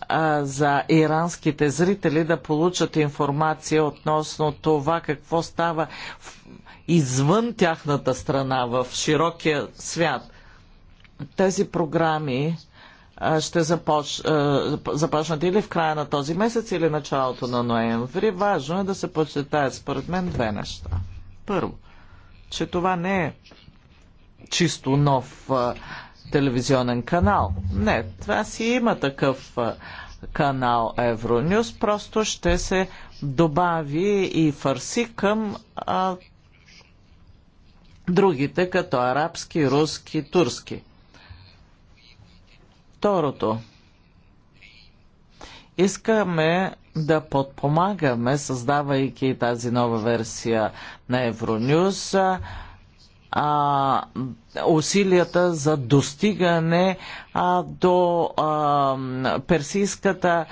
а, за иранските зрители да получат информация относно това какво става в, извън тяхната страна, в широкия свят. Тези програми ще започ... започнат или в края на този месец, или началото на ноември. Важно е да се почетаят, според мен, две неща. Първо, че това не е чисто нов а, телевизионен канал. Не, това си има такъв а, канал Евронюс, просто ще се добави и фарси към а, другите, като арабски, руски, турски. Второто. Искаме да подпомагаме, създавайки тази нова версия на Евронюс, а, усилията за достигане а, до а, персийската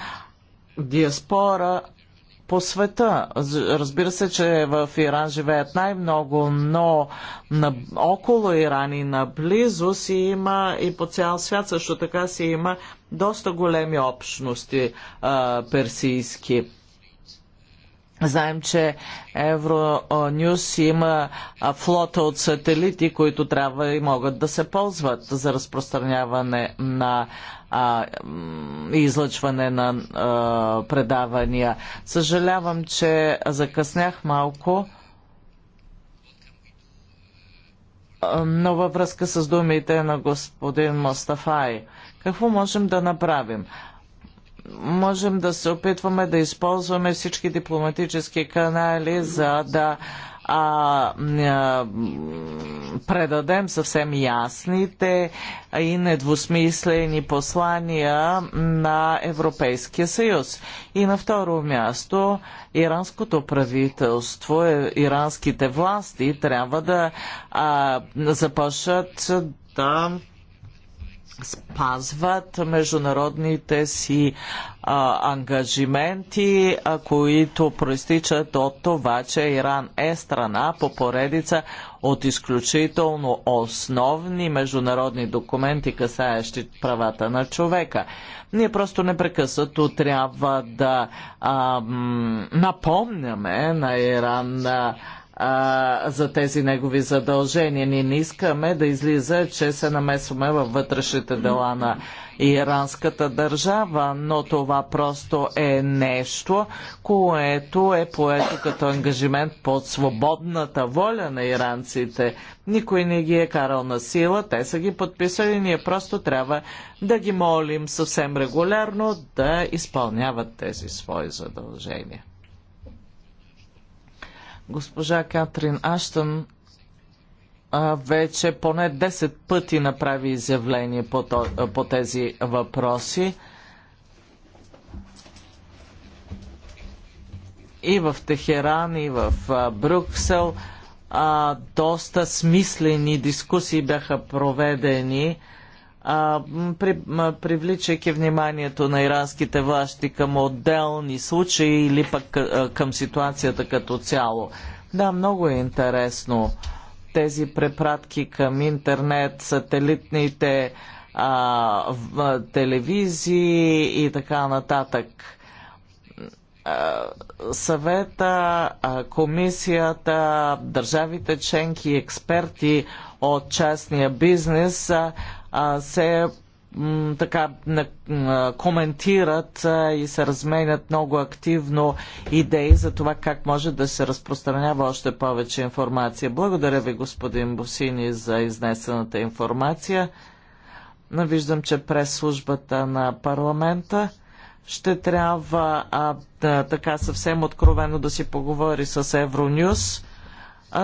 диаспора по света. Разбира се, че в Иран живеят най-много, но на, около Иран и наблизо си има и по цял свят също така си има доста големи общности а, персийски. Знаем, че Евронюс има флота от сателити, които трябва и могат да се ползват за разпространяване на а, и излъчване на а, предавания. Съжалявам, че закъснях малко, но във връзка с думите на господин Мостафай, какво можем да направим? можем да се опитваме да използваме всички дипломатически канали, за да а, а, предадем съвсем ясните и недвусмислени послания на Европейския съюз. И на второ място, иранското правителство, е, иранските власти трябва да а, започнат да спазват международните си а, ангажименти, а, които проистичат от това, че Иран е страна по поредица от изключително основни международни документи, касаещи правата на човека. Ние просто непрекъснато трябва да а, напомняме на Иран. А, а, за тези негови задължения. Ние не искаме да излиза, че се намесваме във вътрешните дела на иранската държава, но това просто е нещо, което е поето като ангажимент под свободната воля на иранците. Никой не ги е карал на сила, те са ги подписали, ние просто трябва да ги молим съвсем регулярно да изпълняват тези свои задължения. Госпожа Катрин Аштън вече поне 10 пъти направи изявление по, то, по тези въпроси. И в Техеран, и в Брюксел доста смислени дискусии бяха проведени при, привличайки вниманието на иранските власти към отделни случаи или пък към ситуацията като цяло. Да, много е интересно. Тези препратки към интернет, сателитните а, в, телевизии и така нататък. А, съвета, а, комисията, държавите членки, експерти от частния бизнес а, се така коментират и се разменят много активно идеи за това как може да се разпространява още повече информация. Благодаря ви, господин Босини, за изнесената информация. Виждам, че през службата на парламента ще трябва а, да, така съвсем откровено да си поговори с Евронюс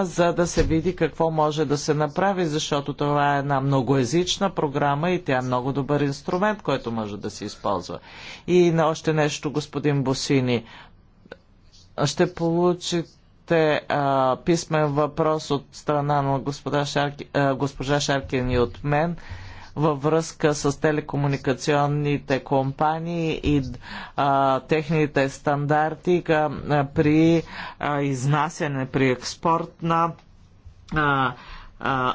за да се види какво може да се направи, защото това е една многоязична програма и тя е много добър инструмент, който може да се използва. И на още нещо, господин Босини, ще получите а, писмен въпрос от страна на господа Шарки, а, госпожа Шаркин и от мен във връзка с телекомуникационните компании и а, техните стандарти а, при а, изнасяне, при експорт на а,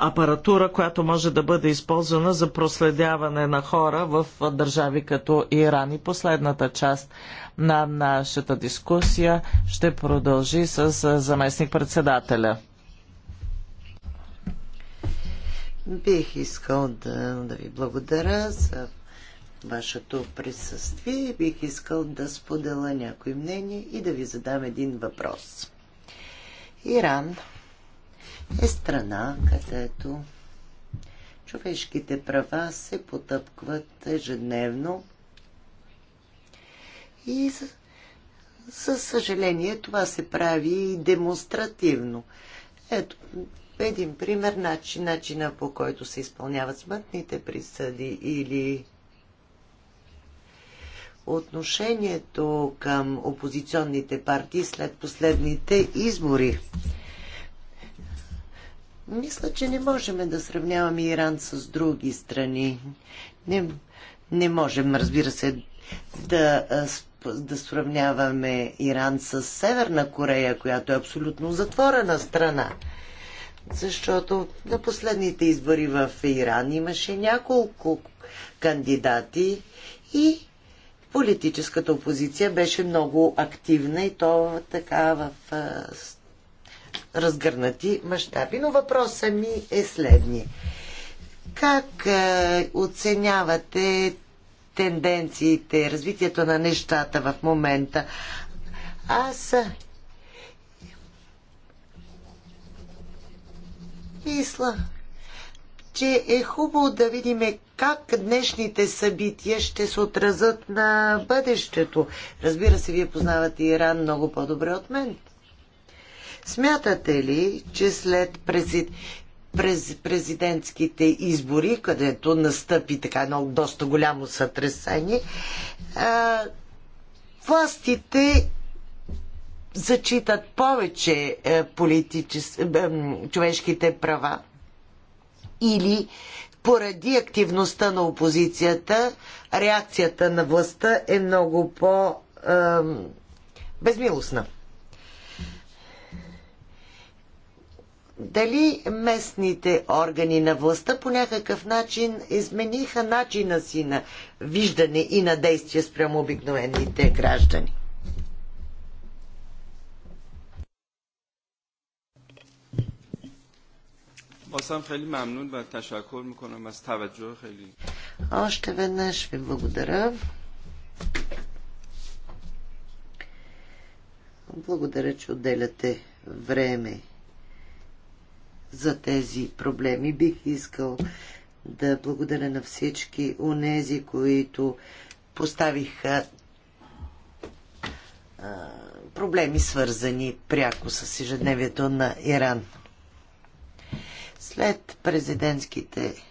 апаратура, която може да бъде използвана за проследяване на хора в държави като Иран. И последната част на нашата дискусия ще продължи с заместник председателя. Бих искал да, да ви благодаря за вашето присъствие и бих искал да споделя някои мнения и да ви задам един въпрос. Иран е страна, където човешките права се потъпкват ежедневно и със съжаление това се прави и демонстративно. Ето, един пример, начин, начина по който се изпълняват смъртните присъди или отношението към опозиционните партии след последните избори. Мисля, че не можем да сравняваме Иран с други страни. Не, не можем, разбира се, да, да сравняваме Иран с Северна Корея, която е абсолютно затворена страна защото на последните избори в Иран имаше няколко кандидати и политическата опозиция беше много активна и то така в разгърнати мащаби. Но въпросът ми е следния. Как а, оценявате тенденциите, развитието на нещата в момента? Аз Мисля, че е хубаво да видим как днешните събития ще се отразят на бъдещето. Разбира се, вие познавате Иран много по-добре от мен. Смятате ли, че след презид... през президентските избори, където настъпи така едно доста голямо сътресение, а... властите зачитат повече е, политичес... Е, човешките права или поради активността на опозицията, реакцията на властта е много по- е, безмилостна. Дали местните органи на властта по някакъв начин измениха начина си на виждане и на действие спрямо обикновените граждани? خواستم خیلی ممنون و تشکر میکنم از توجه Още веднъж ви благодаря. Благодаря, че отделяте време за тези проблеми. Бих искал да благодаря на всички унези, които поставиха проблеми, свързани пряко с ежедневието на Иран. След президентските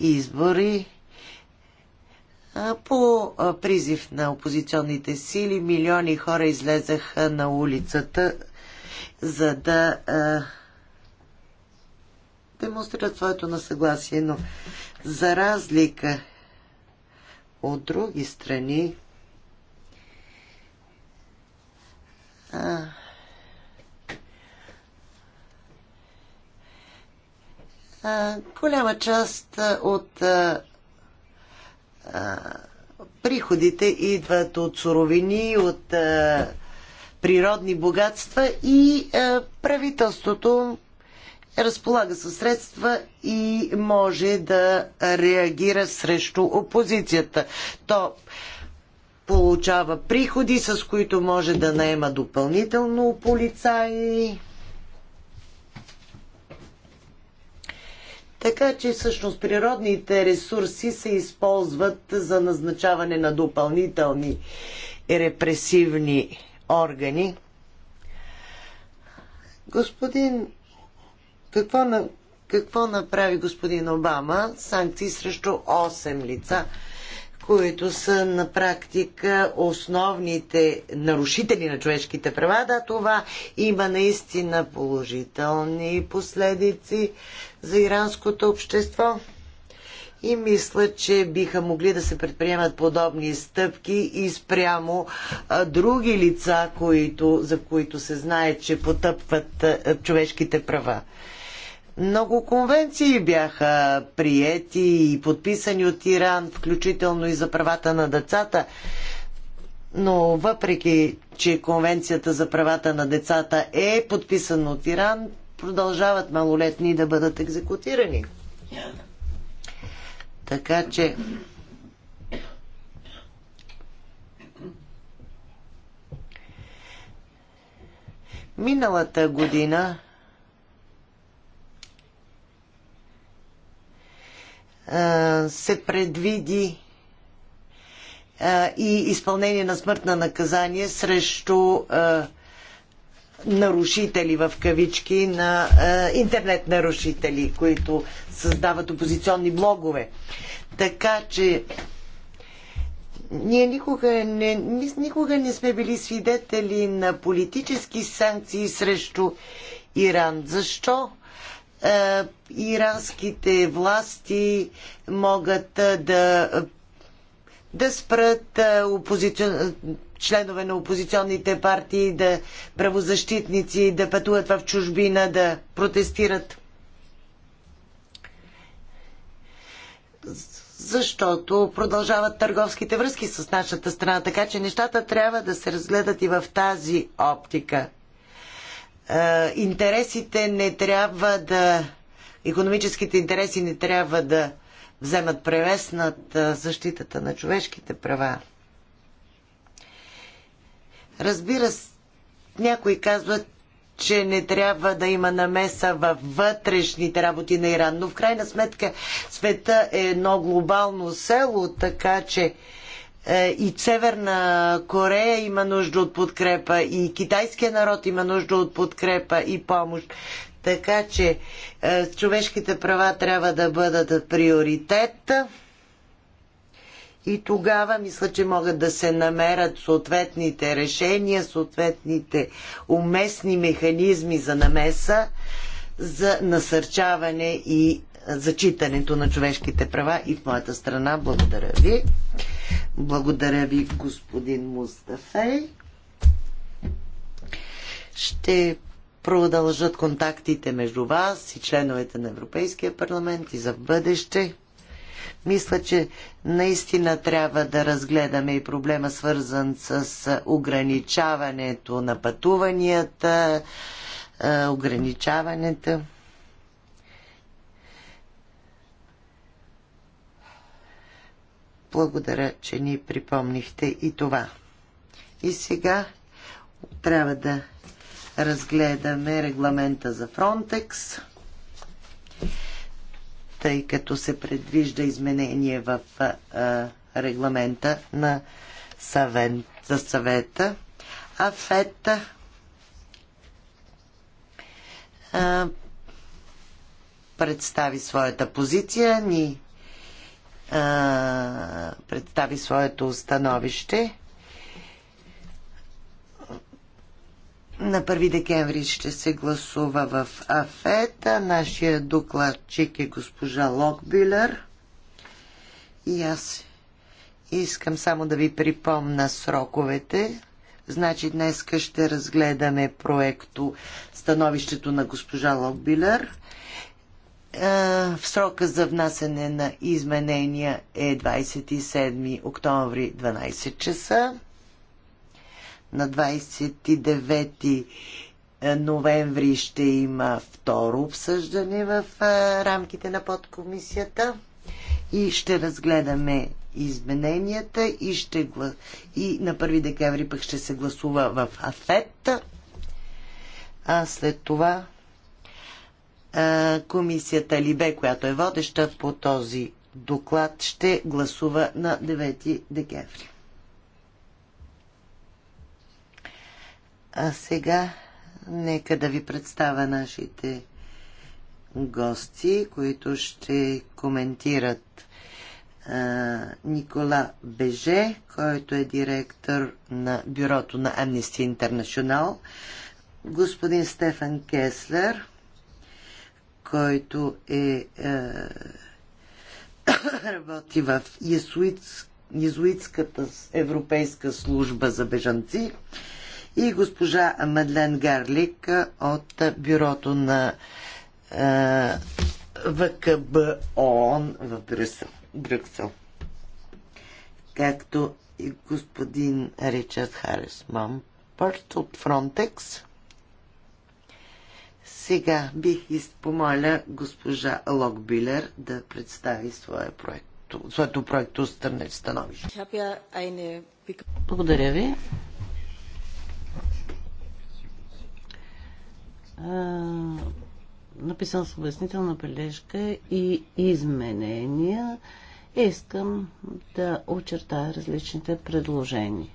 избори по призив на опозиционните сили милиони хора излезаха на улицата, за да демонстрират своето насъгласие. Но за разлика от други страни, а, голяма част от приходите идват от суровини, от природни богатства и правителството разполага със средства и може да реагира срещу опозицията. То получава приходи, с които може да наема допълнително полицаи Така че всъщност природните ресурси се използват за назначаване на допълнителни репресивни органи. Господин, какво, на, какво направи господин Обама? Санкции срещу 8 лица, които са на практика основните нарушители на човешките права. Да, това има наистина положителни последици за иранското общество и мисля, че биха могли да се предприемат подобни стъпки и спрямо а, други лица, които, за които се знае, че потъпват а, човешките права. Много конвенции бяха приети и подписани от Иран, включително и за правата на децата. Но въпреки, че Конвенцията за правата на децата е подписана от Иран, продължават малолетни да бъдат екзекутирани. Така че миналата година се предвиди и изпълнение на смъртна наказание срещу а, нарушители в кавички на е, интернет нарушители, които създават опозиционни блогове. Така че ние никога не, никога не сме били свидетели на политически санкции срещу Иран. Защо е, иранските власти могат е, да е, да спрат е, опозицион членове на опозиционните партии, да правозащитници, да пътуват в чужбина, да протестират. Защото продължават търговските връзки с нашата страна, така че нещата трябва да се разгледат и в тази оптика. Е, интересите не трябва да. Економическите интереси не трябва да вземат превес над е, защитата на човешките права. Разбира се, някои казват, че не трябва да има намеса във вътрешните работи на Иран, но в крайна сметка света е едно глобално село, така че е, и Северна Корея има нужда от подкрепа, и китайския народ има нужда от подкрепа и помощ. Така че е, човешките права трябва да бъдат приоритет. И тогава мисля, че могат да се намерят съответните решения, съответните уместни механизми за намеса, за насърчаване и зачитането на човешките права и в моята страна. Благодаря ви. Благодаря ви, господин Мустафей. Ще продължат контактите между вас и членовете на Европейския парламент и за бъдеще. Мисля, че наистина трябва да разгледаме и проблема свързан с ограничаването на пътуванията, ограничаването. Благодаря, че ни припомнихте и това. И сега трябва да разгледаме регламента за Фронтекс тъй като се предвижда изменение в регламента на съвен, за съвета. А ФЕТА представи своята позиция, ни а, представи своето установище. На 1 декември ще се гласува в Афета. Нашия докладчик е госпожа Локбилер. И аз искам само да ви припомна сроковете. Значи днес ще разгледаме проекто становището на госпожа Локбилер. Е, в срока за внасене на изменения е 27 октомври 12 часа на 29 е, ноември ще има второ обсъждане в е, рамките на подкомисията и ще разгледаме измененията и, ще и на 1 декември пък ще се гласува в АФЕТ. А след това е, комисията Либе, която е водеща по този доклад, ще гласува на 9 декември. А сега нека да ви представя нашите гости, които ще коментират а, Никола Беже, който е директор на бюрото на Amnesty International, господин Стефан Кеслер, който е, е работи в Езуитската европейска служба за бежанци, и госпожа Мадлен Гарлик от бюрото на е, ВКБ ООН в Брюсел. Брюксел. Както и господин Ричард Харис Мампърт от Фронтекс. Сега бих изпомоля госпожа Локбилер да представи своя проект, своето проекто становище. Благодаря ви. написан с обяснителна бележка и изменения, искам да очертая различните предложения.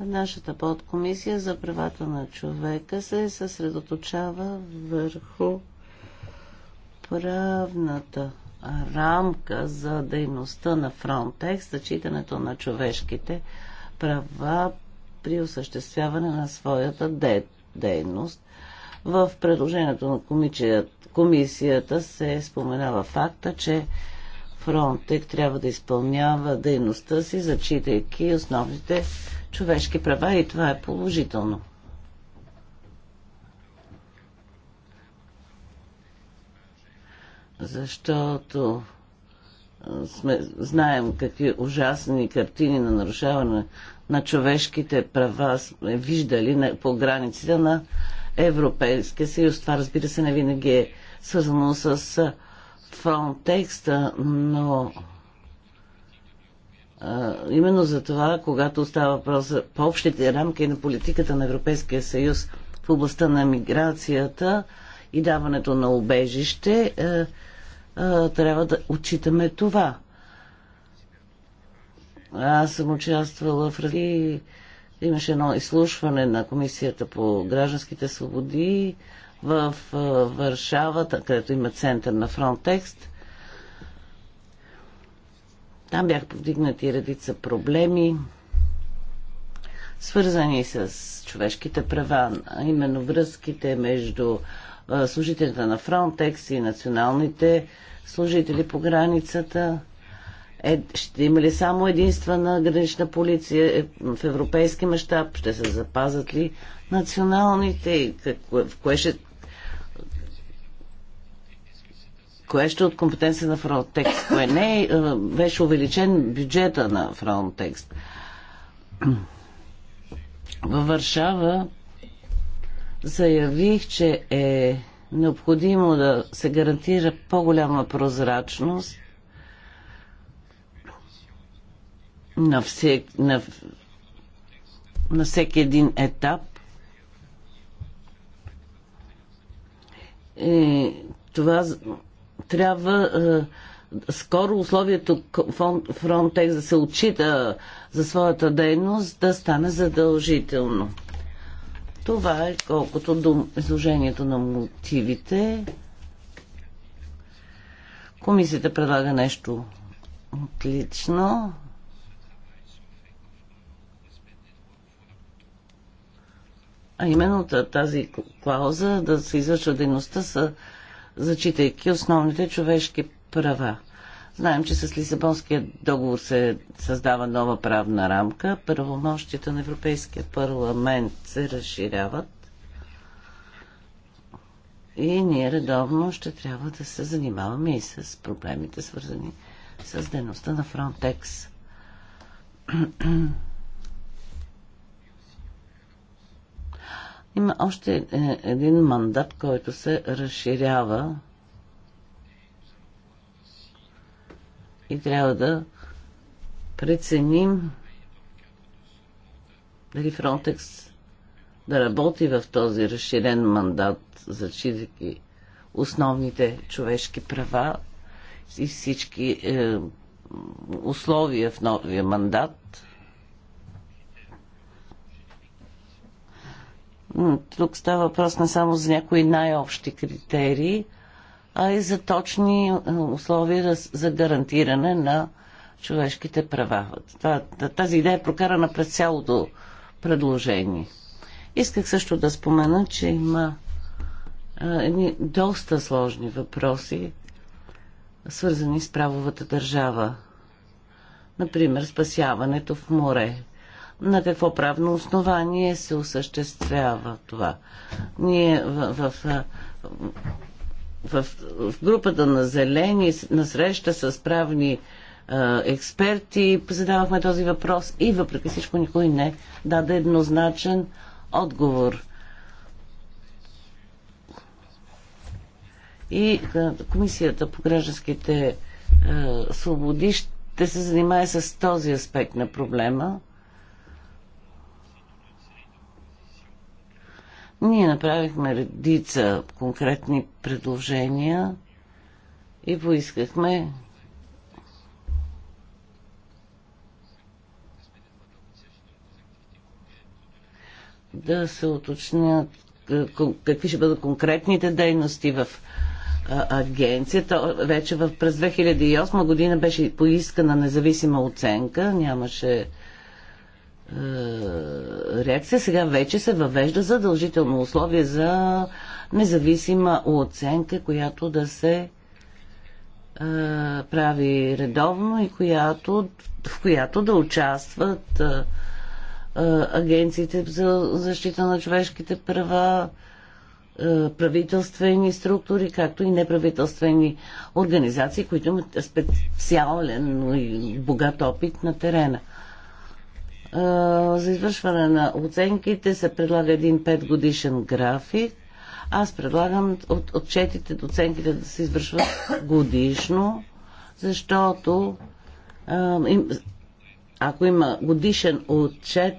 Нашата подкомисия за правата на човека се съсредоточава върху правната рамка за дейността на Frontex, зачитането на човешките права при осъществяване на своята де... дейност – в предложението на комисията, комисията се споменава факта, че Фронтек трябва да изпълнява дейността си, зачитайки основните човешки права и това е положително. Защото сме, знаем какви ужасни картини на нарушаване на човешките права сме виждали на, по границите на Европейския съюз. Това разбира се не винаги е свързано с фронтекста, но именно за това, когато става въпрос за по общите рамки на политиката на Европейския съюз в областта на миграцията и даването на убежище, е, е, трябва да отчитаме това. Аз съм участвала в различни Имаше едно изслушване на Комисията по гражданските свободи в Варшава, където има център на Фронтекст. Там бях повдигнати редица проблеми, свързани с човешките права, а именно връзките между служителите на Фронтекст и националните служители по границата. Е, ще има ли само единствена гранична полиция е, в европейски мащаб? Ще се запазят ли националните? в кое ще кое ще от компетенция на Frontex, кое не е, е, беше увеличен бюджета на Frontex. Във Варшава заявих, че е необходимо да се гарантира по-голяма прозрачност на, все, на, на всеки един етап. И е, това трябва а, е, скоро условието Фронтекс да се отчита за своята дейност да стане задължително. Това е колкото до изложението на мотивите. Комисията предлага нещо отлично. А именно тази клауза да се извършва дейността, са, зачитайки основните човешки права. Знаем, че с Лисабонския договор се създава нова правна рамка. Първомощите на Европейския парламент се разширяват. И ние редовно ще трябва да се занимаваме и с проблемите, свързани с дейността на Фронтекс. Има още е, един мандат, който се разширява и трябва да преценим дали Фронтекс да работи в този разширен мандат, зачитайки основните човешки права и всички е, условия в новия мандат. Тук става въпрос не само за някои най-общи критерии, а и за точни е, условия за гарантиране на човешките права. Тази идея е прокарана през цялото предложение. Исках също да спомена, че има е, едни доста сложни въпроси, свързани с правовата държава. Например, спасяването в море на какво правно основание се осъществява това. Ние в, в, в, в, в групата на зелени, на среща с правни експерти задавахме този въпрос и въпреки всичко никой не даде еднозначен отговор. И Комисията по гражданските свободи ще се занимае с този аспект на проблема. Ние направихме редица конкретни предложения и поискахме да се уточнят какви ще бъдат конкретните дейности в агенцията. Вече в, през 2008 година беше поискана независима оценка, нямаше е, реакция, сега вече се въвежда задължително условие за независима оценка, която да се е, прави редовно и която, в която да участват е, агенциите за защита на човешките права, правителствени структури, както и неправителствени организации, които имат специален и богат опит на терена. За извършване на оценките се предлага един 5 годишен график. Аз предлагам от отчетите до оценките да се извършват годишно, защото ако има годишен отчет,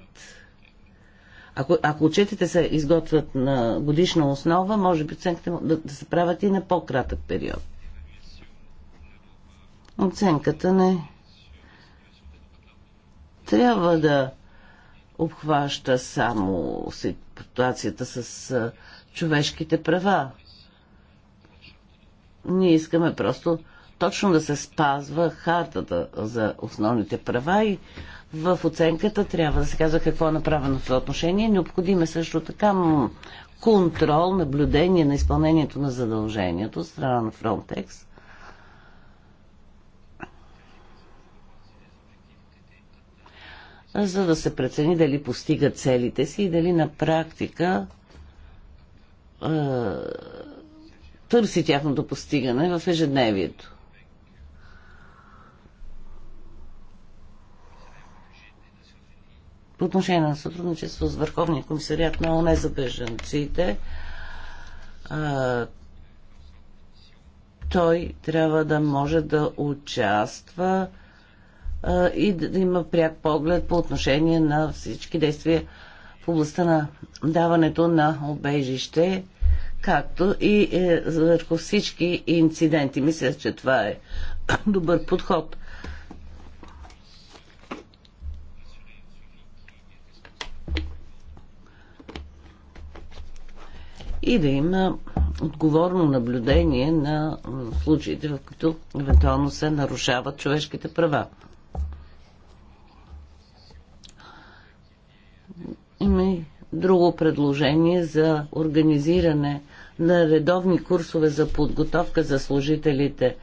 ако, ако отчетите се изготвят на годишна основа, може би оценките да, да се правят и на по-кратък период. Оценката не трябва да обхваща само ситуацията с човешките права. Ние искаме просто точно да се спазва хартата за основните права и в оценката трябва да се казва какво е направено в това отношение. Необходим е също така контрол, наблюдение на изпълнението на задължението от страна на Frontex. за да се прецени дали постига целите си и дали на практика е, търси тяхното постигане в ежедневието. По отношение на сътрудничество с Върховния комисариат на ОНЕ за бежанците, е, той трябва да може да участва и да има пряк поглед по отношение на всички действия в областта на даването на обежище, както и е, върху всички инциденти. Мисля, че това е добър подход. И да има отговорно наблюдение на случаите, в които евентуално се нарушават човешките права. Има и друго предложение за организиране на редовни курсове за подготовка за служителите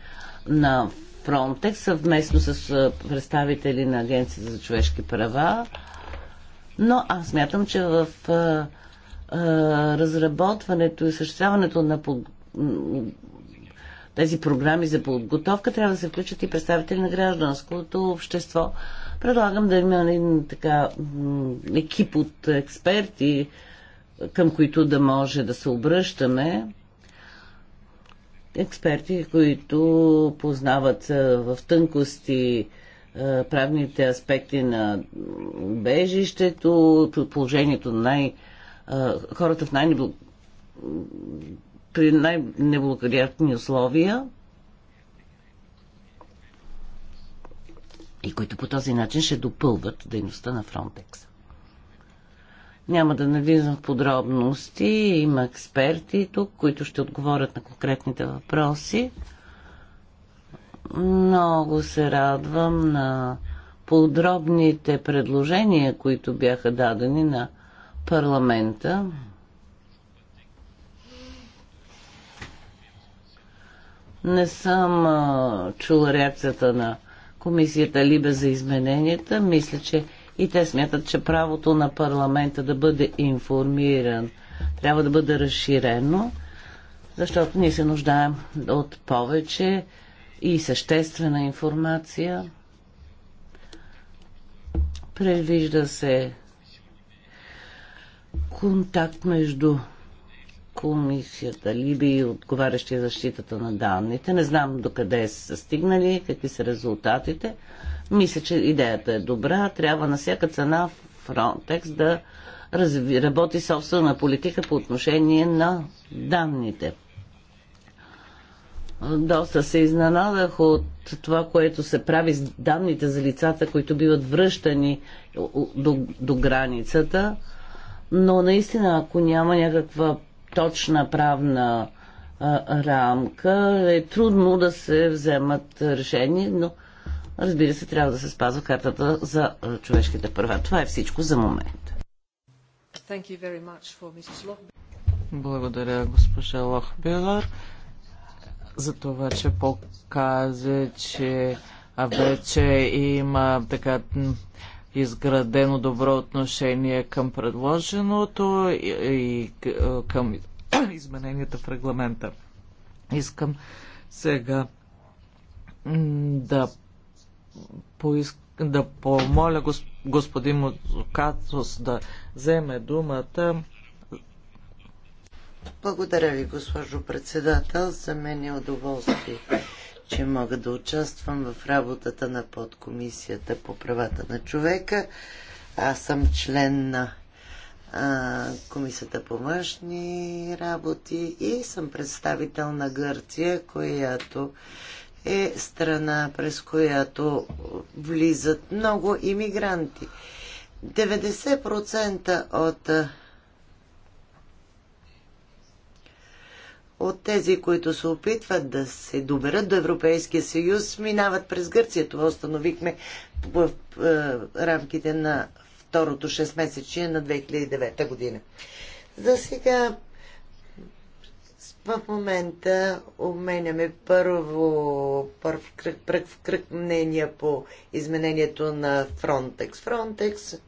на Фронтекс съвместно с представители на Агенция за човешки права. Но аз мятам, че в разработването и съществяването на тези програми за подготовка трябва да се включат и представители на гражданското общество. Предлагам да има един така екип от експерти, към които да може да се обръщаме. Експерти, които познават в тънкости правните аспекти на бежището, положението на най- хората в най-неблагоприятни при най-неблагоприятни условия и които по този начин ще допълват дейността на Фронтекс. Няма да навлизам в подробности, има експерти тук, които ще отговорят на конкретните въпроси. Много се радвам на подробните предложения, които бяха дадени на парламента. Не съм а, чула реакцията на комисията Либе за измененията. Мисля, че и те смятат, че правото на парламента да бъде информиран трябва да бъде разширено, защото ние се нуждаем от повече и съществена информация. Предвижда се контакт между комисията Либи, отговарящи защитата на данните. Не знам докъде са стигнали, какви са резултатите. Мисля, че идеята е добра. Трябва на всяка цена Frontex да разви, работи собствена политика по отношение на данните. Доста се изненадах от това, което се прави с данните за лицата, които биват връщани до, до границата. Но наистина, ако няма някаква точна правна а, рамка е трудно да се вземат решения, но разбира се, трябва да се спазва картата за човешките права. Това е всичко за момент. Благодаря, госпожа Лохбилар, за това, че показа, че вече има така изградено добро отношение към предложеното и, и към измененията в регламента. Искам сега да поиск... да помоля господин Кацус да вземе думата. Благодаря ви, госпожо председател. За мен е удоволствие че мога да участвам в работата на подкомисията по правата на човека. Аз съм член на а, Комисията по външни работи и съм представител на Гърция, която е страна, през която влизат много иммигранти. 90% от от тези, които се опитват да се доберат до Европейския съюз, минават през Гърция. Това установихме в е, рамките на второто 6 месечие на 2009 година. За сега в момента обменяме първо, първ кръг, кръг, кръг мнения по изменението на Frontex. Frontex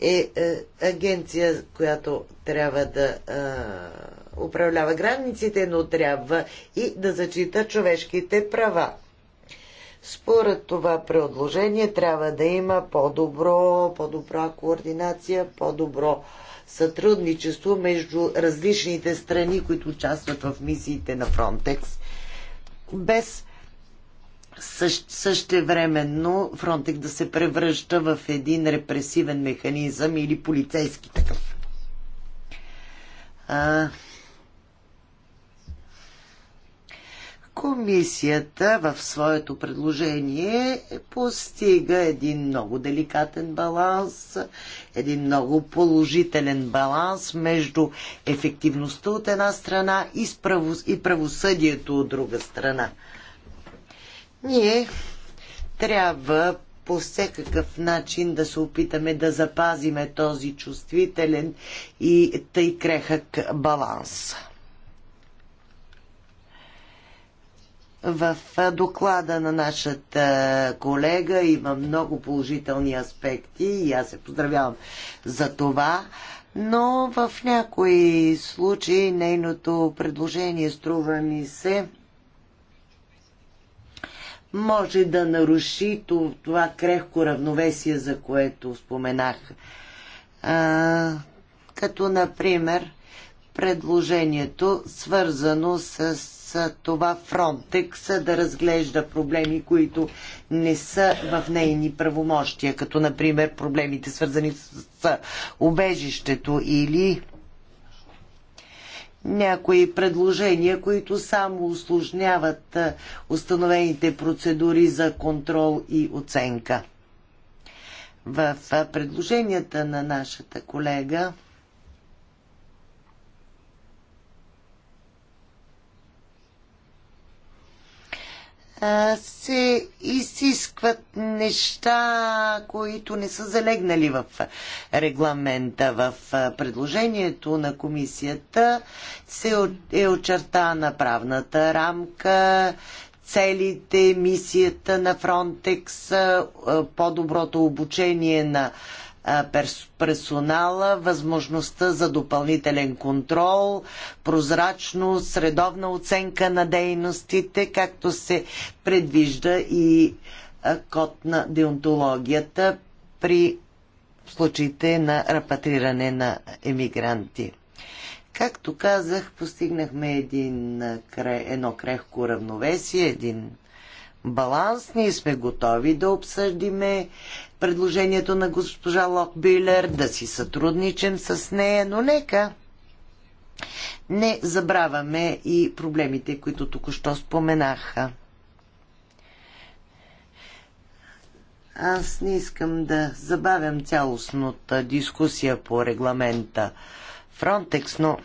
е, е агенция, която трябва да е, управлява границите, но трябва и да зачита човешките права. Според това предложение трябва да има по-добро, по-добра координация, по-добро сътрудничество между различните страни, които участват в мисиите на Фронтекс. Без същ, същевременно Фронтек да се превръща в един репресивен механизъм или полицейски такъв. А, Комисията в своето предложение постига един много деликатен баланс, един много положителен баланс между ефективността от една страна и, справо, и правосъдието от друга страна. Ние трябва по всякакъв начин да се опитаме да запазиме този чувствителен и тъй крехък баланс. В доклада на нашата колега има много положителни аспекти и аз се поздравявам за това, но в някои случаи нейното предложение струва ми се може да наруши това крехко равновесие, за което споменах. А, като, например, предложението, свързано с, това Фронтекс да разглежда проблеми, които не са в нейни правомощия, като например проблемите свързани с, с убежището или някои предложения, които само усложняват установените процедури за контрол и оценка. В предложенията на нашата колега се изискват неща, които не са залегнали в регламента. В предложението на комисията се е очертана правната рамка, целите, мисията на Фронтекс, по-доброто обучение на персонала, възможността за допълнителен контрол, прозрачност, редовна оценка на дейностите, както се предвижда и код на деонтологията при случаите на репатриране на емигранти. Както казах, постигнахме един, едно крехко равновесие, един баланс. Ние сме готови да обсъдиме предложението на госпожа Локбилер, да си сътрудничим с нея, но нека не забравяме и проблемите, които току-що споменаха. Аз не искам да забавям цялостната дискусия по регламента Frontex, но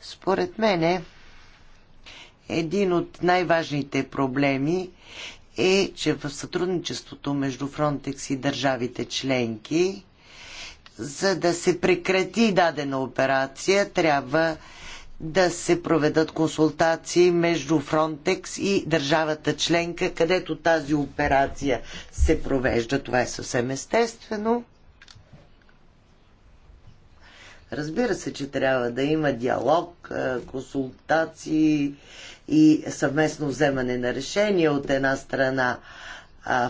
според мене един от най-важните проблеми е, че в сътрудничеството между Фронтекс и държавите членки, за да се прекрати дадена операция, трябва да се проведат консултации между Фронтекс и държавата членка, където тази операция се провежда. Това е съвсем естествено. Разбира се, че трябва да има диалог, консултации, и съвместно вземане на решения от една страна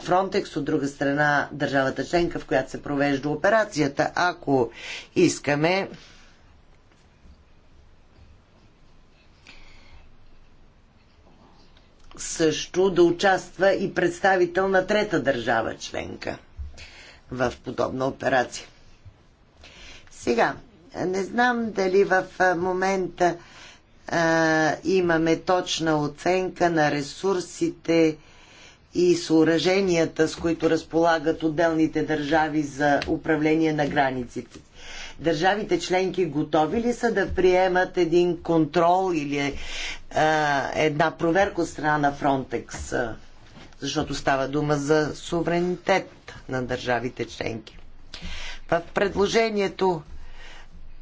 Фронтекс, от друга страна държавата членка, в която се провежда операцията. Ако искаме също да участва и представител на трета държава членка в подобна операция. Сега, не знам дали в момента а, имаме точна оценка на ресурсите и съоръженията, с които разполагат отделните държави за управление на границите. Държавите членки готови ли са да приемат един контрол или е, а, една проверка от страна на Фронтекс? Защото става дума за суверенитет на държавите членки. В предложението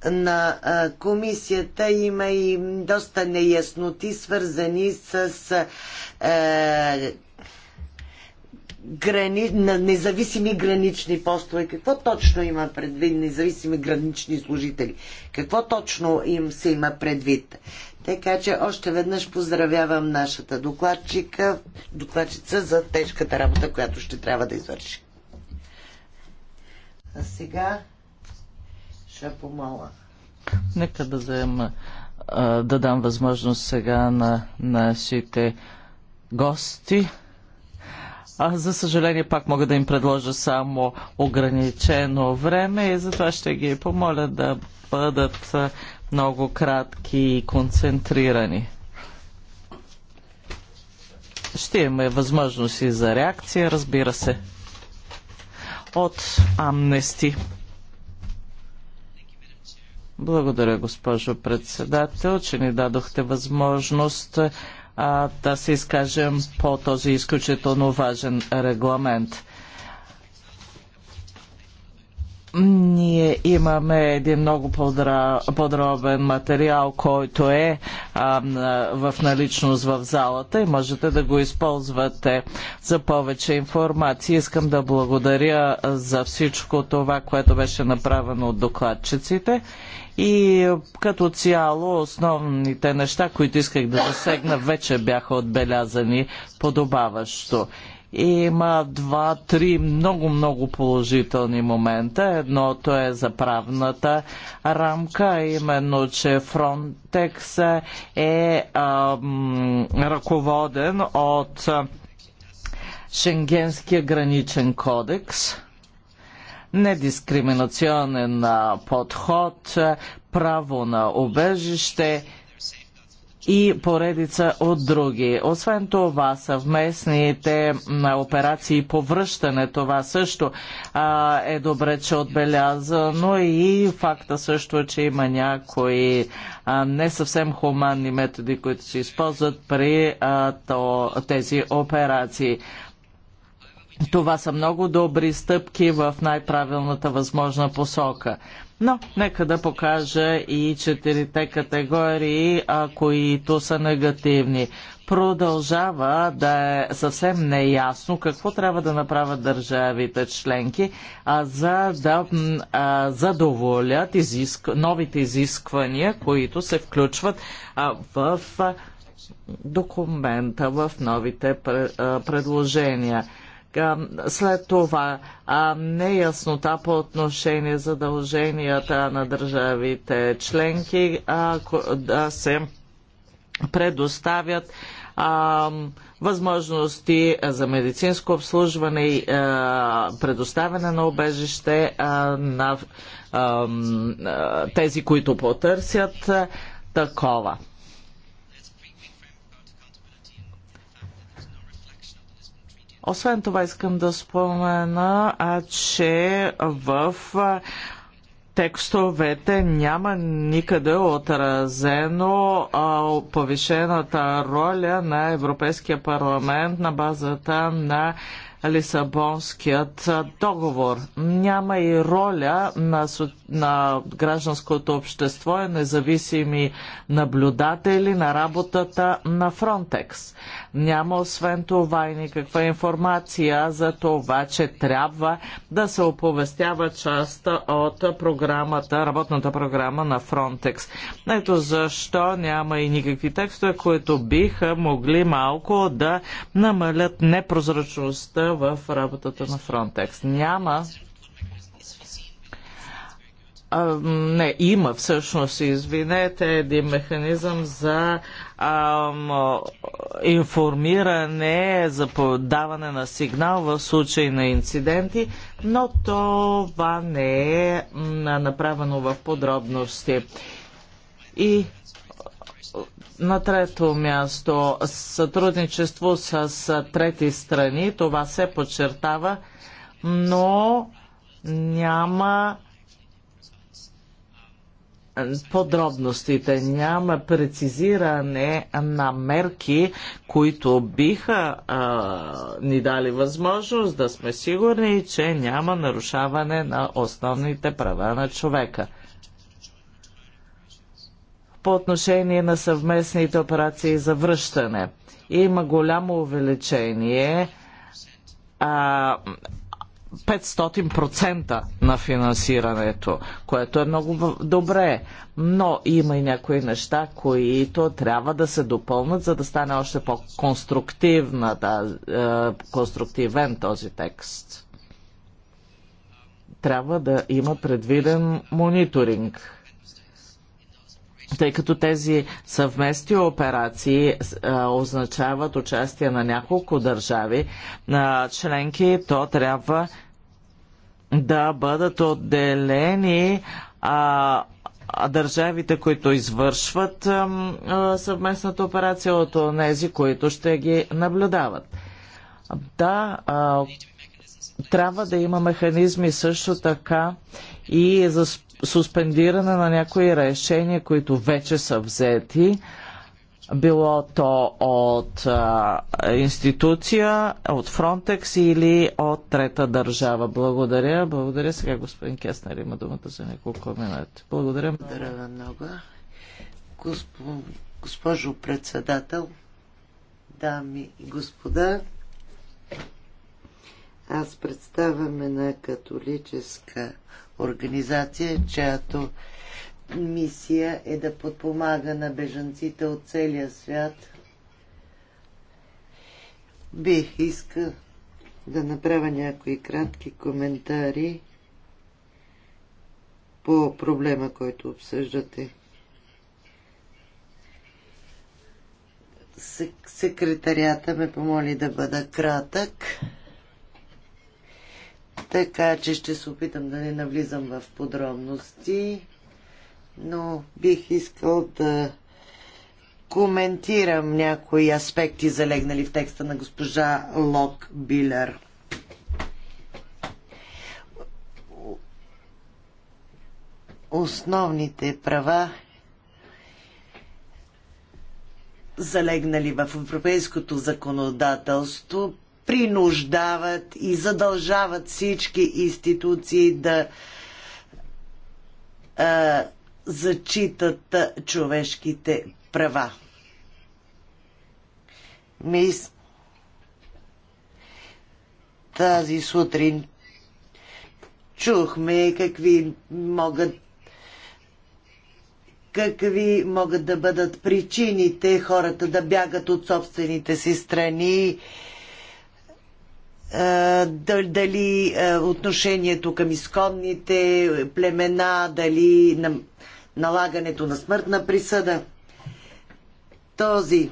на комисията има и доста неясноти, свързани с е, грани, на независими гранични постове. Какво точно има предвид независими гранични служители? Какво точно им се има предвид? Така че още веднъж поздравявам нашата докладчика, докладчица за тежката работа, която ще трябва да извърши. А сега ще помоля. Нека да взема, да дам възможност сега на нашите гости. А, за съжаление, пак мога да им предложа само ограничено време и затова ще ги помоля да бъдат много кратки и концентрирани. Ще имаме възможности за реакция, разбира се. От Амнести. Благодаря, госпожо председател, че ни дадохте възможност а, да се изкажем по този изключително важен регламент. Ние имаме един много подробен материал, който е а, в наличност в залата и можете да го използвате за повече информация. Искам да благодаря за всичко това, което беше направено от докладчиците и е, като цяло основните неща, които исках да засегна, вече бяха отбелязани подобаващо. Има два-три много-много положителни момента. Едното е за правната рамка, именно, че Фронтекс е, е ам, ръководен от Шенгенския граничен кодекс – недискриминационен подход, право на убежище и поредица от други. Освен това, съвместните операции по връщане, това също а, е добре, че е отбелязано и факта също, че има някои а, не съвсем хуманни методи, които се използват при а, то, тези операции. Това са много добри стъпки в най-правилната възможна посока. Но нека да покажа и четирите категории, а, които са негативни. Продължава да е съвсем неясно какво трябва да направят държавите членки, а за да а, задоволят изиск... новите изисквания, които се включват а, в а, документа, в новите пр... а, предложения е, след това е, неяснота по отношение задълженията на държавите членки е, да се предоставят а, възможности за медицинско обслужване и предоставяне на обежище а, на а, тези, които потърсят такова. Освен това искам да спомена, а, че в текстовете няма никъде отразено а, повишената роля на Европейския парламент на базата на Лисабонският договор. Няма и роля на, на гражданското общество и независими наблюдатели на работата на Фронтекс. Няма освен това и никаква информация за това, че трябва да се оповестява част от програмата, работната програма на Frontex. Ето защо няма и никакви текстове, които биха могли малко да намалят непрозрачността в работата на Frontex. Няма а, не, има всъщност, извинете, един механизъм за а, информиране, за подаване на сигнал в случай на инциденти, но това не е направено в подробности. И на трето място сътрудничество с трети страни, това се подчертава, но няма подробностите, няма прецизиране на мерки, които биха а, ни дали възможност да сме сигурни, че няма нарушаване на основните права на човека. По отношение на съвместните операции за връщане, има голямо увеличение а, 500% на финансирането, което е много добре. Но има и някои неща, които трябва да се допълнат, за да стане още по-конструктивен е, да, този текст. Трябва да има предвиден мониторинг тъй като тези съвместни операции а, е, означават участие на няколко държави а, членки, то трябва да бъдат отделени а, държавите, които извършват а, съвместната операция от тези, които ще ги наблюдават. Да, а, трябва да има механизми също така и за суспендиране на някои решения, които вече са взети, било то от а, институция, от Фронтекс или от трета държава. Благодаря. Благодаря. Сега господин Кеснер има думата за няколко минути. Благодаря. Благодаря много. Госп... Госпожо председател, дами и господа, аз представяме на католическа организация, чиято мисия е да подпомага на бежанците от целия свят. Бих иска да направя някои кратки коментари по проблема, който обсъждате. Секретарията ме помоли да бъда кратък, така че ще се опитам да не навлизам в подробности но бих искал да коментирам някои аспекти, залегнали в текста на госпожа Лок Билер. Основните права залегнали в европейското законодателство, принуждават и задължават всички институции да а, зачитат човешките права. Мис... Тази сутрин чухме какви могат какви могат да бъдат причините хората да бягат от собствените си страни, е, дали е, отношението към изконните племена, дали налагането на смъртна присъда. Този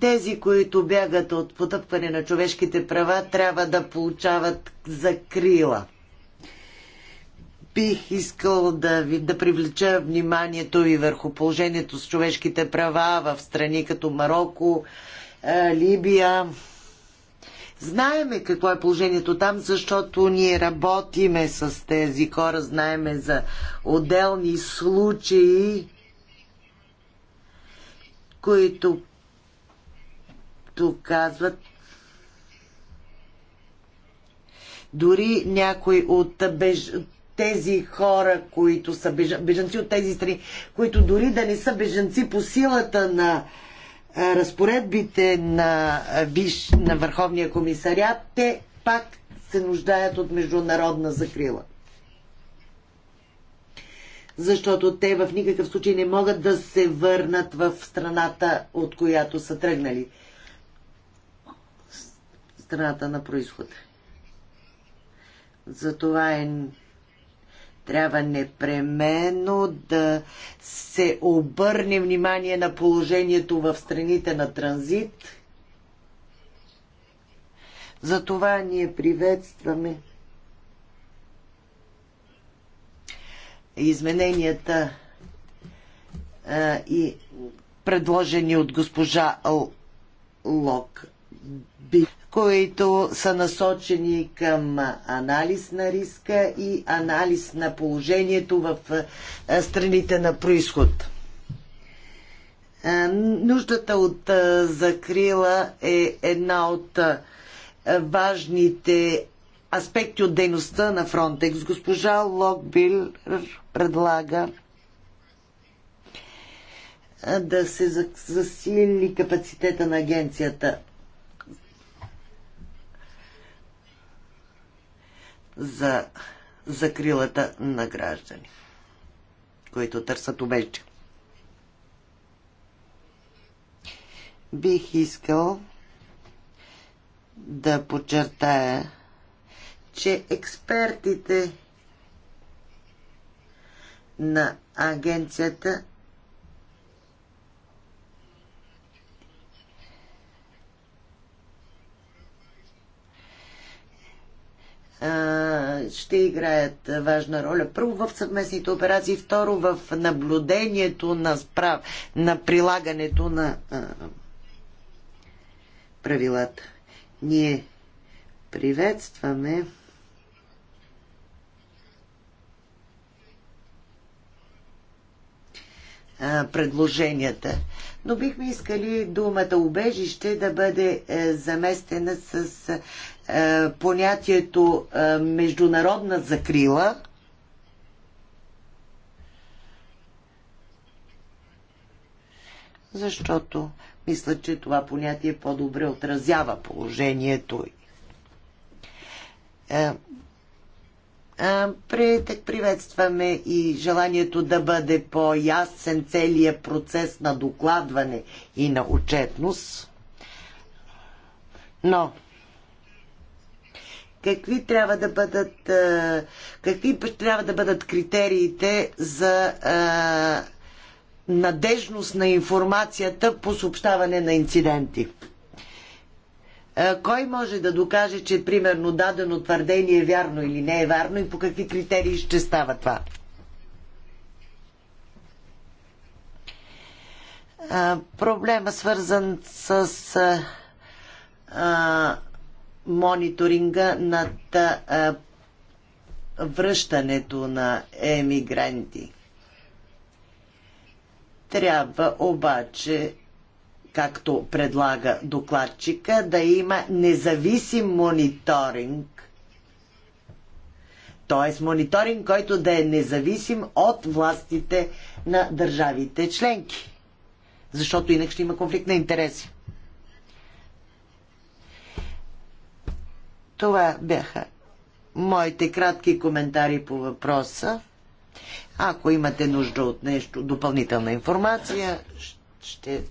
тези, които бягат от потъпване на човешките права, трябва да получават закрила. Бих искал да ви да привлеча вниманието и върху положението с човешките права в страни като Марокко, е, Либия, Знаеме какво е положението там, защото ние работиме с тези хора, знаеме за отделни случаи, които казват дори някои от беж... тези хора, които са беженци от тези страни, които дори да не са беженци по силата на разпоредбите на, Виш, на Върховния комисариат, те пак се нуждаят от международна закрила. Защото те в никакъв случай не могат да се върнат в страната, от която са тръгнали. Страната на происхода. Затова е трябва непременно да се обърне внимание на положението в страните на транзит. Затова ние приветстваме измененията а, и предложени от госпожа Л. Лок които са насочени към анализ на риска и анализ на положението в страните на происход. Нуждата от закрила е една от важните аспекти от дейността на Фронтекс. Госпожа Локбил предлага да се засили капацитета на агенцията. за закрилата на граждани, които търсят обече. Бих искал да подчертая, че експертите на агенцията ще играят важна роля. Първо в съвместните операции, второ в наблюдението на, справ, на прилагането на а, правилата. Ние приветстваме а, предложенията. Но бихме искали думата убежище да бъде е, заместена с е, понятието е, международна закрила защото мисля, че това понятие по-добре отразява положението. и. Е, приветстваме и желанието да бъде по-ясен целият процес на докладване и на отчетност. Но какви трябва да бъдат, какви трябва да бъдат критериите за надежност на информацията по съобщаване на инциденти. Кой може да докаже, че примерно дадено твърдение е вярно или не е вярно и по какви критерии ще става това? проблема свързан с а, мониторинга над а, връщането на емигранти. Трябва обаче, както предлага докладчика, да има независим мониторинг, т.е. мониторинг, който да е независим от властите на държавите членки. Защото иначе ще има конфликт на интереси. Това бяха моите кратки коментари по въпроса. Ако имате нужда от нещо, допълнителна информация, ще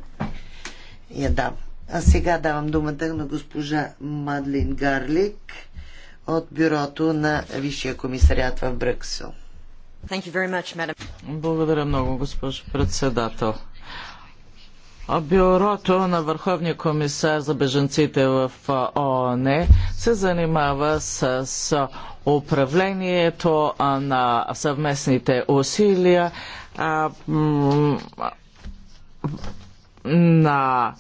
я дам. А сега давам думата на госпожа Мадлин Гарлик от бюрото на Висшия комисариат в Брюксел. Благодаря много, госпожо председател. Бюрото на Върховния комисар за беженците в ООН се занимава с управлението на съвместните усилия на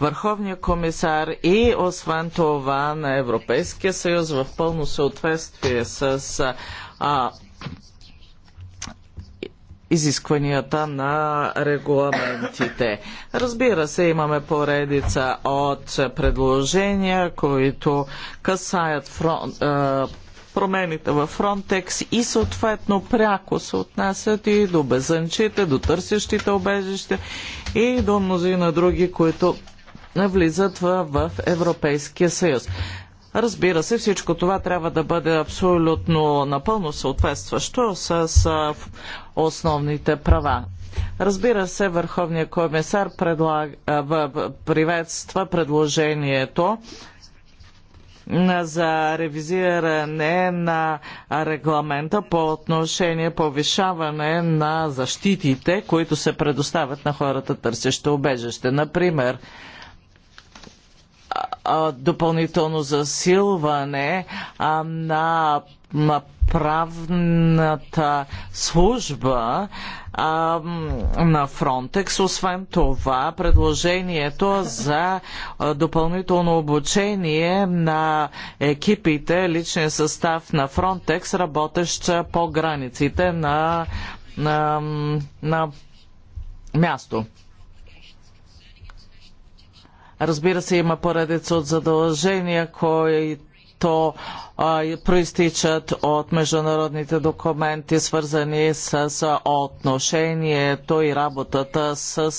Върховния комисар и освен това на Европейския съюз в пълно съответствие с изискванията на регламентите. Разбира се, имаме поредица от предложения, които касаят фронт, промените в Фронтекс и съответно пряко се отнасят и до безънчите, до търсещите обежище и до мнозина други, които влизат в, в Европейския съюз. Разбира се, всичко това трябва да бъде абсолютно напълно съответстващо с основните права. Разбира се, Върховният комисар приветства предложението за ревизиране на регламента по отношение повишаване на защитите, които се предоставят на хората търсещо убежище. Например, допълнително засилване на правната служба а, на Фронтекс. Освен това, предложението за допълнително обучение на екипите, личния състав на Фронтекс, работещ по границите на, на, на място. Разбира се, има поредица от задължения, които то проистичат от международните документи, свързани с отношението и работата с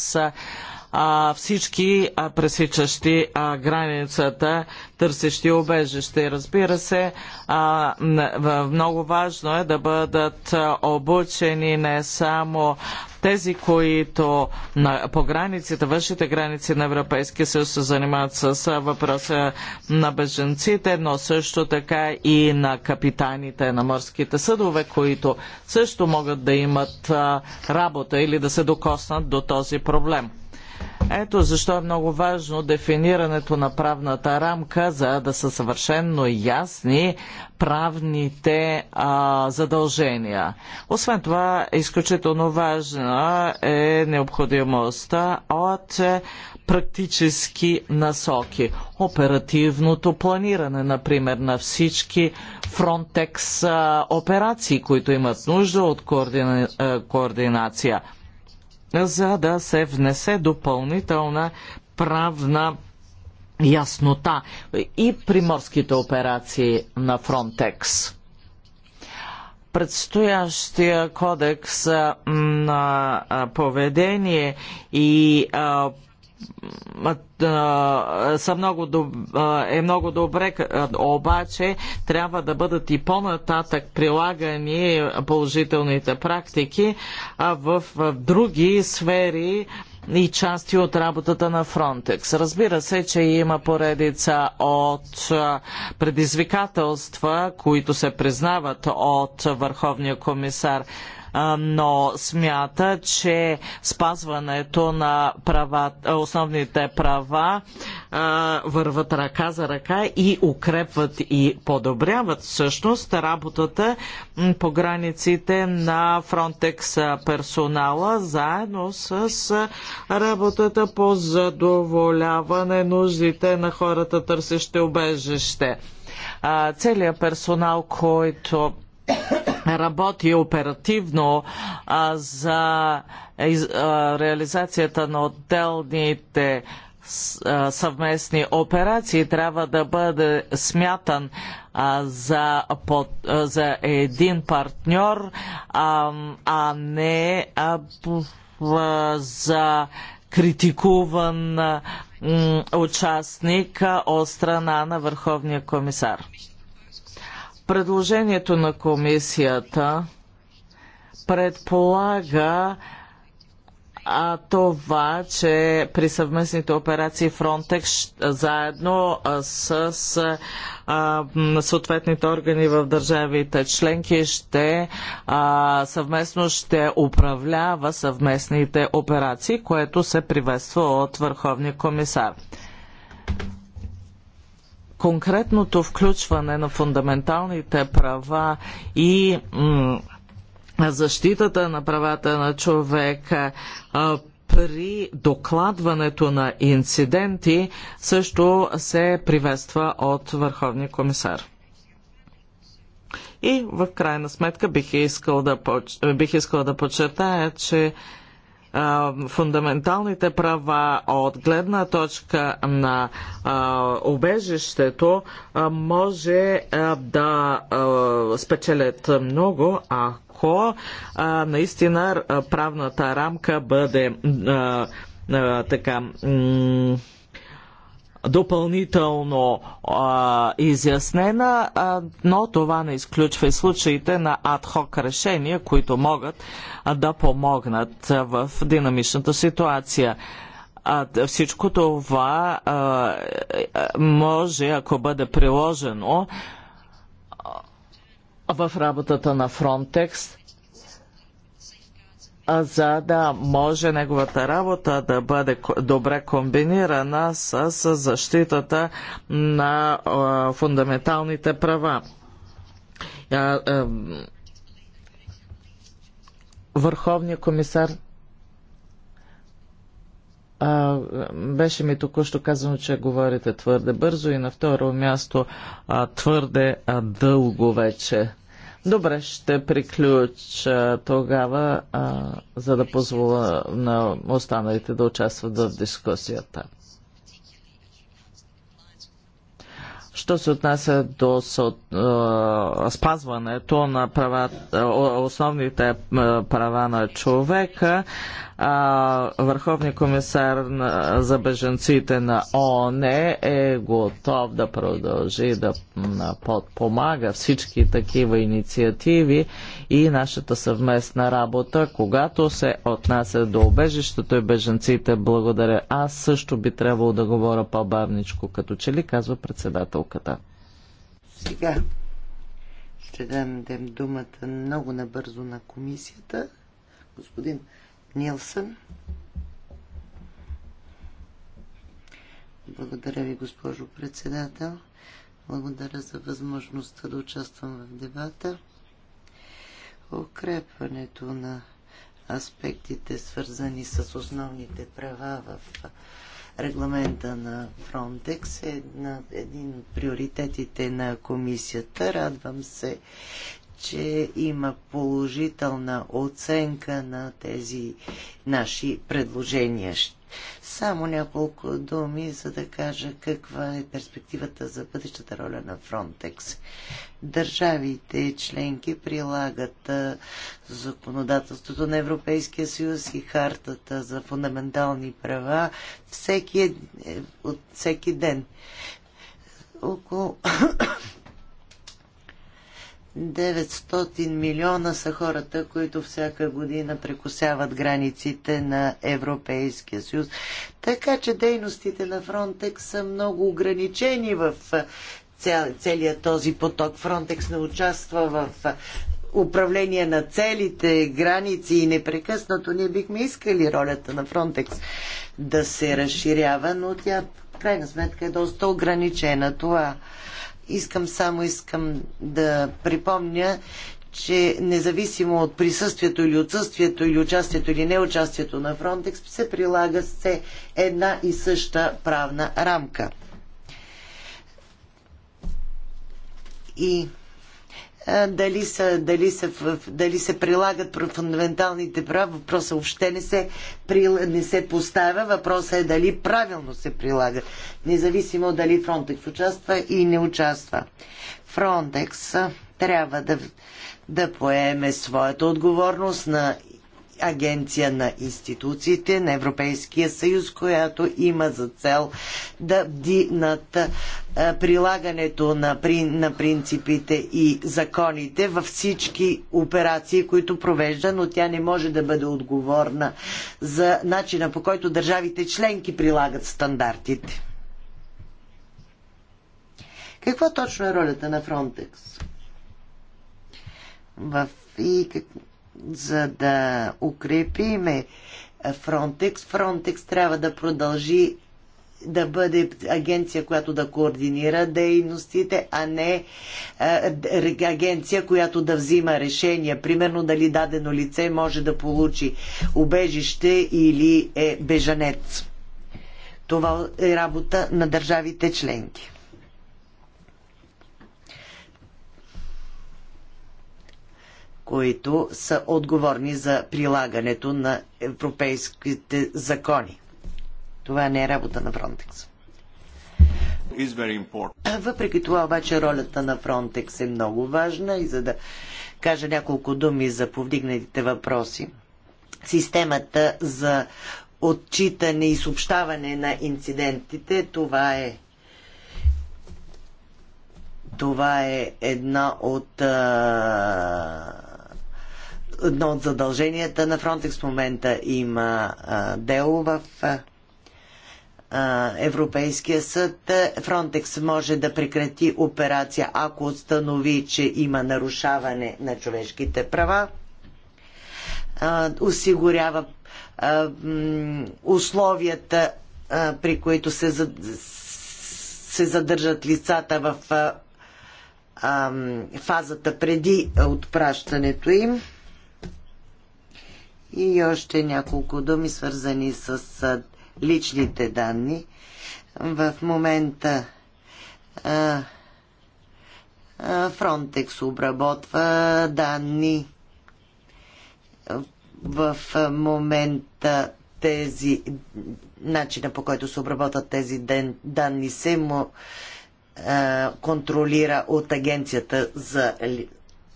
всички пресичащи границата, търсещи убежище. Разбира се, много важно е да бъдат обучени не само тези, които на, по границите, външните граници на Европейския съюз се занимават с въпроса на беженците, но също така и на капитаните на морските съдове, които също могат да имат а, работа или да се докоснат до този проблем. Ето защо е много важно дефинирането на правната рамка, за да са съвършенно ясни правните а, задължения. Освен това, изключително важна е необходимостта от практически насоки. Оперативното планиране, например, на всички Frontex операции, които имат нужда от координация за да се внесе допълнителна правна яснота и приморските операции на Фронтекс. Предстоящия кодекс на поведение и са много е много добре, обаче трябва да бъдат и по-нататък прилагани положителните практики в други сфери и части от работата на Фронтекс. Разбира се, че има поредица от предизвикателства, които се признават от Върховния комисар но смята, че спазването на права, основните права върват ръка за ръка и укрепват и подобряват всъщност работата по границите на Фронтекс персонала заедно с работата по задоволяване нуждите на хората търсещи убежище. Целият персонал, който работи оперативно а, за из, а, реализацията на отделните съвместни операции трябва да бъде смятан а, за, под, а, за един партньор, а, а не а, а, за критикуван участник от страна на Върховния комисар. Предложението на комисията предполага а това, че при съвместните операции Frontex заедно с а, съответните органи в държавите членки ще а, съвместно ще управлява съвместните операции, което се приветства от Върховния комисар конкретното включване на фундаменталните права и защитата на правата на човека при докладването на инциденти също се приветства от Върховния комисар. И в крайна сметка бих искал да, бих искал да подчертая, че фундаменталните права от гледна точка на убежището може да спечелят много, ако наистина правната рамка бъде така допълнително а, изяснена, а, но това не изключва и случаите на адхок решения, които могат а, да помогнат а, в динамичната ситуация. А, всичко това а, е, може, ако бъде приложено в работата на Фронтекс, за да може неговата работа да бъде добре комбинирана с защитата на фундаменталните права. Върховният комисар а, беше ми току-що казано, че говорите твърде бързо и на второ място а, твърде а, дълго вече. Добре, ще приключа тогава, а, за да позволя на останалите да участват в дискусията. Що се отнася до е, спазването на права, е, основните е, права на човека, Върховният комисар за беженците на ООН е готов да продължи да подпомага всички такива инициативи и нашата съвместна работа, когато се отнася до обежището и беженците. Благодаря. Аз също би трябвало да говоря по-бавничко, като че ли казва председателката. Сега ще дадем думата много набързо на комисията. Господин Нилсън. Благодаря ви, госпожо председател. Благодаря за възможността да участвам в дебата укрепването на аспектите, свързани с основните права в регламента на Фронтекс е една, един от приоритетите на комисията. Радвам се, че има положителна оценка на тези наши предложения. Само няколко думи, за да кажа каква е перспективата за бъдещата роля на Фронтекс. Държавите членки прилагат законодателството на Европейския съюз и хартата за фундаментални права всеки, е, от всеки ден. Около 900 милиона са хората, които всяка година прекусяват границите на Европейския съюз. Така че дейностите на Фронтекс са много ограничени в цял, целият този поток. Фронтекс не участва в управление на целите, граници и непрекъснато. Ние бихме искали ролята на Фронтекс да се разширява, но тя в крайна сметка е доста ограничена. Това Искам само искам да припомня, че независимо от присъствието или отсъствието или участието или неучастието на Фронтекс се прилага се една и съща правна рамка. И дали, дали, са, дали се прилагат фундаменталните права, въпросът въобще не се, не се поставя. Въпросът е дали правилно се прилагат. независимо дали Фронтекс участва и не участва. Фронтекс трябва да, да поеме своята отговорност на агенция на институциите на Европейския съюз, която има за цел да бди над прилагането на, при, на принципите и законите във всички операции, които провежда, но тя не може да бъде отговорна за начина по който държавите членки прилагат стандартите. Каква точно е ролята на Фронтекс? В... И как за да укрепиме Фронтекс. Фронтекс трябва да продължи да бъде агенция, която да координира дейностите, а не агенция, която да взима решения. Примерно дали дадено лице може да получи убежище или е бежанец. Това е работа на държавите членки. които са отговорни за прилагането на европейските закони. Това не е работа на Фронтекс. Въпреки това обаче ролята на Фронтекс е много важна и за да кажа няколко думи за повдигнатите въпроси. Системата за отчитане и съобщаване на инцидентите, това е това е една от а, едно от задълженията на Фронтекс в момента има а, дело в а, Европейския съд. Фронтекс може да прекрати операция, ако установи, че има нарушаване на човешките права. А, осигурява а, условията, а, при които се, се задържат лицата в фазата преди отпращането им. И още няколко думи, свързани с личните данни. В момента а, а, Frontex обработва данни. В момента тези начина по който се обработват тези ден, данни се му а, контролира от Агенцията за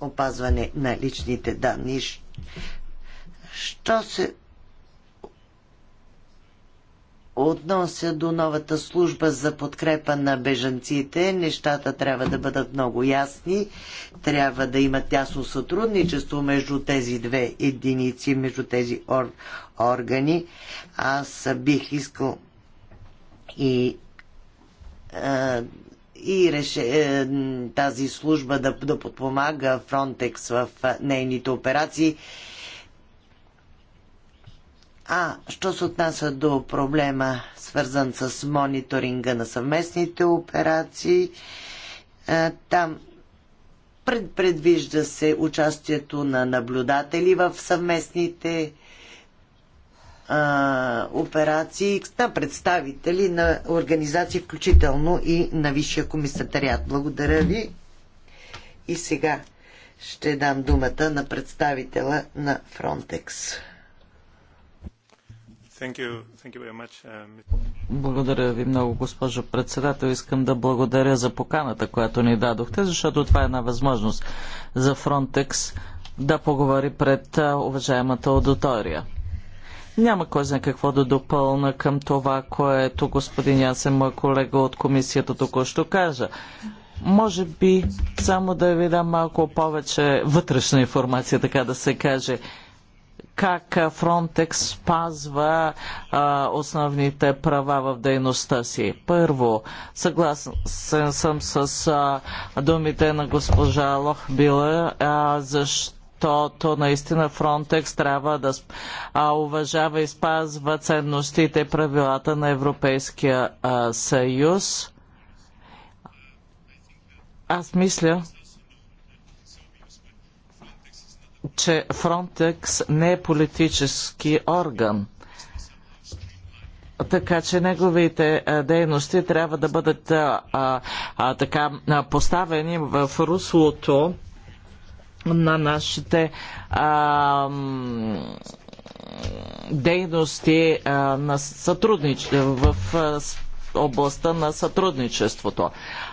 опазване на личните данни. Що се относя до новата служба за подкрепа на бежанците, нещата трябва да бъдат много ясни. Трябва да има тясно сътрудничество между тези две единици, между тези ор- органи. Аз бих искал и а, и реше, е, тази служба да, да подпомага Фронтекс в нейните операции а що се отнася до проблема, свързан с мониторинга на съвместните операции, е, там предвижда се участието на наблюдатели в съвместните а, е, операции на представители на организации, включително и на Висшия комисатариат. Благодаря ви. И сега ще дам думата на представителя на Фронтекс. Uh, благодаря ви много, госпожо председател. Искам да благодаря за поканата, която ни дадохте, защото това е една възможност за Фронтекс да поговори пред уважаемата аудитория. Няма кой знае какво да допълна към това, което господин Ясен, мой колега от комисията, току-що кажа. Може би само да ви дам малко повече вътрешна информация, така да се каже как Фронтекс спазва а, основните права в дейността си. Първо, съгласен съм с а, думите на госпожа Лохбила, а, защото защото наистина Фронтекс трябва да уважава и спазва ценностите и правилата на Европейския съюз. Аз мисля, че Фронтекс не е политически орган. Така че неговите дейности трябва да бъдат а, а, така поставени в руслото на нашите а, дейности а, на сътрудничество в а, областта на сътрудничеството.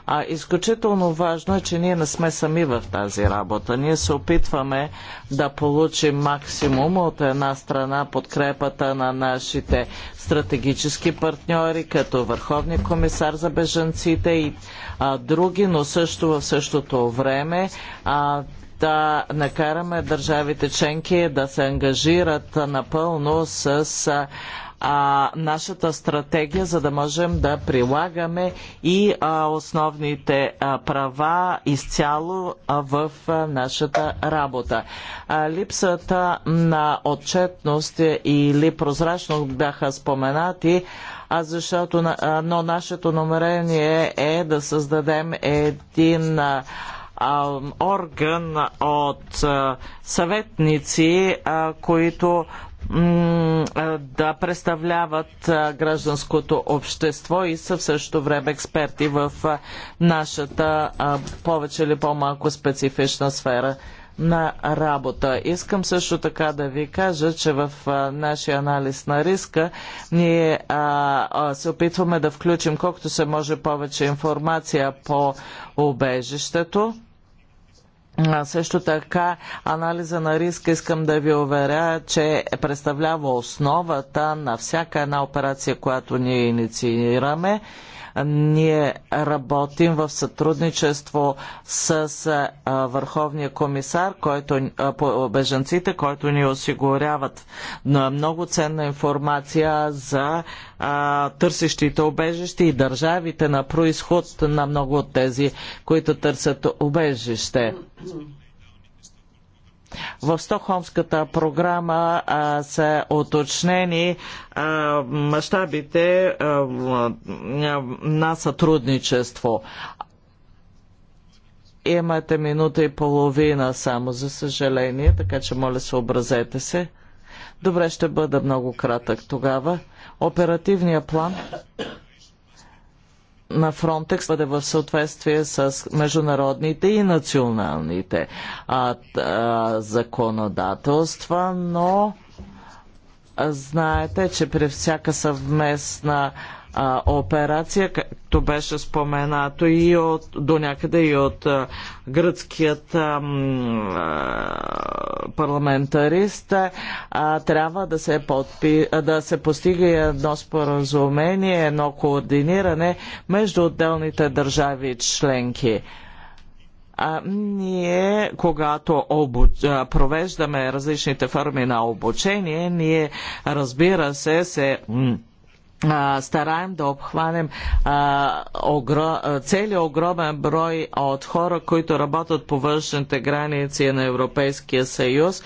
А изключително важно е, че ние не сме сами в тази работа. Ние се опитваме да получим максимум от една страна подкрепата на нашите стратегически партньори, като Върховния комисар за бежанците и а, други, но също в същото време а, да накараме държавите членки да се ангажират напълно с а, нашата стратегия, за да можем да прилагаме и а, основните а, права изцяло а, в а, нашата работа. А, липсата на отчетност или прозрачност бяха споменати, а защото а, но нашето намерение е да създадем един а, орган от съветници, които да представляват гражданското общество и са в същото време експерти в нашата повече или по-малко специфична сфера на работа. Искам също така да ви кажа, че в нашия анализ на риска ние а, а, се опитваме да включим колкото се може повече информация по убежището също така анализа на риска искам да ви уверя, че представлява основата на всяка една операция, която ние инициираме. Ние работим в сътрудничество с Върховния комисар, който, по беженците, който ни осигуряват много ценна информация за търсещите обежище и държавите на происход на много от тези, които търсят обежище. В Стокхолмската програма а, са уточнени мащабите на сътрудничество. Имате минута и половина само, за съжаление, така че моля съобразете се. Добре, ще бъда много кратък тогава. Оперативния план на Фронтекс бъде в съответствие с международните и националните а, а, законодателства, но знаете, че при всяка съвместна а, операция, както беше споменато и от, до някъде и от а, гръцкият а, парламентарист, а, трябва да се, подпи, да се постига едно споразумение, едно координиране между отделните държави и членки. А, ние, когато обу... провеждаме различните форми на обучение, ние, разбира се, се стараем да обхванем а, огро... цели огромен брой от хора, които работят по външните граници на Европейския съюз.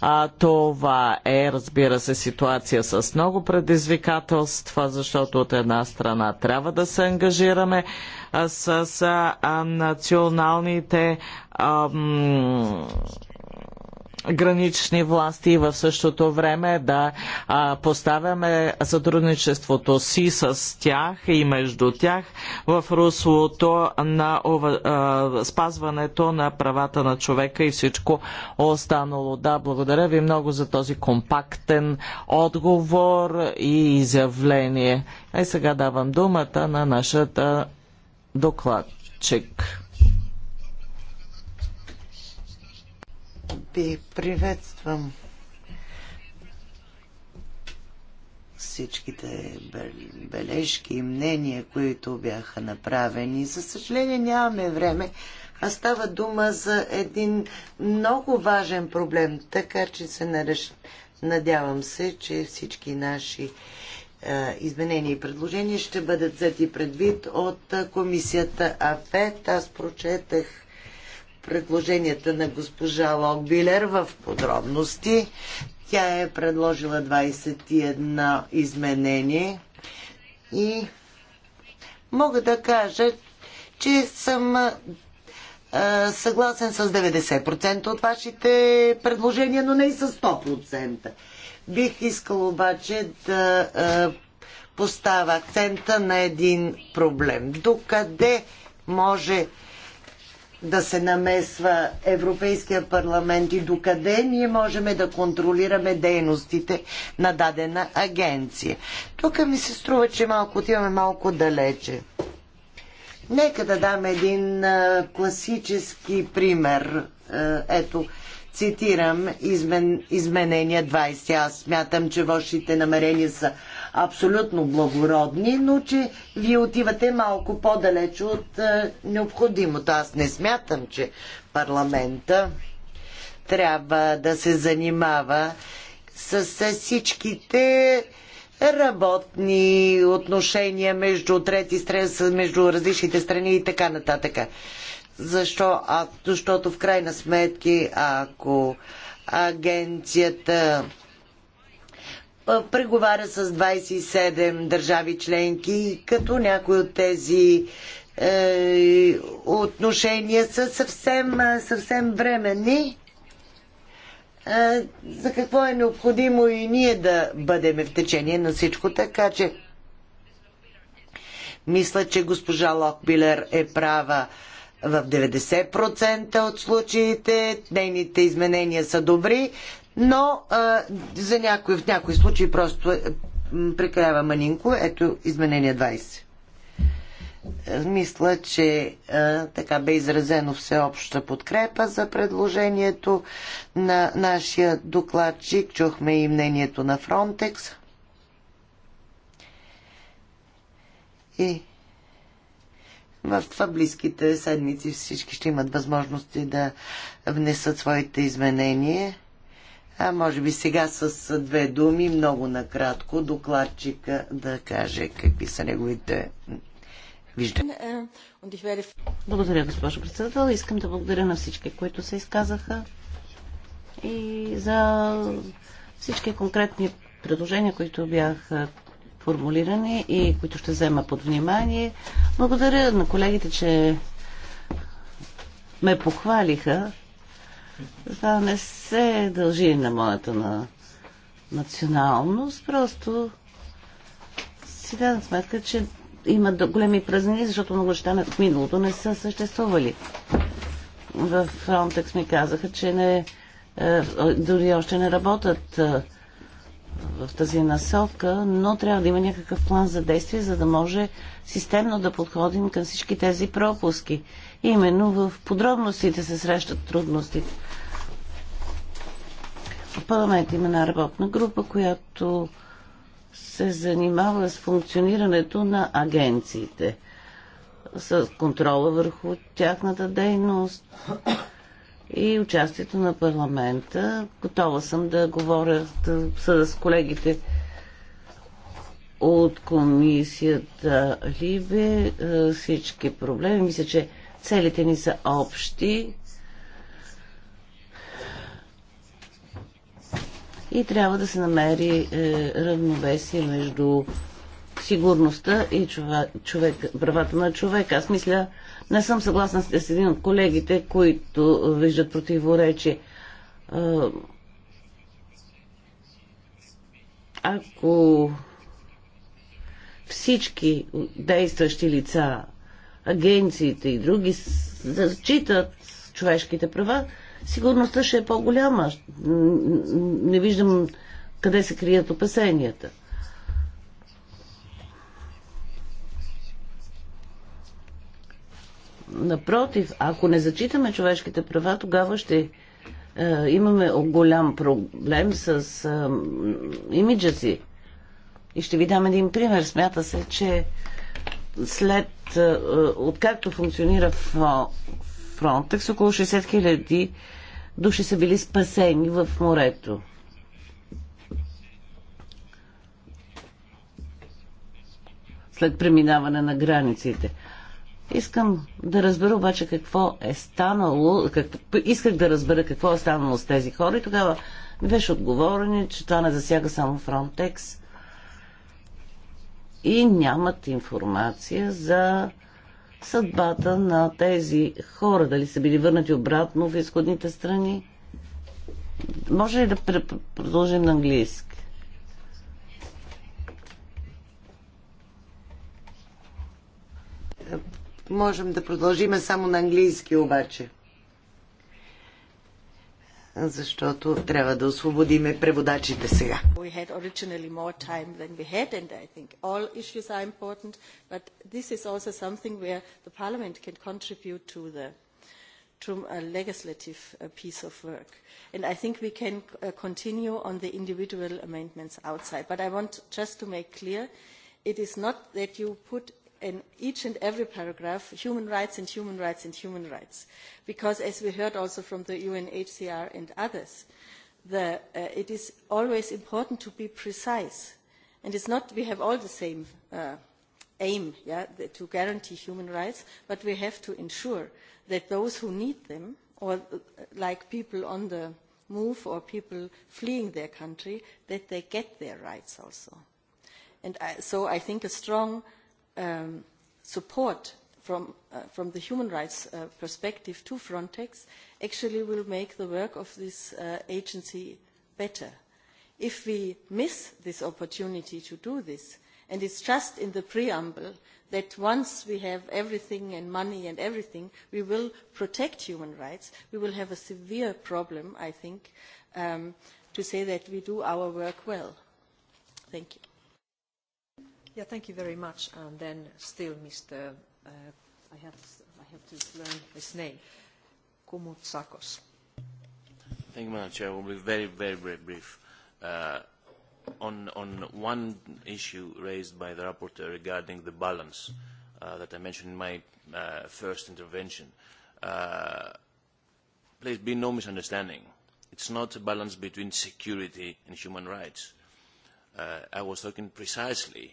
А, това е, разбира се, ситуация с много предизвикателства, защото от една страна трябва да се ангажираме а, с а, националните а, гранични власти и в същото време да а, поставяме сътрудничеството си с тях и между тях в руслото на а, спазването на правата на човека и всичко останало. Да, благодаря ви много за този компактен отговор и изявление. Е, сега давам думата на нашата докладчик. ви приветствам всичките бележки и мнения, които бяха направени. За съжаление нямаме време, а става дума за един много важен проблем, така че се нареш... надявам се, че всички наши е, изменения и предложения ще бъдат взети предвид от е, комисията АФЕТ. Аз прочетах предложенията на госпожа Локбилер в подробности. Тя е предложила 21 изменение и мога да кажа, че съм съгласен с 90% от вашите предложения, но не и с 100%. Бих искал обаче да а, поставя акцента на един проблем. Докъде може да се намесва Европейския парламент и докъде ние можем да контролираме дейностите на дадена агенция. Тук ми се струва, че малко отиваме малко далече. Нека да дам един а, класически пример. А, ето, цитирам измен, изменения 20. Аз смятам, че вашите намерения са абсолютно благородни, но че вие отивате малко по-далеч от е, необходимото. Аз не смятам, че парламента трябва да се занимава с, с всичките работни отношения между трети страни, между различните страни и така нататък. Защо? А, защото в крайна сметки, ако агенцията преговаря с 27 държави членки, като някои от тези е, отношения са съвсем, е, съвсем временни. Е, за какво е необходимо и ние да бъдем в течение на всичко, така че мисля, че госпожа Локбилер е права в 90% от случаите. Нейните изменения са добри, но а, за някои, в някои случаи просто е, прекалява манинко. Ето изменение 20. Е, мисля, че а, така бе изразено всеобща подкрепа за предложението на нашия докладчик. Чухме и мнението на Фронтекс. И в близките седмици всички ще имат възможности да внесат своите изменения. А може би сега с две думи, много накратко, докладчика да каже какви са неговите виждания. Благодаря, госпожо председател. Искам да благодаря на всички, които се изказаха и за всички конкретни предложения, които бяха формулирани и които ще взема под внимание. Благодаря на колегите, че ме похвалиха това не се дължи на моята на националност, просто си давам сметка, че има големи празнини, защото много неща на миналото не са съществували. В Фронтекс ми казаха, че не, е, дори още не работят е, в тази насока, но трябва да има някакъв план за действие, за да може системно да подходим към всички тези пропуски. Именно в подробностите се срещат трудностите. В парламент има една работна група, която се занимава с функционирането на агенциите, с контрола върху тяхната дейност, и участието на парламента. Готова съм да говоря да с колегите от комисията Либе е, всички проблеми. Мисля, че целите ни са общи. И трябва да се намери е, равновесие между сигурността и човек, човек, правата на човека. Аз мисля, не съм съгласна с един от колегите, които виждат противоречие. Ако всички действащи лица, агенциите и други зачитат човешките права, сигурността ще е по-голяма. Не виждам къде се крият опасенията. Напротив, ако не зачитаме човешките права, тогава ще е, имаме голям проблем с е, имиджа си. И ще ви дам един пример. Смята се, че след, е, е откакто функционира фронтекс, около 60 хиляди души са били спасени в морето. След преминаване на границите. Искам да разбера обаче какво е станало, как, исках да разбера какво е станало с тези хора и тогава ми беше отговорено, че това не засяга само Frontex и нямат информация за съдбата на тези хора, дали са били върнати обратно в изходните страни. Може ли да продължим на английски? Можем да продължиме само на английски обаче. Защото трябва да освободиме преводачите сега. We had originally more time than we had and I think all issues are important, but this is also something where the parliament can contribute to the to a legislative piece of work. And I think we can continue on the individual amendments outside. But I want just to make clear, it is not that you put in each and every paragraph human rights and human rights and human rights because as we heard also from the UNHCR and others the, uh, it is always important to be precise and it's not we have all the same uh, aim yeah, the, to guarantee human rights but we have to ensure that those who need them or like people on the move or people fleeing their country that they get their rights also and I, so I think a strong uh, support from, the human rights perspective to Frontex actually will make the work of this agency better. If we miss this opportunity to do this, and it is just in the preamble that once we have everything and money and everything, we will protect human rights, we will have a severe problem, I think, to say that we do our work well. Thank you. Yeah, thank you very much. And then still, Mr. Uh, I have I have to learn his name, Kumutsakos. Thank you, Madam Chair. I will be very, very, very brief. Uh, on on one issue raised by the rapporteur regarding the balance uh, that I mentioned in my uh, first intervention, uh, please be no misunderstanding. It's not a balance between security and human rights. Uh, I was talking precisely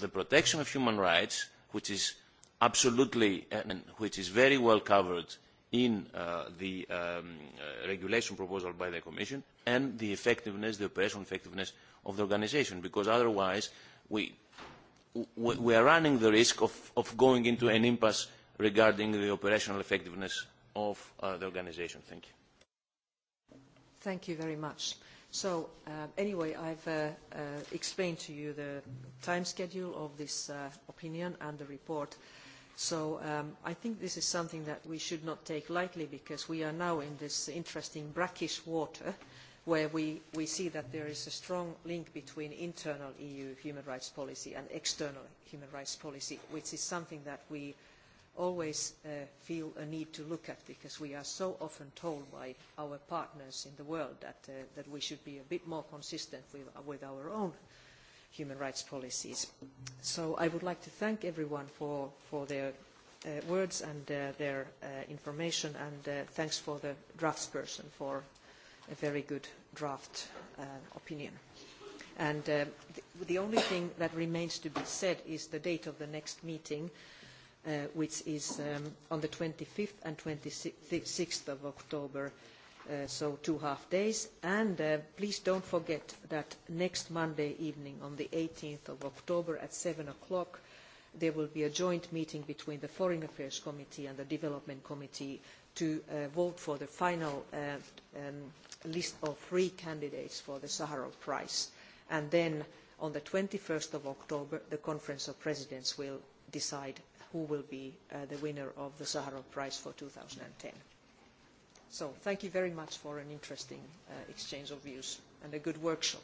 the protection of human rights, which is absolutely and which is very well covered in the regulation proposal by the Commission, and the effectiveness, the operational effectiveness of the organisation, because otherwise we we are running the risk of, of going into an impasse regarding the operational effectiveness of the organisation. Thank you. Thank you very much. So anyway, I've uh, uh, explained to you the time schedule of this uh, opinion and the report. So um, I think this is something that we should not take lightly because we are now in this interesting brackish water where we, we see that there is a strong link between internal EU human rights policy and external human rights policy, which is something that we – always feel a need to look at because we are so often told by our partners in the world that, we should be a bit more consistent with, our own human rights policies. So I would like to thank everyone for, their words and their information and thanks for the draftsperson for a very good draft opinion. And the, only thing that remains to be said is the date of the next meeting which is on the 25th and 26th of October, so two half days. And please don't forget that next Monday evening, on the 18th of October at 7 o'clock, there will be a joint meeting between the Foreign Affairs Committee and the Development Committee to vote for the final list of three candidates for the Sakharov Prize. And then on the 21st of October, the Conference of Presidents will decide who will be the winner of the Sakharov Prize for 2010. So thank you very much for an interesting exchange of views and a good workshop.